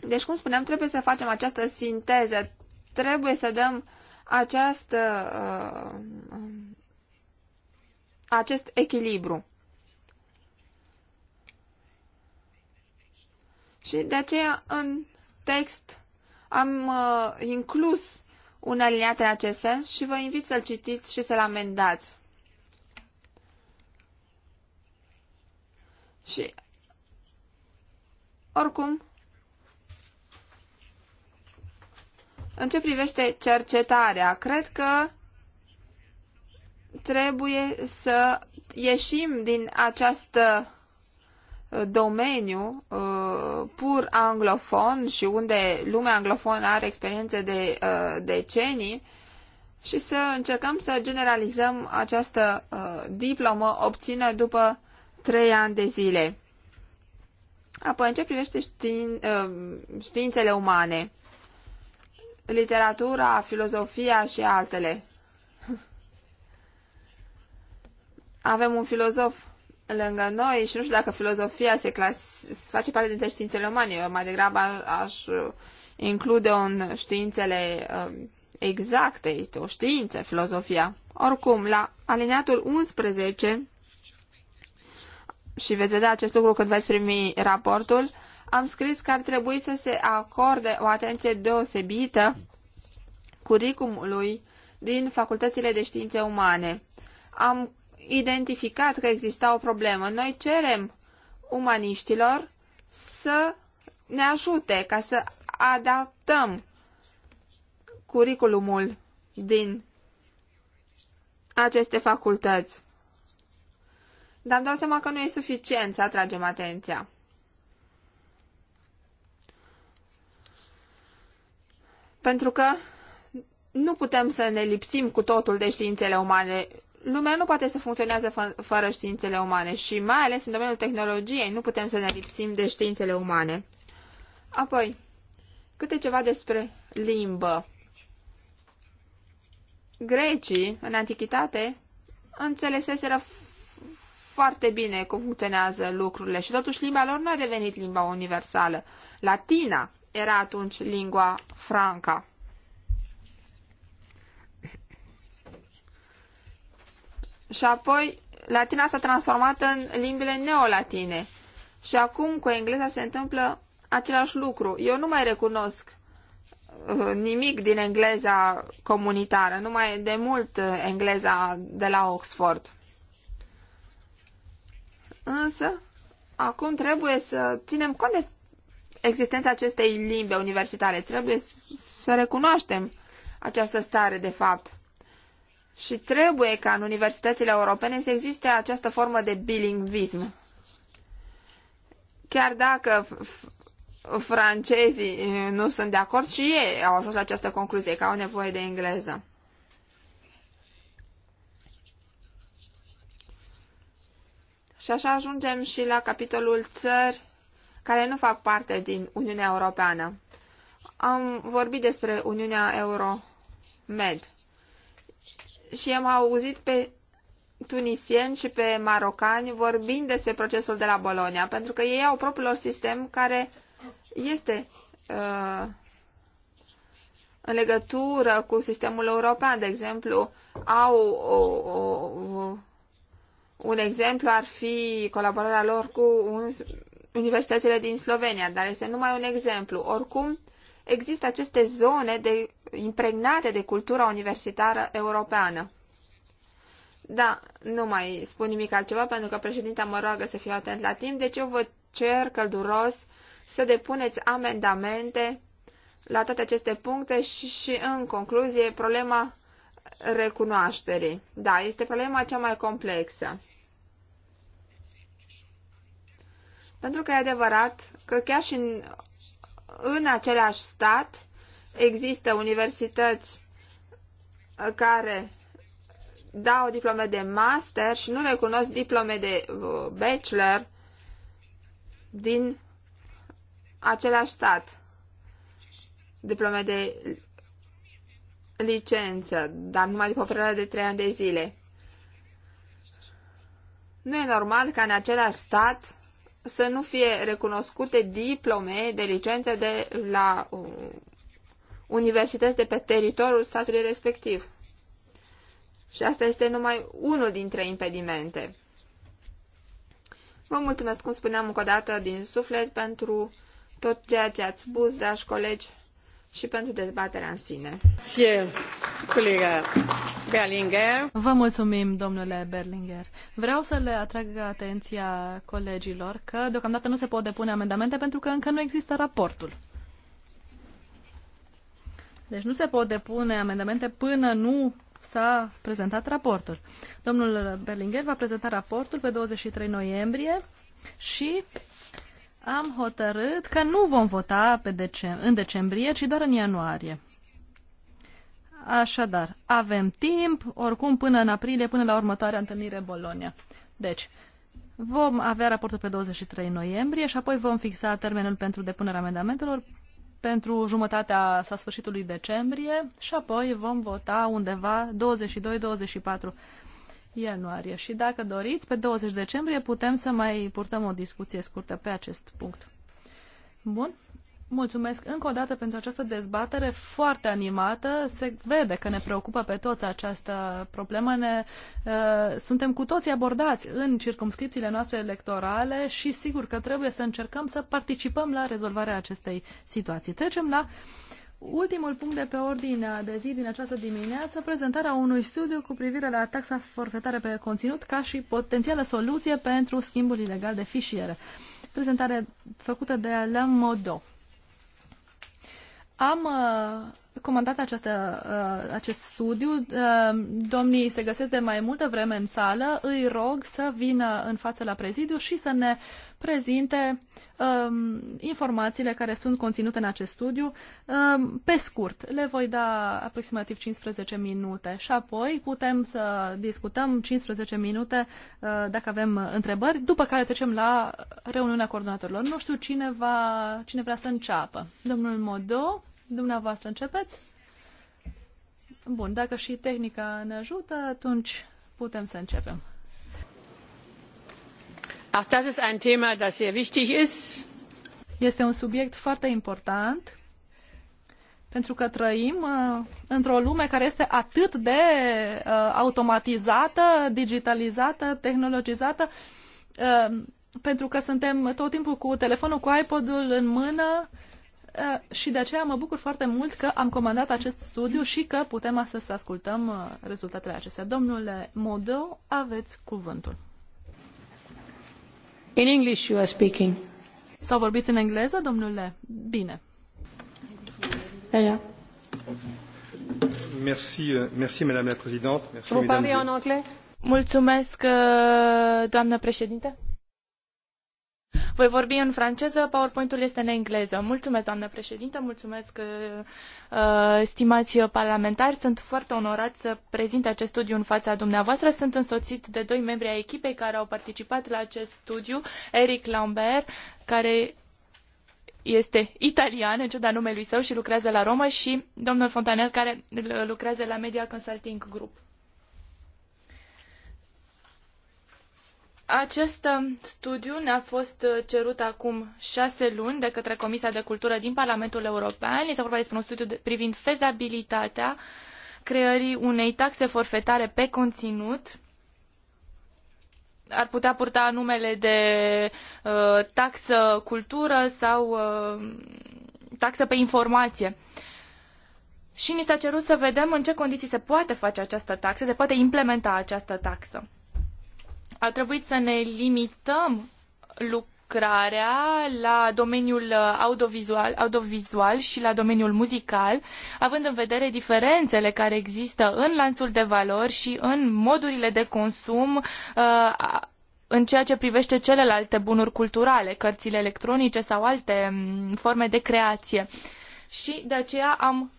Deci, cum spuneam, trebuie să facem această sinteză, trebuie să dăm această uh, acest echilibru. Și de aceea în text am uh, inclus un aliniat în acest sens și vă invit să-l citiți și să-l amendați. Și oricum, în ce privește cercetarea, cred că trebuie să ieșim din acest uh, domeniu uh, pur anglofon și unde lumea anglofonă are experiențe de uh, decenii și să încercăm să generalizăm această diplomă obțină după trei ani de zile. Apoi, în ce privește știin, științele umane, literatura, filozofia și altele. Avem un filozof lângă noi și nu știu dacă filozofia se clas- face parte dintre științele umane. Eu mai degrabă aș include în științele um, exacte, este o știință, filozofia. Oricum, la alineatul 11, și veți vedea acest lucru când veți primi raportul, am scris că ar trebui să se acorde o atenție deosebită curicumului din facultățile de științe umane. Am identificat că exista o problemă. Noi cerem umaniștilor să ne ajute ca să adaptăm curriculumul din aceste facultăți. Dar îmi dau seama că nu e suficient să atragem atenția. Pentru că nu putem să ne lipsim cu totul de științele umane lumea nu poate să funcționeze fă, fără științele umane și mai ales în domeniul tehnologiei nu putem să ne lipsim de științele umane. Apoi, câte ceva despre limbă. Grecii, în antichitate, înțeleseseră foarte bine cum funcționează lucrurile și totuși limba lor nu a devenit limba universală. Latina era atunci lingua franca. și apoi latina s-a transformat în limbile neolatine. Și acum cu engleza se întâmplă același lucru. Eu nu mai recunosc uh, nimic din engleza comunitară, numai de mult uh, engleza de la Oxford. Însă, acum trebuie să ținem cont de existența acestei limbe universitare. Trebuie să recunoaștem această stare de fapt. Și trebuie ca în universitățile europene să existe această formă de bilingvism. Chiar dacă francezii eh, nu sunt de acord și ei au ajuns la această concluzie că au nevoie de engleză. Și așa ajungem și la capitolul țări care nu fac parte din Uniunea Europeană. Am vorbit despre Uniunea Euromed și am auzit pe tunisieni și pe marocani vorbind despre procesul de la Bologna, pentru că ei au propriul lor sistem care este uh, în legătură cu sistemul european, de exemplu, au o, o, o, un exemplu ar fi colaborarea lor cu un, universitățile din Slovenia, dar este numai un exemplu. Oricum, există aceste zone de, impregnate de cultura universitară europeană. Da, nu mai spun nimic altceva pentru că președinta mă roagă să fiu atent la timp, deci eu vă cer călduros să depuneți amendamente la toate aceste puncte și, și în concluzie problema recunoașterii. Da, este problema cea mai complexă. Pentru că e adevărat că chiar și în în același stat există universități care dau diplome de master și nu recunosc diplome de uh, bachelor din același stat. Diplome de licență, dar numai după o perioadă de trei ani de zile. Nu e normal ca în același stat să nu fie recunoscute diplome de licențe de la uh, universități de pe teritoriul statului respectiv. Și asta este numai unul dintre impedimente. Vă mulțumesc, cum spuneam încă o dată, din suflet pentru tot ceea ce ați spus, dragi colegi, și pentru dezbaterea în sine. Ție. Berlinger. Vă mulțumim, domnule Berlinger. Vreau să le atrag atenția colegilor că deocamdată nu se pot depune amendamente pentru că încă nu există raportul. Deci nu se pot depune amendamente până nu s-a prezentat raportul. Domnul Berlinger va prezenta raportul pe 23 noiembrie și am hotărât că nu vom vota pe decem- în decembrie, ci doar în ianuarie. Așadar, avem timp, oricum până în aprilie, până la următoarea întâlnire Bolonia. Deci, vom avea raportul pe 23 noiembrie și apoi vom fixa termenul pentru depunerea amendamentelor pentru jumătatea sa sfârșitului decembrie și apoi vom vota undeva 22-24 ianuarie. Și dacă doriți, pe 20 decembrie putem să mai purtăm o discuție scurtă pe acest punct. Bun mulțumesc încă o dată pentru această dezbatere foarte animată. Se vede că ne preocupă pe toți această problemă. Ne, uh, suntem cu toții abordați în circumscripțiile noastre electorale și sigur că trebuie să încercăm să participăm la rezolvarea acestei situații. Trecem la Ultimul punct de pe ordinea de zi din această dimineață, prezentarea unui studiu cu privire la taxa forfetare pe conținut ca și potențială soluție pentru schimbul ilegal de fișiere. Prezentare făcută de Alain Modo. Am uh, comandat această, uh, acest studiu. Uh, domnii se găsesc de mai multă vreme în sală. Îi rog să vină în față la prezidiu și să ne prezinte um, informațiile care sunt conținute în acest studiu. Um, pe scurt, le voi da aproximativ 15 minute și apoi putem să discutăm 15 minute uh, dacă avem întrebări, după care trecem la reuniunea coordonatorilor. Nu știu cine, va, cine vrea să înceapă. Domnul Modo, Dumneavoastră începeți? Bun, dacă și tehnica ne ajută, atunci putem să începem. Ach, das ist ein Thema, das sehr wichtig ist. Este un subiect foarte important pentru că trăim uh, într-o lume care este atât de uh, automatizată, digitalizată, tehnologizată, uh, pentru că suntem tot timpul cu telefonul, cu iPod-ul în mână, uh, Uh, și de aceea mă bucur foarte mult că am comandat acest studiu și că putem astăzi să ascultăm uh, rezultatele acestea. Domnule Modo, aveți cuvântul. In English you are speaking. Sau vorbiți în engleză, domnule? Bine. Yeah, yeah. Merci, euh, merci, madame la présidente. Merci, Vă parli Mulțumesc, euh, doamnă președinte. Voi vorbi în franceză, PowerPoint-ul este în engleză. Mulțumesc, doamnă președintă, mulțumesc, uh, uh, stimați parlamentari. Sunt foarte onorat să prezint acest studiu în fața dumneavoastră. Sunt însoțit de doi membri ai echipei care au participat la acest studiu, Eric Lambert, care este italian, în ciuda numelui său, și lucrează la Roma, și domnul Fontanel, care lucrează la Media Consulting Group. Acest um, studiu ne-a fost uh, cerut acum șase luni de către Comisia de Cultură din Parlamentul European. Este vorba despre un studiu privind fezabilitatea creării unei taxe forfetare pe conținut. Ar putea purta numele de uh, taxă cultură sau uh, taxă pe informație. Și ni s-a cerut să vedem în ce condiții se poate face această taxă, se poate implementa această taxă a trebuit să ne limităm lucrarea la domeniul uh, audiovizual, audiovizual și la domeniul muzical, având în vedere diferențele care există în lanțul de valori și în modurile de consum uh, în ceea ce privește celelalte bunuri culturale, cărțile electronice sau alte mm, forme de creație. Și de aceea am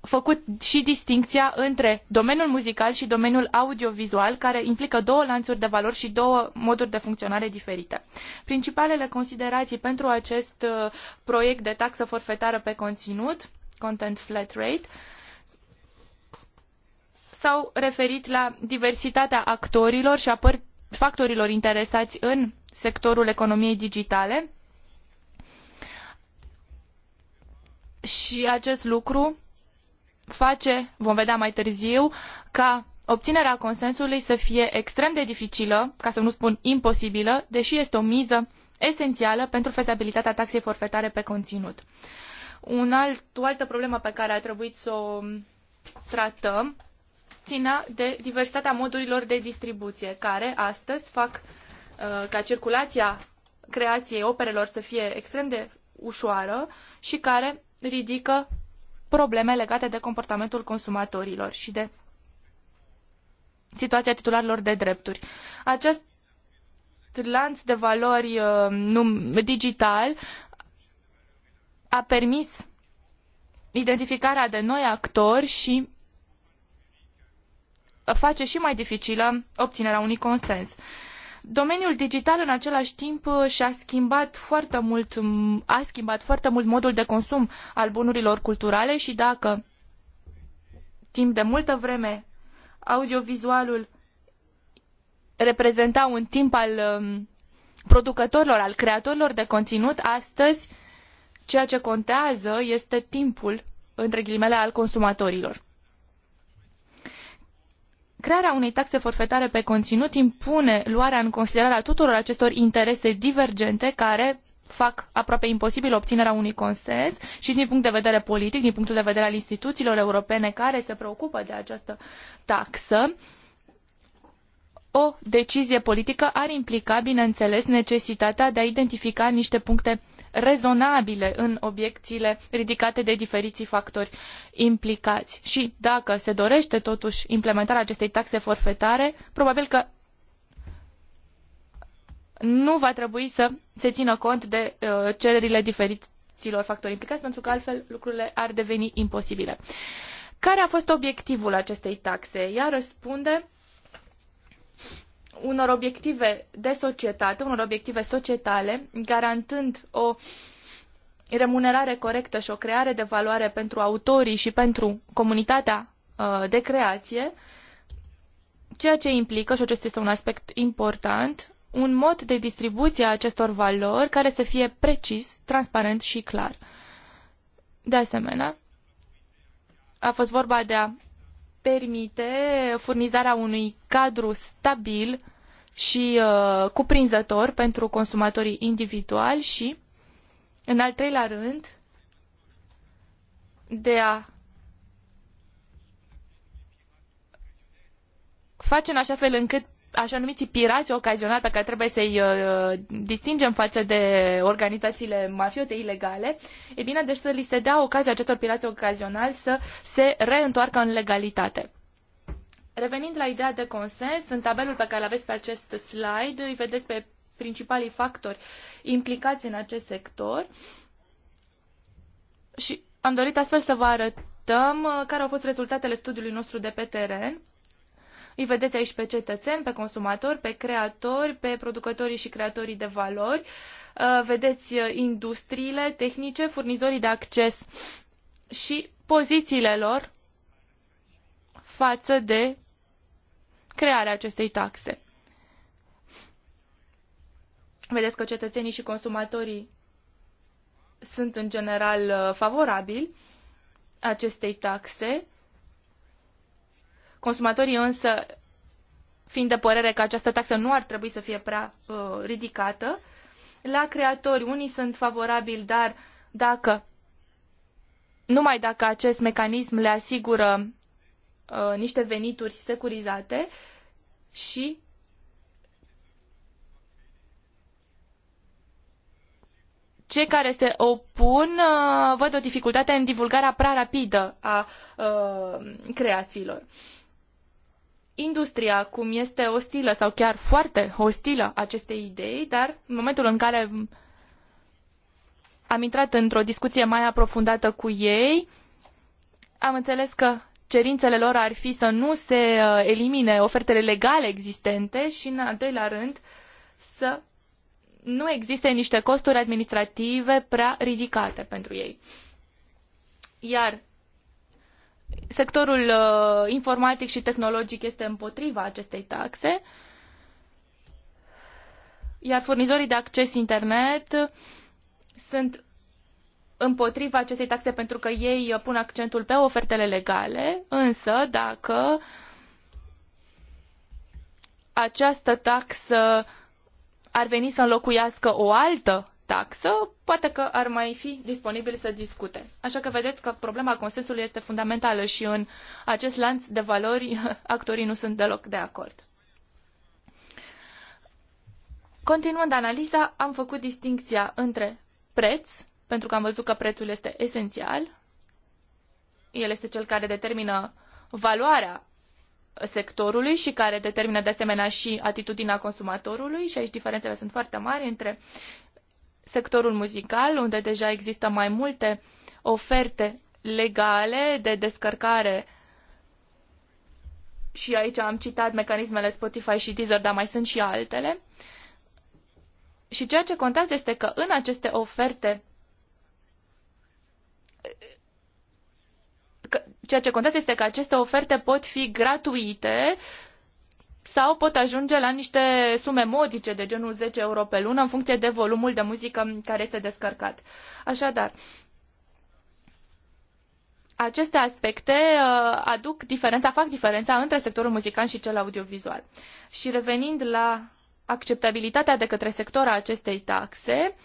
făcut și distincția între domeniul muzical și domeniul audiovizual, care implică două lanțuri de valori și două moduri de funcționare diferite. Principalele considerații pentru acest uh, proiect de taxă forfetară pe conținut, content flat rate, s-au referit la diversitatea actorilor și a factorilor interesați în sectorul economiei digitale. Și acest lucru face, vom vedea mai târziu, ca obținerea consensului să fie extrem de dificilă, ca să nu spun imposibilă, deși este o miză esențială pentru fezabilitatea taxei forfetare pe conținut. Un alt, o altă problemă pe care a trebuit să o tratăm ținea de diversitatea modurilor de distribuție, care astăzi fac uh, ca circulația creației operelor să fie extrem de ușoară și care ridică probleme legate de comportamentul consumatorilor și de situația titularilor de drepturi. Acest lanț de valori uh, digital a permis identificarea de noi actori și face și mai dificilă obținerea unui consens. Domeniul digital în același timp uh, și-a schimbat foarte mult, a schimbat foarte mult modul de consum al bunurilor culturale și dacă timp de multă vreme audiovizualul reprezenta un timp al um, producătorilor, al creatorilor de conținut, astăzi ceea ce contează este timpul, între ghilimele, al consumatorilor. Crearea unei taxe forfetare pe conținut impune luarea în considerare a tuturor acestor interese divergente care fac aproape imposibil obținerea unui consens și din punct de vedere politic, din punctul de vedere al instituțiilor europene care se preocupă de această taxă. O decizie politică ar implica, bineînțeles, necesitatea de a identifica niște puncte rezonabile în obiecțiile ridicate de diferiții factori implicați. Și dacă se dorește totuși implementarea acestei taxe forfetare, probabil că nu va trebui să se țină cont de uh, cererile diferiților factori implicați, pentru că altfel lucrurile ar deveni imposibile. Care a fost obiectivul acestei taxe? Ea răspunde unor obiective de societate, unor obiective societale, garantând o remunerare corectă și o creare de valoare pentru autorii și pentru comunitatea uh, de creație, ceea ce implică, și acest este un aspect important, un mod de distribuție a acestor valori care să fie precis, transparent și clar. De asemenea, a fost vorba de a permite furnizarea unui cadru stabil și uh, cuprinzător pentru consumatorii individuali și, în al treilea rând, de a face în așa fel încât așa numiții pirați ocazionali pe care trebuie să-i uh, distingem față de organizațiile mafiote ilegale, e bine, deci să li se dea ocazia acestor pirați ocazionali să se reîntoarcă în legalitate. Revenind la ideea de consens, în tabelul pe care îl aveți pe acest slide, îi vedeți pe principalii factori implicați în acest sector și am dorit astfel să vă arătăm uh, care au fost rezultatele studiului nostru de pe teren îi vedeți aici pe cetățeni, pe consumatori, pe creatori, pe producătorii și creatorii de valori. Uh, vedeți uh, industriile tehnice, furnizorii de acces și pozițiile lor față de crearea acestei taxe. Vedeți că cetățenii și consumatorii sunt în general uh, favorabili acestei taxe Consumatorii însă, fiind de părere că această taxă nu ar trebui să fie prea uh, ridicată, la creatori unii sunt favorabili, dar dacă numai dacă acest mecanism le asigură uh, niște venituri securizate și cei care se opun uh, văd o dificultate în divulgarea prea rapidă a uh, creațiilor industria cum este ostilă sau chiar foarte ostilă acestei idei, dar în momentul în care am intrat într-o discuție mai aprofundată cu ei, am înțeles că cerințele lor ar fi să nu se uh, elimine ofertele legale existente și, în al doilea rând, să nu existe niște costuri administrative prea ridicate pentru ei. Iar sectorul uh, informatic și tehnologic este împotriva acestei taxe, iar furnizorii de acces internet sunt împotriva acestei taxe pentru că ei pun accentul pe ofertele legale, însă dacă această taxă ar veni să înlocuiască o altă taxă, poate că ar mai fi disponibil să discute. Așa că vedeți că problema consensului este fundamentală și în acest lanț de valori [laughs] actorii nu sunt deloc de acord. Continuând analiza, am făcut distincția între preț, pentru că am văzut că prețul este esențial, el este cel care determină valoarea sectorului și care determină de asemenea și atitudinea consumatorului și aici diferențele sunt foarte mari între sectorul muzical, unde deja există mai multe oferte legale de descărcare și aici am citat mecanismele Spotify și Deezer, dar mai sunt și altele. Și ceea ce contează este că în aceste oferte că, ceea ce contează este că aceste oferte pot fi gratuite uh, sau pot ajunge la niște sume modice de genul 10 euro pe lună în funcție de volumul de muzică care este descărcat. Așadar, aceste aspecte uh, aduc diferența, fac diferența între sectorul muzical și cel audiovizual. Și revenind la acceptabilitatea de către sector a acestei taxe, uh,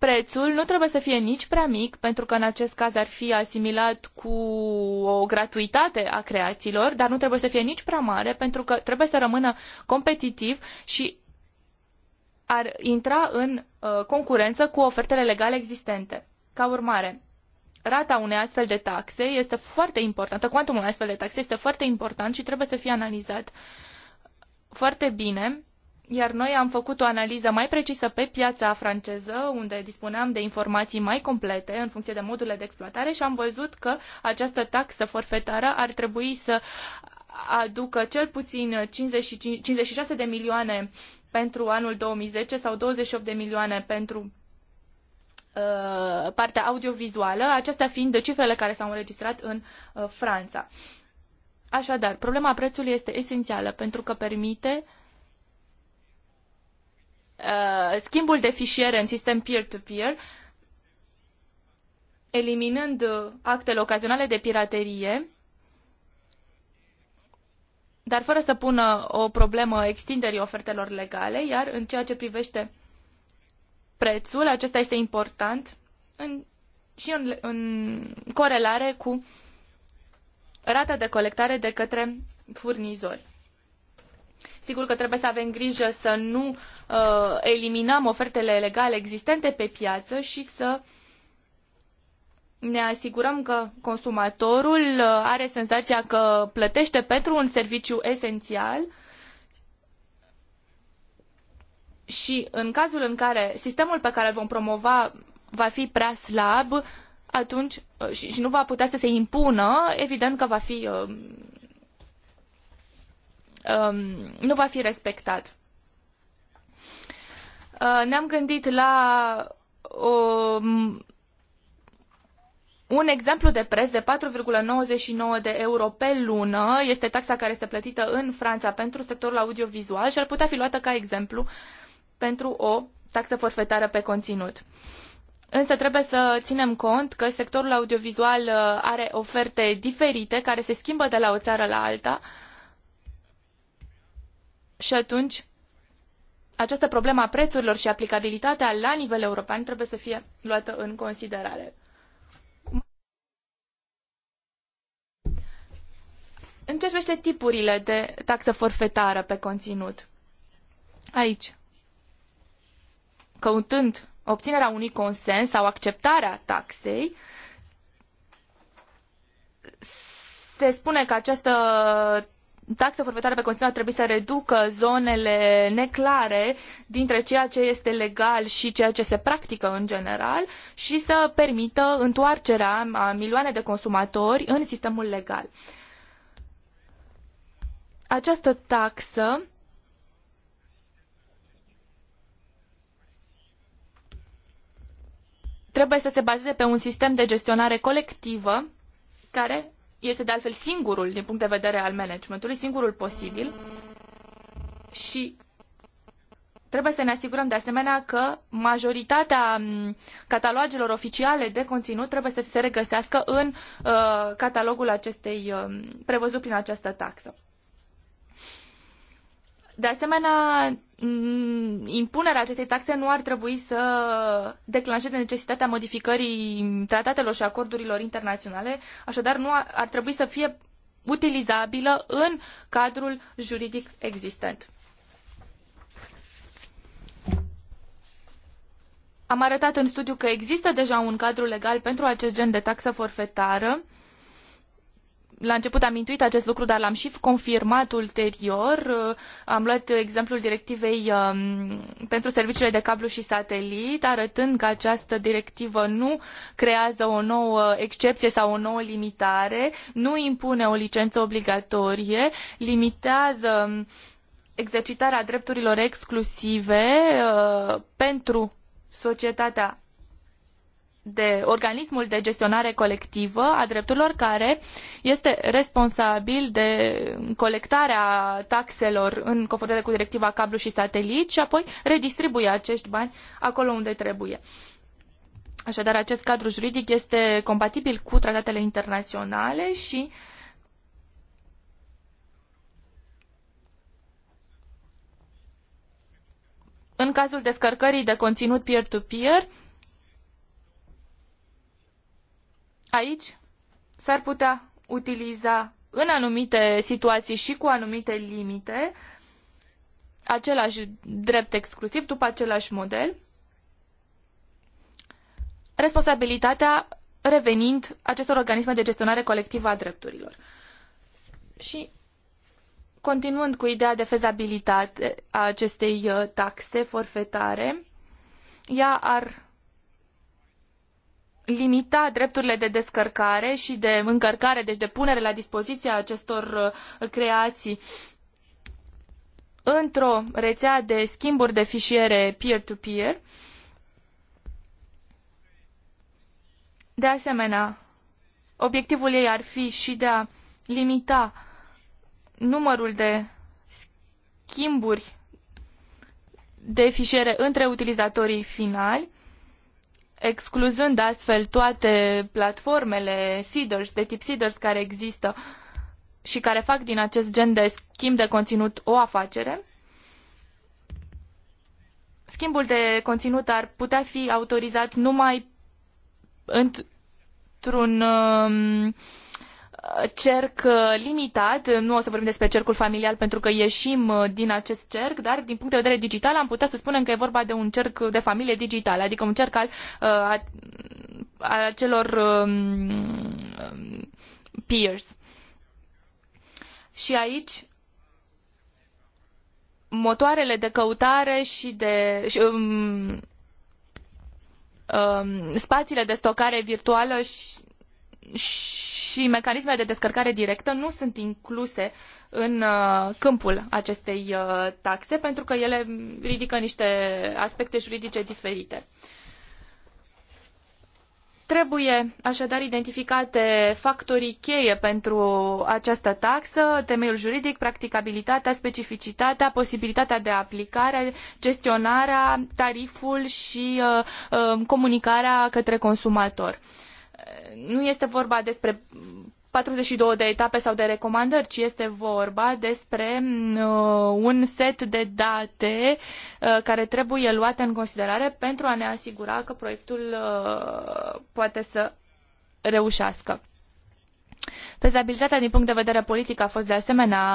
prețul nu trebuie să fie nici prea mic, pentru că în acest caz ar fi asimilat cu o gratuitate a creațiilor, dar nu trebuie să fie nici prea mare, pentru că trebuie să rămână competitiv și ar intra în uh, concurență cu ofertele legale existente. Ca urmare, rata unei astfel de taxe este foarte importantă, cuantumul unei astfel de taxe este foarte important și trebuie să fie analizat foarte bine iar noi am făcut o analiză mai precisă pe piața franceză, unde dispuneam de informații mai complete în funcție de modurile de exploatare și am văzut că această taxă forfetară ar trebui să aducă cel puțin 55, 56 de milioane pentru anul 2010 sau 28 de milioane pentru uh, partea audiovizuală, acestea fiind de cifrele care s-au înregistrat în uh, Franța. Așadar, problema prețului este esențială pentru că permite uh, Uh, schimbul de fișiere în sistem peer-to-peer, -peer, eliminând uh, actele ocazionale de piraterie, dar fără să pună o problemă extinderii ofertelor legale, iar în ceea ce privește prețul, acesta este important în, și în, în corelare cu rata de colectare de către furnizori. Sigur că trebuie să avem grijă să nu uh, eliminăm ofertele legale existente pe piață și să ne asigurăm că consumatorul uh, are senzația că plătește pentru un serviciu esențial și în cazul în care sistemul pe care îl vom promova va fi prea slab, atunci uh, și, nu va putea să se impună, evident că va fi uh, Um, nu va fi respectat. Uh, ne-am gândit la um, un exemplu de preț de 4,99 de euro pe lună este taxa care este plătită în Franța pentru sectorul audiovizual și ar putea fi luată ca exemplu pentru o taxă forfetară pe conținut. Însă trebuie să ținem cont că sectorul audiovizual uh, are oferte diferite care se schimbă de la o țară la alta uh, și atunci, această problemă a prețurilor și aplicabilitatea la nivel european trebuie să fie luată în considerare. În ce privește tipurile de taxă forfetară pe conținut? Aici, căutând obținerea unui consens sau acceptarea taxei, se spune că această Taxa forfetară pe conținut ar trebui să reducă zonele neclare dintre ceea ce este legal și ceea ce se practică în general și să permită întoarcerea a milioane de consumatori în sistemul legal. Această taxă trebuie să se bazeze pe un sistem de gestionare colectivă care este de altfel singurul, din punct de vedere al managementului, singurul posibil și trebuie să ne asigurăm de asemenea că majoritatea catalogelor oficiale de conținut trebuie să se regăsească în uh, catalogul acestei uh, prevăzut prin această taxă. De asemenea, mm, impunerea acestei taxe nu ar trebui să declanșeze necesitatea modificării tratatelor și acordurilor internaționale, așadar nu ar, trebui să fie utilizabilă în cadrul juridic existent. Am arătat în studiu că există deja un cadru legal pentru acest gen de taxă forfetară la început am intuit acest lucru, dar l-am și confirmat ulterior. Uh, am luat exemplul directivei um, pentru serviciile de cablu și satelit, arătând că această directivă nu creează o nouă excepție sau o nouă limitare, nu impune o licență obligatorie, limitează um, exercitarea drepturilor exclusive uh, pentru societatea de organismul de gestionare colectivă a drepturilor care este responsabil de colectarea taxelor în conformitate cu directiva cablu și satelit și apoi redistribuie acești bani acolo unde trebuie. Așadar, acest cadru juridic este compatibil cu tratatele internaționale și în cazul descărcării de conținut peer-to-peer, -peer, aici s-ar putea utiliza în anumite situații și cu anumite limite același drept exclusiv după același model, responsabilitatea revenind acestor organisme de gestionare colectivă a drepturilor. Și continuând cu ideea de fezabilitate a acestei uh, taxe forfetare, ea ar limita drepturile de descărcare și de încărcare, deci de punere la dispoziție a acestor uh, creații într-o rețea de schimburi de fișiere peer-to-peer. De asemenea, obiectivul ei ar fi și de a limita numărul de schimburi de fișiere între utilizatorii finali excluzând astfel toate platformele seeders, de tip seeders care există și care fac din acest gen de schimb de conținut o afacere, schimbul de conținut ar putea fi autorizat numai într-un um, cerc uh, limitat, nu o să vorbim despre cercul familial pentru că ieșim uh, din acest cerc, dar din punct de vedere digital am putea să spunem că e vorba de un cerc de familie digitală, adică un cerc al uh, a, a celor um, um, peers. Și aici motoarele de căutare și de și, um, um, spațiile de stocare virtuală și, și și mecanismele de descărcare directă nu sunt incluse în uh, câmpul acestei uh, taxe pentru că ele ridică niște aspecte juridice diferite. Trebuie așadar identificate factorii cheie pentru această taxă, temeiul juridic, practicabilitatea, specificitatea, posibilitatea de aplicare, gestionarea, tariful și uh, um, comunicarea către consumator. Uh, nu este vorba despre 42 de etape sau de recomandări, ci este vorba despre uh, un set de date uh, care trebuie luate în considerare pentru a ne asigura că proiectul uh, poate să reușească. Fezabilitatea din punct de vedere politic a fost de asemenea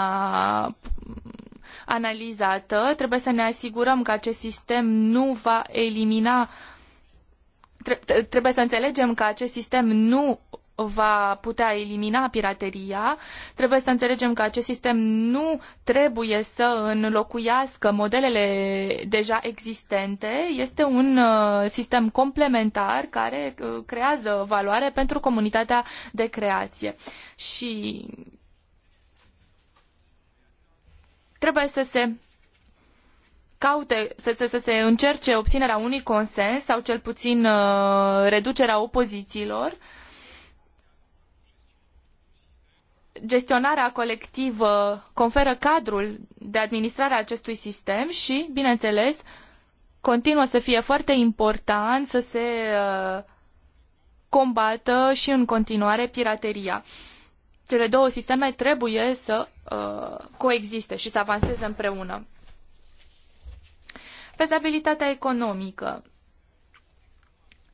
analizată. Trebuie să ne asigurăm că acest sistem nu va elimina trebuie să înțelegem că acest sistem nu va putea elimina pirateria, trebuie să înțelegem că acest sistem nu trebuie să înlocuiască modelele deja existente, este un uh, sistem complementar care uh, creează valoare pentru comunitatea de creație. Și trebuie să se caute, să, să, să se încerce obținerea unui consens sau cel puțin uh, reducerea opozițiilor. Gestionarea colectivă conferă cadrul de administrare a acestui sistem și, bineînțeles, continuă să fie foarte important să se uh, combată și în continuare pirateria. Cele două sisteme trebuie să uh, coexiste și să avanseze împreună stabilitatea economică.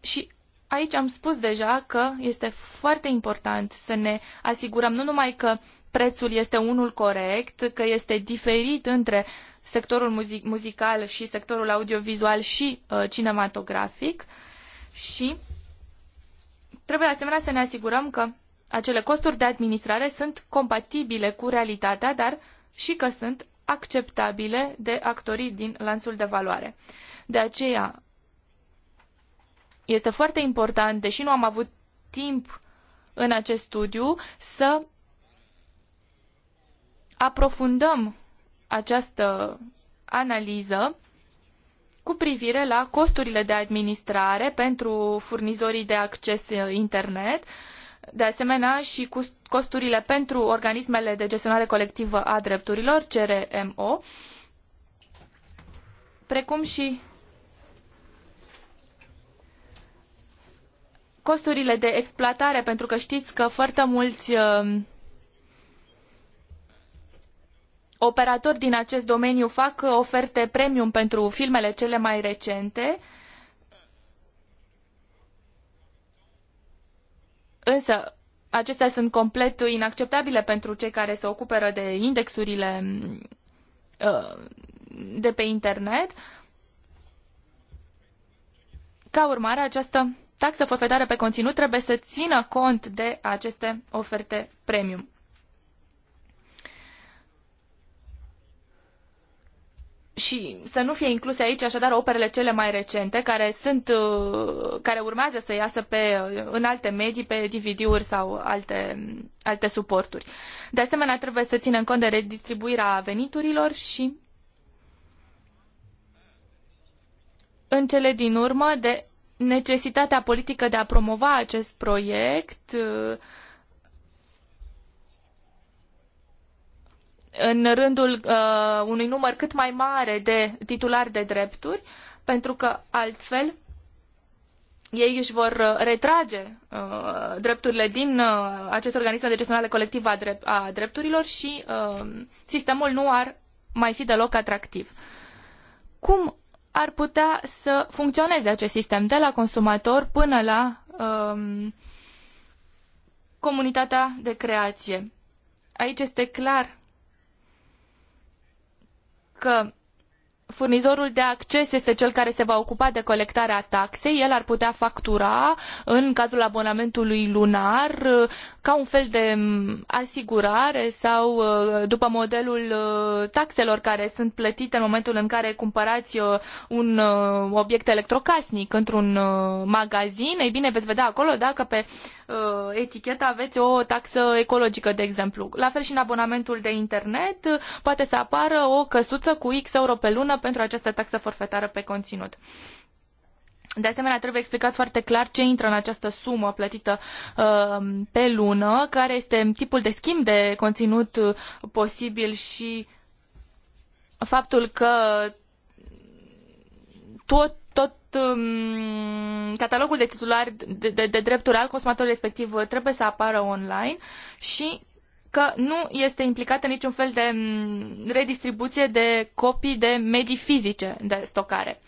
Și aici am spus deja că este foarte important să ne asigurăm nu numai că prețul este unul corect, că este diferit între sectorul muzic muzical și sectorul audiovizual și uh, cinematografic și trebuie asemenea să ne asigurăm că acele costuri de administrare sunt compatibile cu realitatea, dar și că sunt acceptabile de actorii din lanțul de valoare. De aceea este foarte important, deși nu am avut timp în acest studiu, să aprofundăm această analiză cu privire la costurile de administrare pentru furnizorii de acces internet, uh, de asemenea și costurile pentru organismele de gestionare colectivă a drepturilor, CRMO, precum și costurile de exploatare, pentru că știți că foarte mulți um, operatori din acest domeniu fac uh, oferte premium pentru filmele cele mai recente, uh, Însă, acestea sunt complet inacceptabile pentru cei care se ocupă de indexurile uh, de pe internet. Ca urmare, această taxă forfetară pe conținut trebuie să țină cont de aceste oferte premium. și să nu fie incluse aici așadar operele cele mai recente care sunt uh, care urmează să iasă pe, uh, în alte medii, pe DVD-uri sau alte, alte suporturi. De asemenea, trebuie să ținem cont de redistribuirea veniturilor și în cele din urmă de necesitatea politică de a promova acest proiect uh, în rândul uh, unui număr cât mai mare de titulari de drepturi, pentru că altfel ei își vor uh, retrage uh, drepturile din uh, acest organism de gestionare colectivă a, drept, a drepturilor și uh, sistemul nu ar mai fi deloc atractiv. Cum ar putea să funcționeze acest sistem de la consumator până la um, comunitatea de creație? Aici este clar că furnizorul de acces este cel care se va ocupa de colectarea taxei, el ar putea factura în cadrul abonamentului lunar uh, ca un fel de mm, asigurare sau uh, după modelul uh, taxelor care sunt plătite în momentul în care cumpărați un obiect electrocasnic într-un magazin, ei bine veți vedea acolo dacă pe etichetă aveți o taxă ecologică, de exemplu. La fel și în abonamentul de internet poate să apară o căsuță cu X euro pe lună pentru această taxă forfetară pe conținut. De asemenea, trebuie explicat foarte clar ce intră în această sumă plătită uh, pe lună, care este tipul de schimb de conținut uh, posibil și faptul că tot, tot um, catalogul de titulari de, de, de drepturi al consumatorului respectiv trebuie să apară online și că nu este implicată niciun fel de redistribuție de copii de medii fizice de stocare.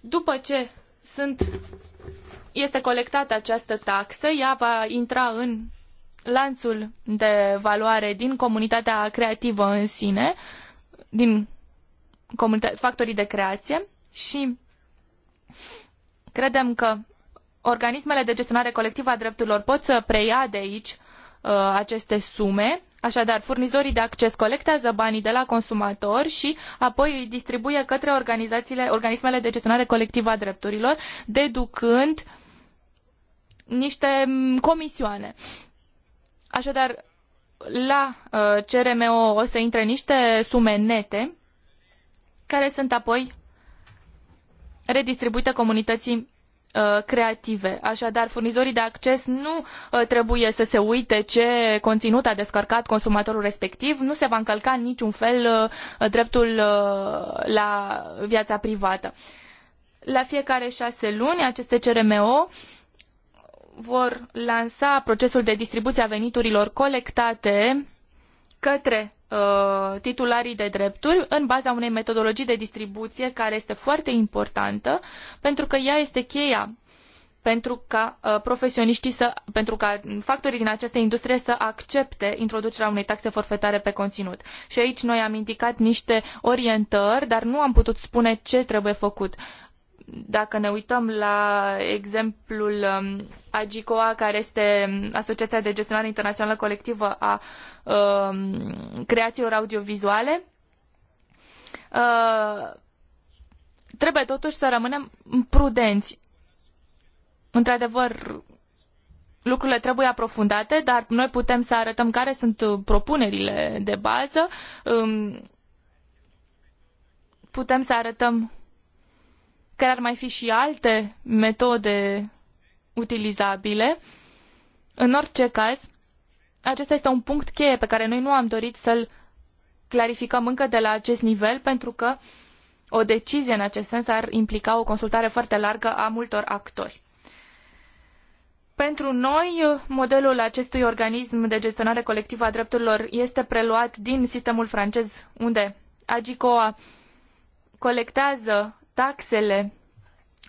După ce sunt, este colectată această taxă, ea va intra în lanțul de valoare din comunitatea creativă în sine, din factorii de creație și credem că organismele de gestionare colectivă a drepturilor pot să preia de aici Uh, aceste sume. Așadar, furnizorii de acces colectează banii de la consumatori și apoi îi distribuie către organizațiile, organismele de gestionare colectivă a drepturilor, deducând niște mm, comisioane. Așadar, la uh, CRMO o să intre niște sume nete care sunt apoi redistribuite comunității Uh, creative. Așadar, furnizorii de acces nu uh, trebuie să se uite ce conținut a descărcat consumatorul respectiv, nu se va încălca în niciun fel uh, dreptul la viața privată. La fiecare șase luni, aceste CRMO vor lansa procesul de distribuție a veniturilor colectate către Uh, titularii de drepturi în baza unei metodologii de distribuție care este foarte importantă pentru că ea este cheia pentru ca uh, profesioniștii să, pentru ca factorii din această industrie să accepte introducerea unei taxe forfetare pe conținut. Și aici noi am indicat niște orientări, dar nu am putut spune ce trebuie făcut dacă ne uităm la exemplul um, AGICOA, care este um, Asociația de Gestionare Internațională Colectivă a um, Creațiilor Audiovizuale, uh, trebuie totuși să rămânem prudenți. Într-adevăr, lucrurile trebuie aprofundate, dar noi putem să arătăm care sunt propunerile de bază. Putem să arătăm care ar mai fi și alte metode utilizabile. În orice caz, acesta este un punct cheie pe care noi nu am dorit să-l clarificăm încă de la acest nivel, pentru că o decizie în acest sens ar implica o consultare foarte largă a multor actori. Pentru noi, modelul acestui organism de gestionare colectivă a drepturilor este preluat din sistemul francez, unde AGICOA colectează taxele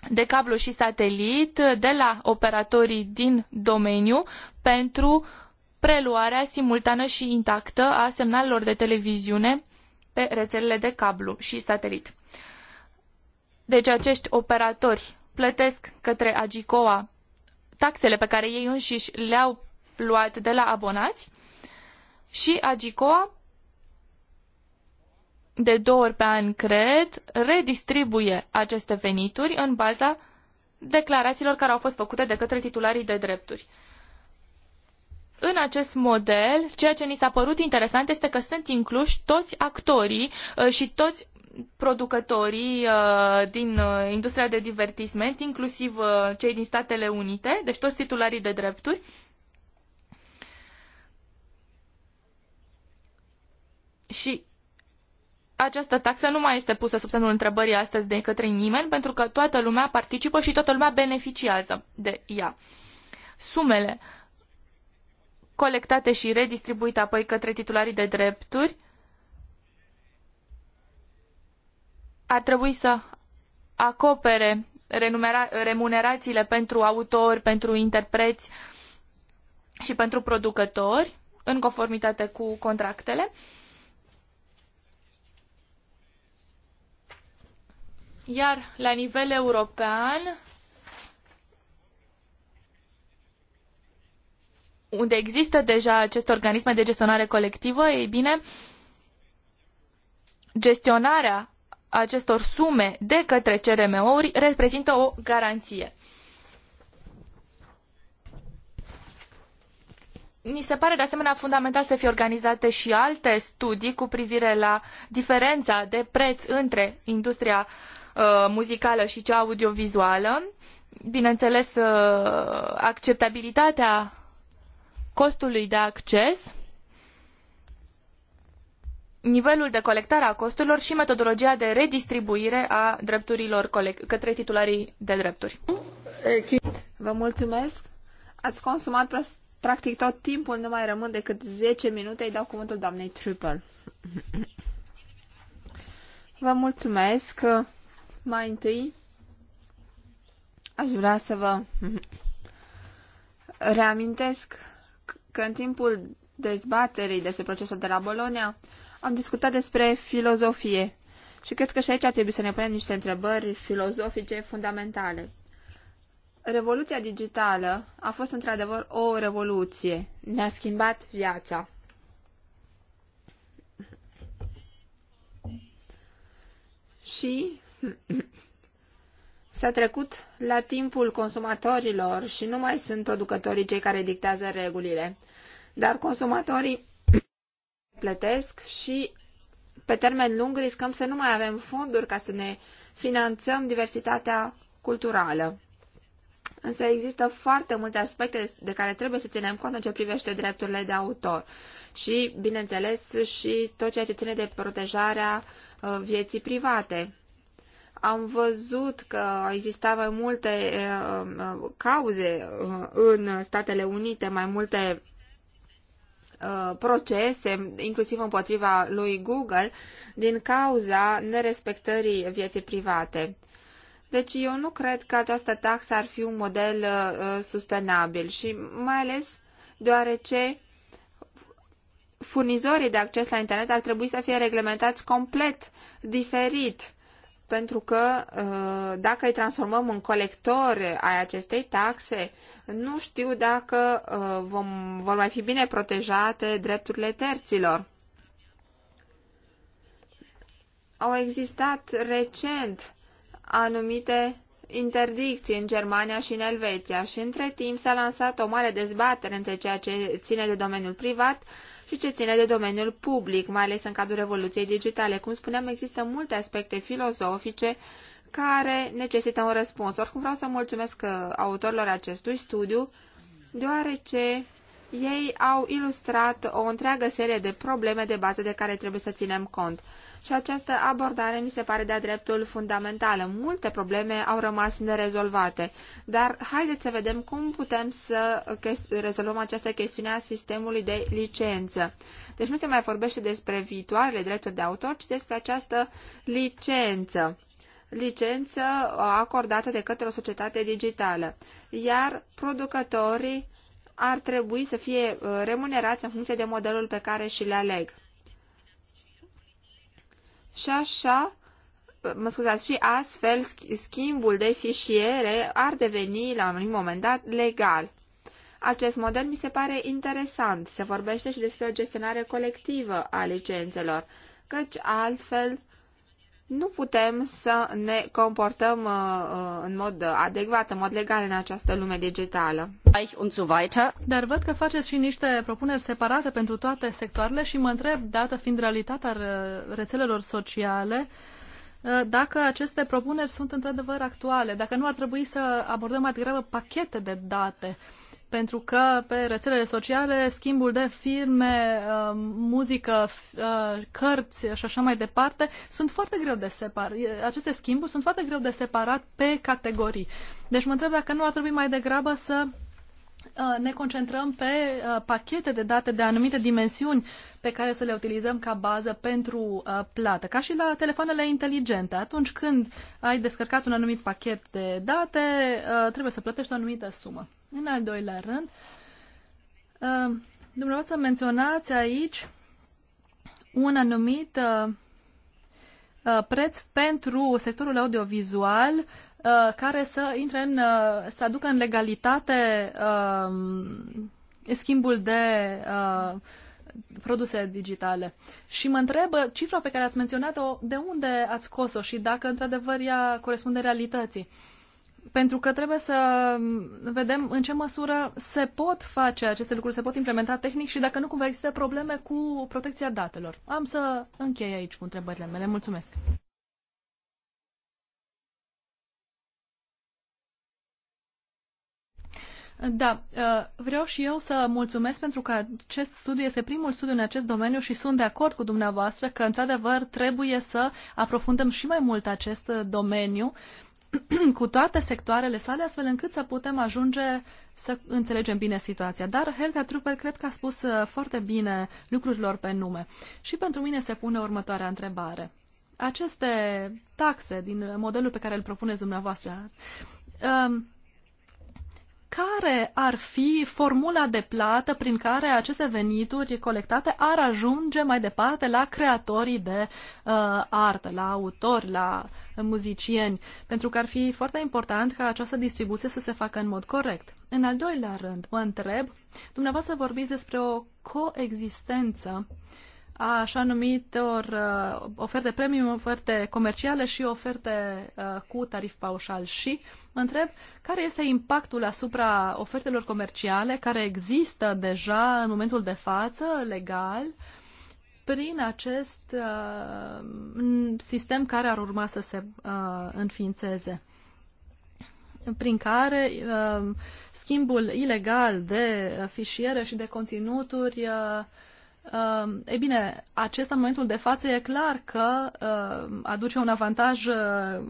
de cablu și satelit de la operatorii din domeniu pentru preluarea simultană și intactă a semnalelor de televiziune pe rețelele de cablu și satelit. Deci acești operatori plătesc către Agicoa taxele pe care ei înșiși le-au luat de la abonați și Agicoa de două ori pe an, cred, redistribuie aceste venituri în baza declarațiilor care au fost făcute de către titularii de drepturi. În acest model, ceea ce ni s-a părut interesant este că sunt incluși toți actorii uh, și toți producătorii uh, din uh, industria de divertisment, inclusiv cei din Statele Unite, deci toți titularii de drepturi, și această taxă nu mai este pusă sub semnul întrebării astăzi de către nimeni, pentru că toată lumea participă și toată lumea beneficiază de ea. Sumele colectate și redistribuite apoi către titularii de drepturi ar trebui să acopere remunerațiile pentru autori, pentru interpreți și pentru producători, în conformitate cu contractele. Iar la nivel european, unde există deja aceste organisme de gestionare colectivă, ei bine, gestionarea acestor sume de către crm uri reprezintă o garanție. Ni se pare de asemenea fundamental să fie organizate și alte studii cu privire la diferența de preț între industria uh, Uh, muzicală și cea audiovizuală. Bineînțeles, uh, acceptabilitatea costului de acces, nivelul de colectare a costurilor și metodologia de redistribuire a drepturilor către titularii de drepturi. Vă mulțumesc! Ați consumat practic tot timpul, nu mai rămân decât zece minute, îi dau cuvântul doamnei Triple. Vă mulțumesc! Mai întâi, aș vrea să vă [laughs] reamintesc că în timpul dezbaterii despre procesul de la Bologna am discutat despre filozofie și cred că și aici ar trebui să ne punem niște întrebări filozofice fundamentale. Revoluția digitală a fost într-adevăr o revoluție. Ne-a schimbat viața. Și [clears throat] S-a trecut la timpul consumatorilor și nu mai sunt producătorii cei care dictează regulile, dar consumatorii [clears throat] plătesc și pe termen lung riscăm să nu mai avem fonduri ca să ne finanțăm diversitatea culturală. Însă există foarte multe aspecte de care trebuie să ținem cont în ce privește drepturile de autor și, bineînțeles, și tot ceea ce ține de protejarea uh, vieții private. Am văzut că existau mai multe eh, eh, cauze eh, în Statele Unite, mai multe procese, inclusiv împotriva lui Google, din cauza nerespectării vieții private. Deci eu nu cred că această taxă ar fi un model uh, sustenabil și mai ales deoarece furnizorii de acces la internet ar trebui să fie reglementați complet diferit pentru că uh, dacă îi transformăm în colectori ai acestei taxe, nu știu dacă uh, vom, vor mai fi bine protejate drepturile terților. Au existat recent anumite interdicții în Germania și în Elveția și între timp s-a lansat o mare dezbatere între ceea ce ține de domeniul privat și ce ține de domeniul public, mai ales în cadrul revoluției digitale. Cum spuneam, există multe aspecte filozofice care necesită un răspuns. Oricum vreau să mulțumesc uh, autorilor acestui studiu, deoarece ei au ilustrat o întreagă serie de probleme de bază de care trebuie să ținem cont. Și această abordare mi se pare de-a dreptul fundamentală. Multe probleme au rămas nerezolvate, dar haideți să vedem cum putem să rezolvăm această chestiune a sistemului de licență. Deci nu se mai vorbește despre viitoarele drepturi de autor, ci despre această licență licență uh, acordată de către o societate digitală, iar producătorii ar trebui să fie uh, remunerați în funcție de modelul pe care și le aleg. Și așa, uh, mă scuzați, și astfel schimbul de fișiere ar deveni la un moment dat legal. Acest model mi se pare interesant. Se vorbește și despre o gestionare colectivă a licențelor, căci altfel nu putem să ne comportăm uh, uh, în mod adecvat, în mod legal în această lume digitală. Dar văd că faceți și niște propuneri separate pentru toate sectoarele și mă întreb, dată fiind realitatea rețelelor sociale, uh, dacă aceste propuneri sunt într-adevăr actuale, dacă nu ar trebui să abordăm mai degrabă pachete de date uh, pentru că pe rețelele sociale schimbul de filme, uh, muzică, uh, cărți și așa mai departe sunt foarte greu de separat. Aceste schimburi sunt foarte greu de separat pe categorii. Deci mă întreb dacă nu ar trebui mai degrabă să Uh, ne concentrăm pe uh, pachete de date de anumite dimensiuni pe care să le utilizăm ca bază pentru uh, plată, ca și la telefoanele inteligente. Atunci când ai descărcat un anumit pachet de date, trebuie să plătești o anumită sumă. În al doilea rând, dumneavoastră menționați aici un anumit preț pentru sectorul audiovizual Uh, care să intre în, uh, să aducă în legalitate um, schimbul de uh, produse digitale. Și mă întrebă cifra pe care ați menționat-o, de unde ați scos-o și dacă într-adevăr ea corespunde realității. Pentru că trebuie să um, vedem în ce măsură se pot face aceste lucruri, se pot implementa tehnic și dacă nu cumva există probleme cu protecția datelor. Am să închei aici cu întrebările mele. Mulțumesc! Da, uh, vreau și eu să mulțumesc pentru că acest studiu este primul studiu în acest domeniu și sunt de acord cu dumneavoastră că, într-adevăr, trebuie să aprofundăm și mai mult acest uh, domeniu [clears throat] cu toate sectoarele sale, astfel încât să putem ajunge să înțelegem bine situația. Dar Helga Trupel cred că a spus uh, foarte bine lucrurilor pe nume. Și pentru mine se pune următoarea întrebare. Aceste taxe din modelul pe care îl propuneți dumneavoastră, care ar fi formula de plată prin care aceste venituri colectate ar ajunge mai departe la creatorii de uh, artă, la autori, la muzicieni, pentru că ar fi foarte important ca această distribuție să se facă în mod corect. În al doilea rând, mă întreb, dumneavoastră vorbiți despre o coexistență uh, a așa numitor uh, oferte premium, oferte comerciale și oferte uh, cu tarif paușal. Și mă întreb care este impactul asupra ofertelor comerciale care există deja în momentul de față, legal, prin acest uh, sistem care ar urma să se uh, înființeze prin care uh, schimbul ilegal de fișiere și de conținuturi uh, Uh, um, e bine, acesta în momentul de față e clar că uh, aduce un avantaj uh,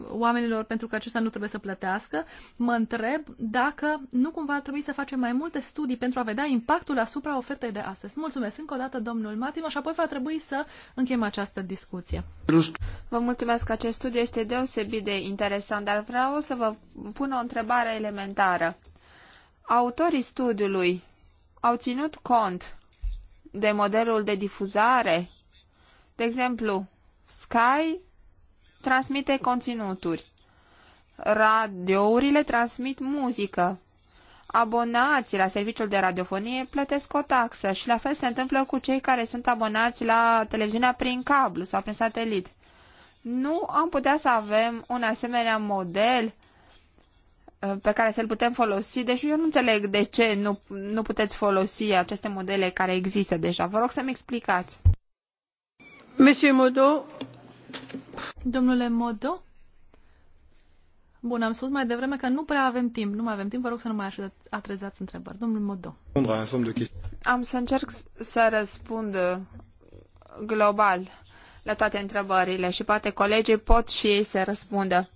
oamenilor pentru că acesta nu trebuie să plătească. Mă întreb dacă nu cumva ar trebui să facem mai multe studii pentru a vedea impactul asupra ofertei de astăzi. Mulțumesc încă o dată, domnul Matimo, și apoi va trebui să încheiem această discuție. Vă mulțumesc, că acest studiu este deosebit de interesant, dar vreau să vă pun o întrebare elementară. Autorii studiului au ținut cont de modelul de difuzare. De exemplu, Sky transmite conținuturi, radiourile transmit muzică, abonații la serviciul de radiofonie plătesc o taxă și la fel se întâmplă cu cei care sunt abonați la televiziunea prin cablu sau prin satelit. Nu am putea să avem un asemenea model pe care să-l putem folosi, deși eu nu înțeleg de ce nu, nu puteți folosi aceste modele care există deja. Vă rog să-mi explicați. Monsieur Modo. Domnule Modo? Bun, am spus mai devreme că nu prea avem timp. Nu mai avem timp, vă rog să nu mai atrezați întrebări. Domnul Modo. Am să încerc să răspund uh, global la toate întrebările și poate colegii pot și ei să răspundă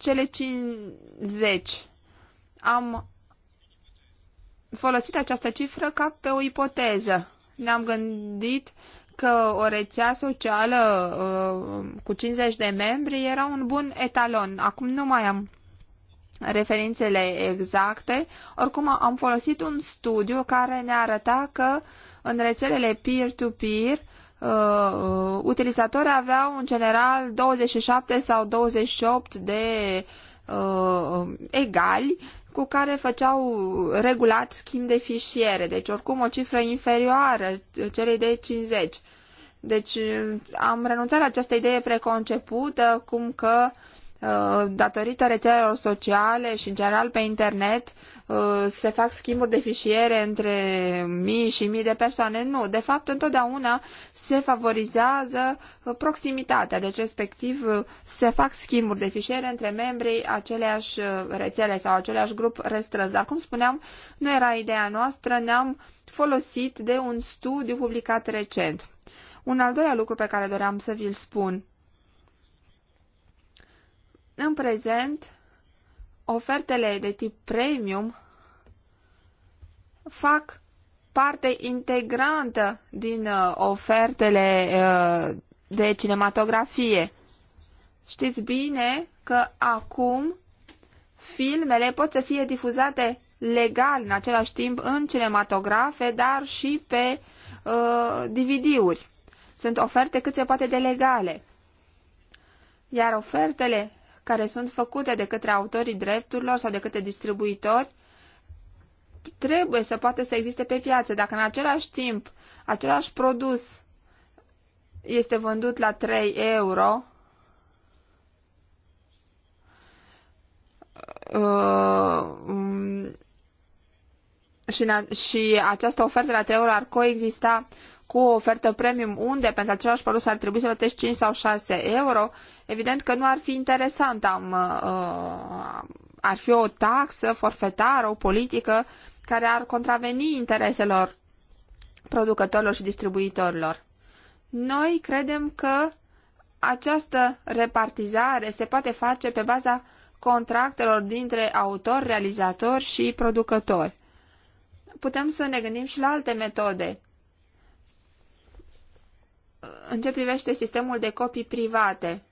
cele 50. Am folosit această cifră ca pe o ipoteză. Ne-am gândit că o rețea socială uh, cu 50 de membri era un bun etalon. Acum nu mai am referințele exacte. Oricum am folosit un studiu care ne arăta că în rețelele peer-to-peer -peer, uh, utilizatori aveau în general 27 sau 28 de uh, egali cu care făceau regulat schimb de fișiere, deci oricum o cifră inferioară celei de 50. Deci am renunțat la această idee preconcepută, cum că uh, datorită rețelelor sociale și în general pe internet, Uh, se fac schimburi de fișiere între mii și mii de persoane. Nu, de fapt întotdeauna se favorizează uh, proximitatea, deci respectiv uh, se fac schimburi de fișiere între membrii aceleași rețele sau aceleași grup restrâns. Dar cum spuneam, nu era ideea noastră, ne-am folosit de un studiu publicat recent. Un al doilea lucru pe care doream să vi-l spun. În prezent, ofertele de tip premium fac parte integrantă din uh, ofertele uh, de cinematografie. Știți bine că acum filmele pot să fie difuzate legal în același timp în cinematografe, dar și pe uh, DVD-uri. Sunt oferte cât se poate de legale. Iar ofertele care sunt făcute de către autorii drepturilor sau de către distribuitori trebuie să poată să existe pe piață. Dacă în același timp același produs este vândut la 3 euro, uh, mm, și, și această ofertă la 3 euro ar coexista cu o ofertă premium unde pentru același produs ar trebui să plătești 5 sau 6 euro, evident că nu ar fi interesant. Am, uh, ar fi o taxă forfetară, o politică care ar contraveni intereselor producătorilor și distribuitorilor. Noi credem că această repartizare se poate face pe baza contractelor dintre autor, realizator și producători. Putem să ne gândim și la alte metode în ce privește sistemul de copii private,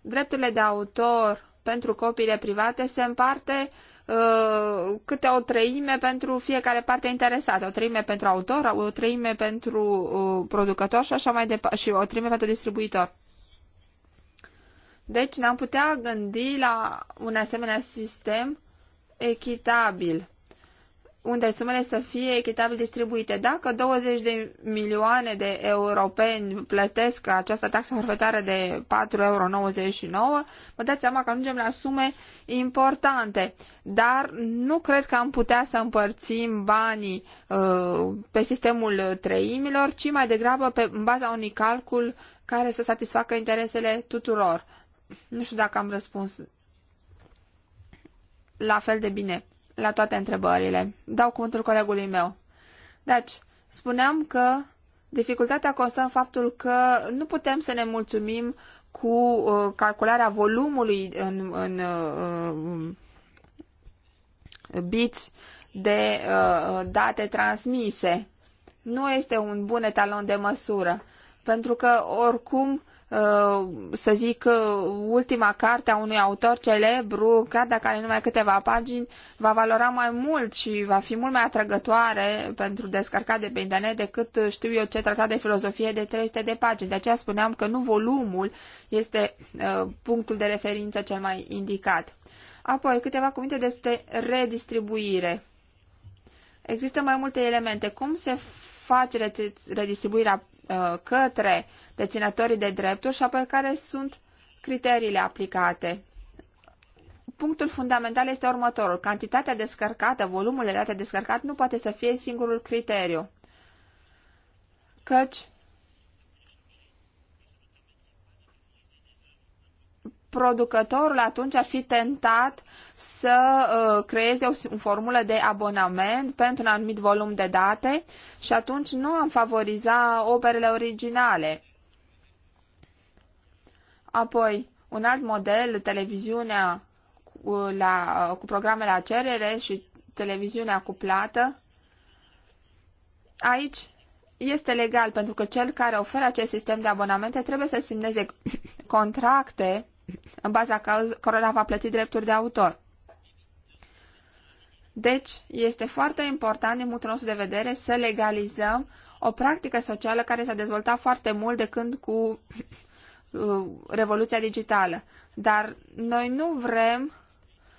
drepturile de autor pentru copiile private se împarte uh, câte o treime pentru fiecare parte interesată, o treime pentru autor, o treime pentru uh, producător și așa mai departe și o treime pentru distribuitor. Deci ne-am putea gândi la un asemenea sistem echitabil unde sumele să fie echitabil distribuite. Dacă 20 de milioane de europeni plătesc această taxă forfetară de 4,99 euro, vă dați seama că ajungem la sume importante. Dar nu cred că am putea să împărțim banii uh, pe sistemul treimilor, ci mai degrabă pe în baza unui calcul care să satisfacă interesele tuturor. Nu știu dacă am răspuns la fel de bine la toate întrebările. Dau cuvântul colegului meu. Deci, spuneam că dificultatea constă în faptul că nu putem să ne mulțumim cu uh, calcularea volumului în, în uh, bits de uh, date transmise. Nu este un bun etalon de măsură, pentru că oricum Uh, să zic, uh, ultima carte a unui autor celebru, chiar dacă are numai câteva pagini, va valora mai mult și va fi mult mai atrăgătoare pentru descărcat de pe internet decât știu eu ce tratat de filozofie de 300 de pagini. De aceea spuneam că nu volumul este uh, punctul de referință cel mai indicat. Apoi, câteva cuvinte despre redistribuire. Există mai multe elemente. Cum se face redistribuirea Uh, către deținătorii de drepturi și apoi care sunt criteriile aplicate. Punctul fundamental este următorul. Cantitatea descărcată, volumul de date descărcat nu poate să fie singurul criteriu. Căci producătorul atunci ar fi tentat să uh, creeze o formulă de abonament pentru un anumit volum de date și atunci nu am favoriza operele originale. Apoi, un alt model, televiziunea cu, la, uh, cu programe la cerere și televiziunea cu plată. Aici este legal pentru că cel care oferă acest sistem de abonamente trebuie să semneze [coughs] contracte în baza cărora va plăti drepturi de autor. Deci, este foarte important, din punctul nostru de vedere, să legalizăm o practică socială care s-a dezvoltat foarte mult de când cu uh, Revoluția Digitală. Dar noi nu vrem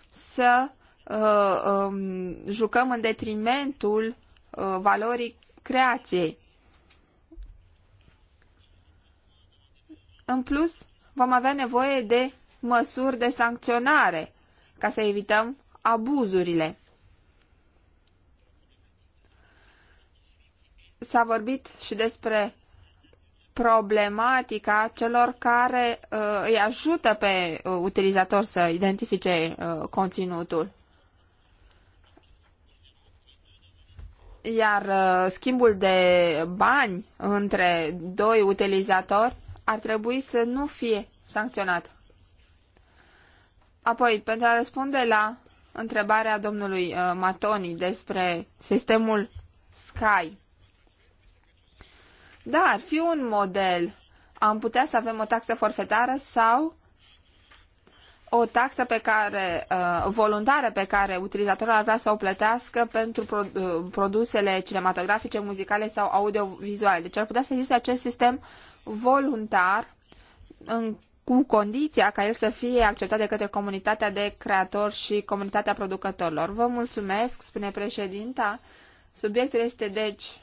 să uh, um, jucăm în detrimentul uh, valorii creației. În plus, vom avea nevoie de măsuri de sancționare ca să evităm abuzurile. S-a vorbit și despre problematica celor care uh, îi ajută pe uh, utilizator să identifice uh, conținutul. Iar uh, schimbul de bani între doi utilizatori ar trebui să nu fie sancționat. Apoi, pentru a răspunde la întrebarea domnului uh, Matoni despre sistemul Sky. Da, ar fi un model. Am putea să avem o taxă forfetară sau o taxă pe care, uh, voluntară pe care utilizatorul ar vrea să o plătească pentru pro, uh, produsele cinematografice, muzicale sau audiovizuale. Deci ar putea să existe acest sistem voluntar în, cu condiția ca el să fie acceptat de către comunitatea de creatori și comunitatea producătorilor. Vă mulțumesc, spune președinta. Subiectul este deci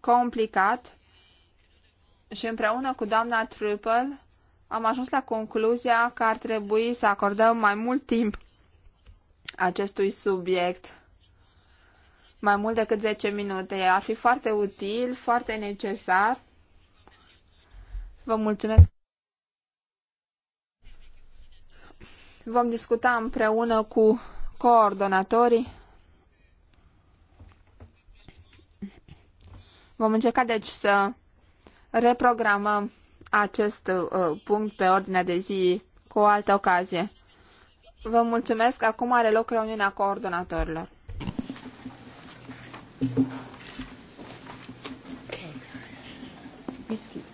complicat și împreună cu doamna Triple am ajuns la concluzia că ar trebui să acordăm mai mult timp acestui subiect, mai mult decât 10 minute. Ar fi foarte util, foarte necesar Vă mulțumesc. Vom discuta împreună cu coordonatorii. Vom încerca deci să reprogramăm acest uh, punct pe ordinea de zi cu o altă ocazie. Vă mulțumesc. Acum are loc reuniunea coordonatorilor. Okay.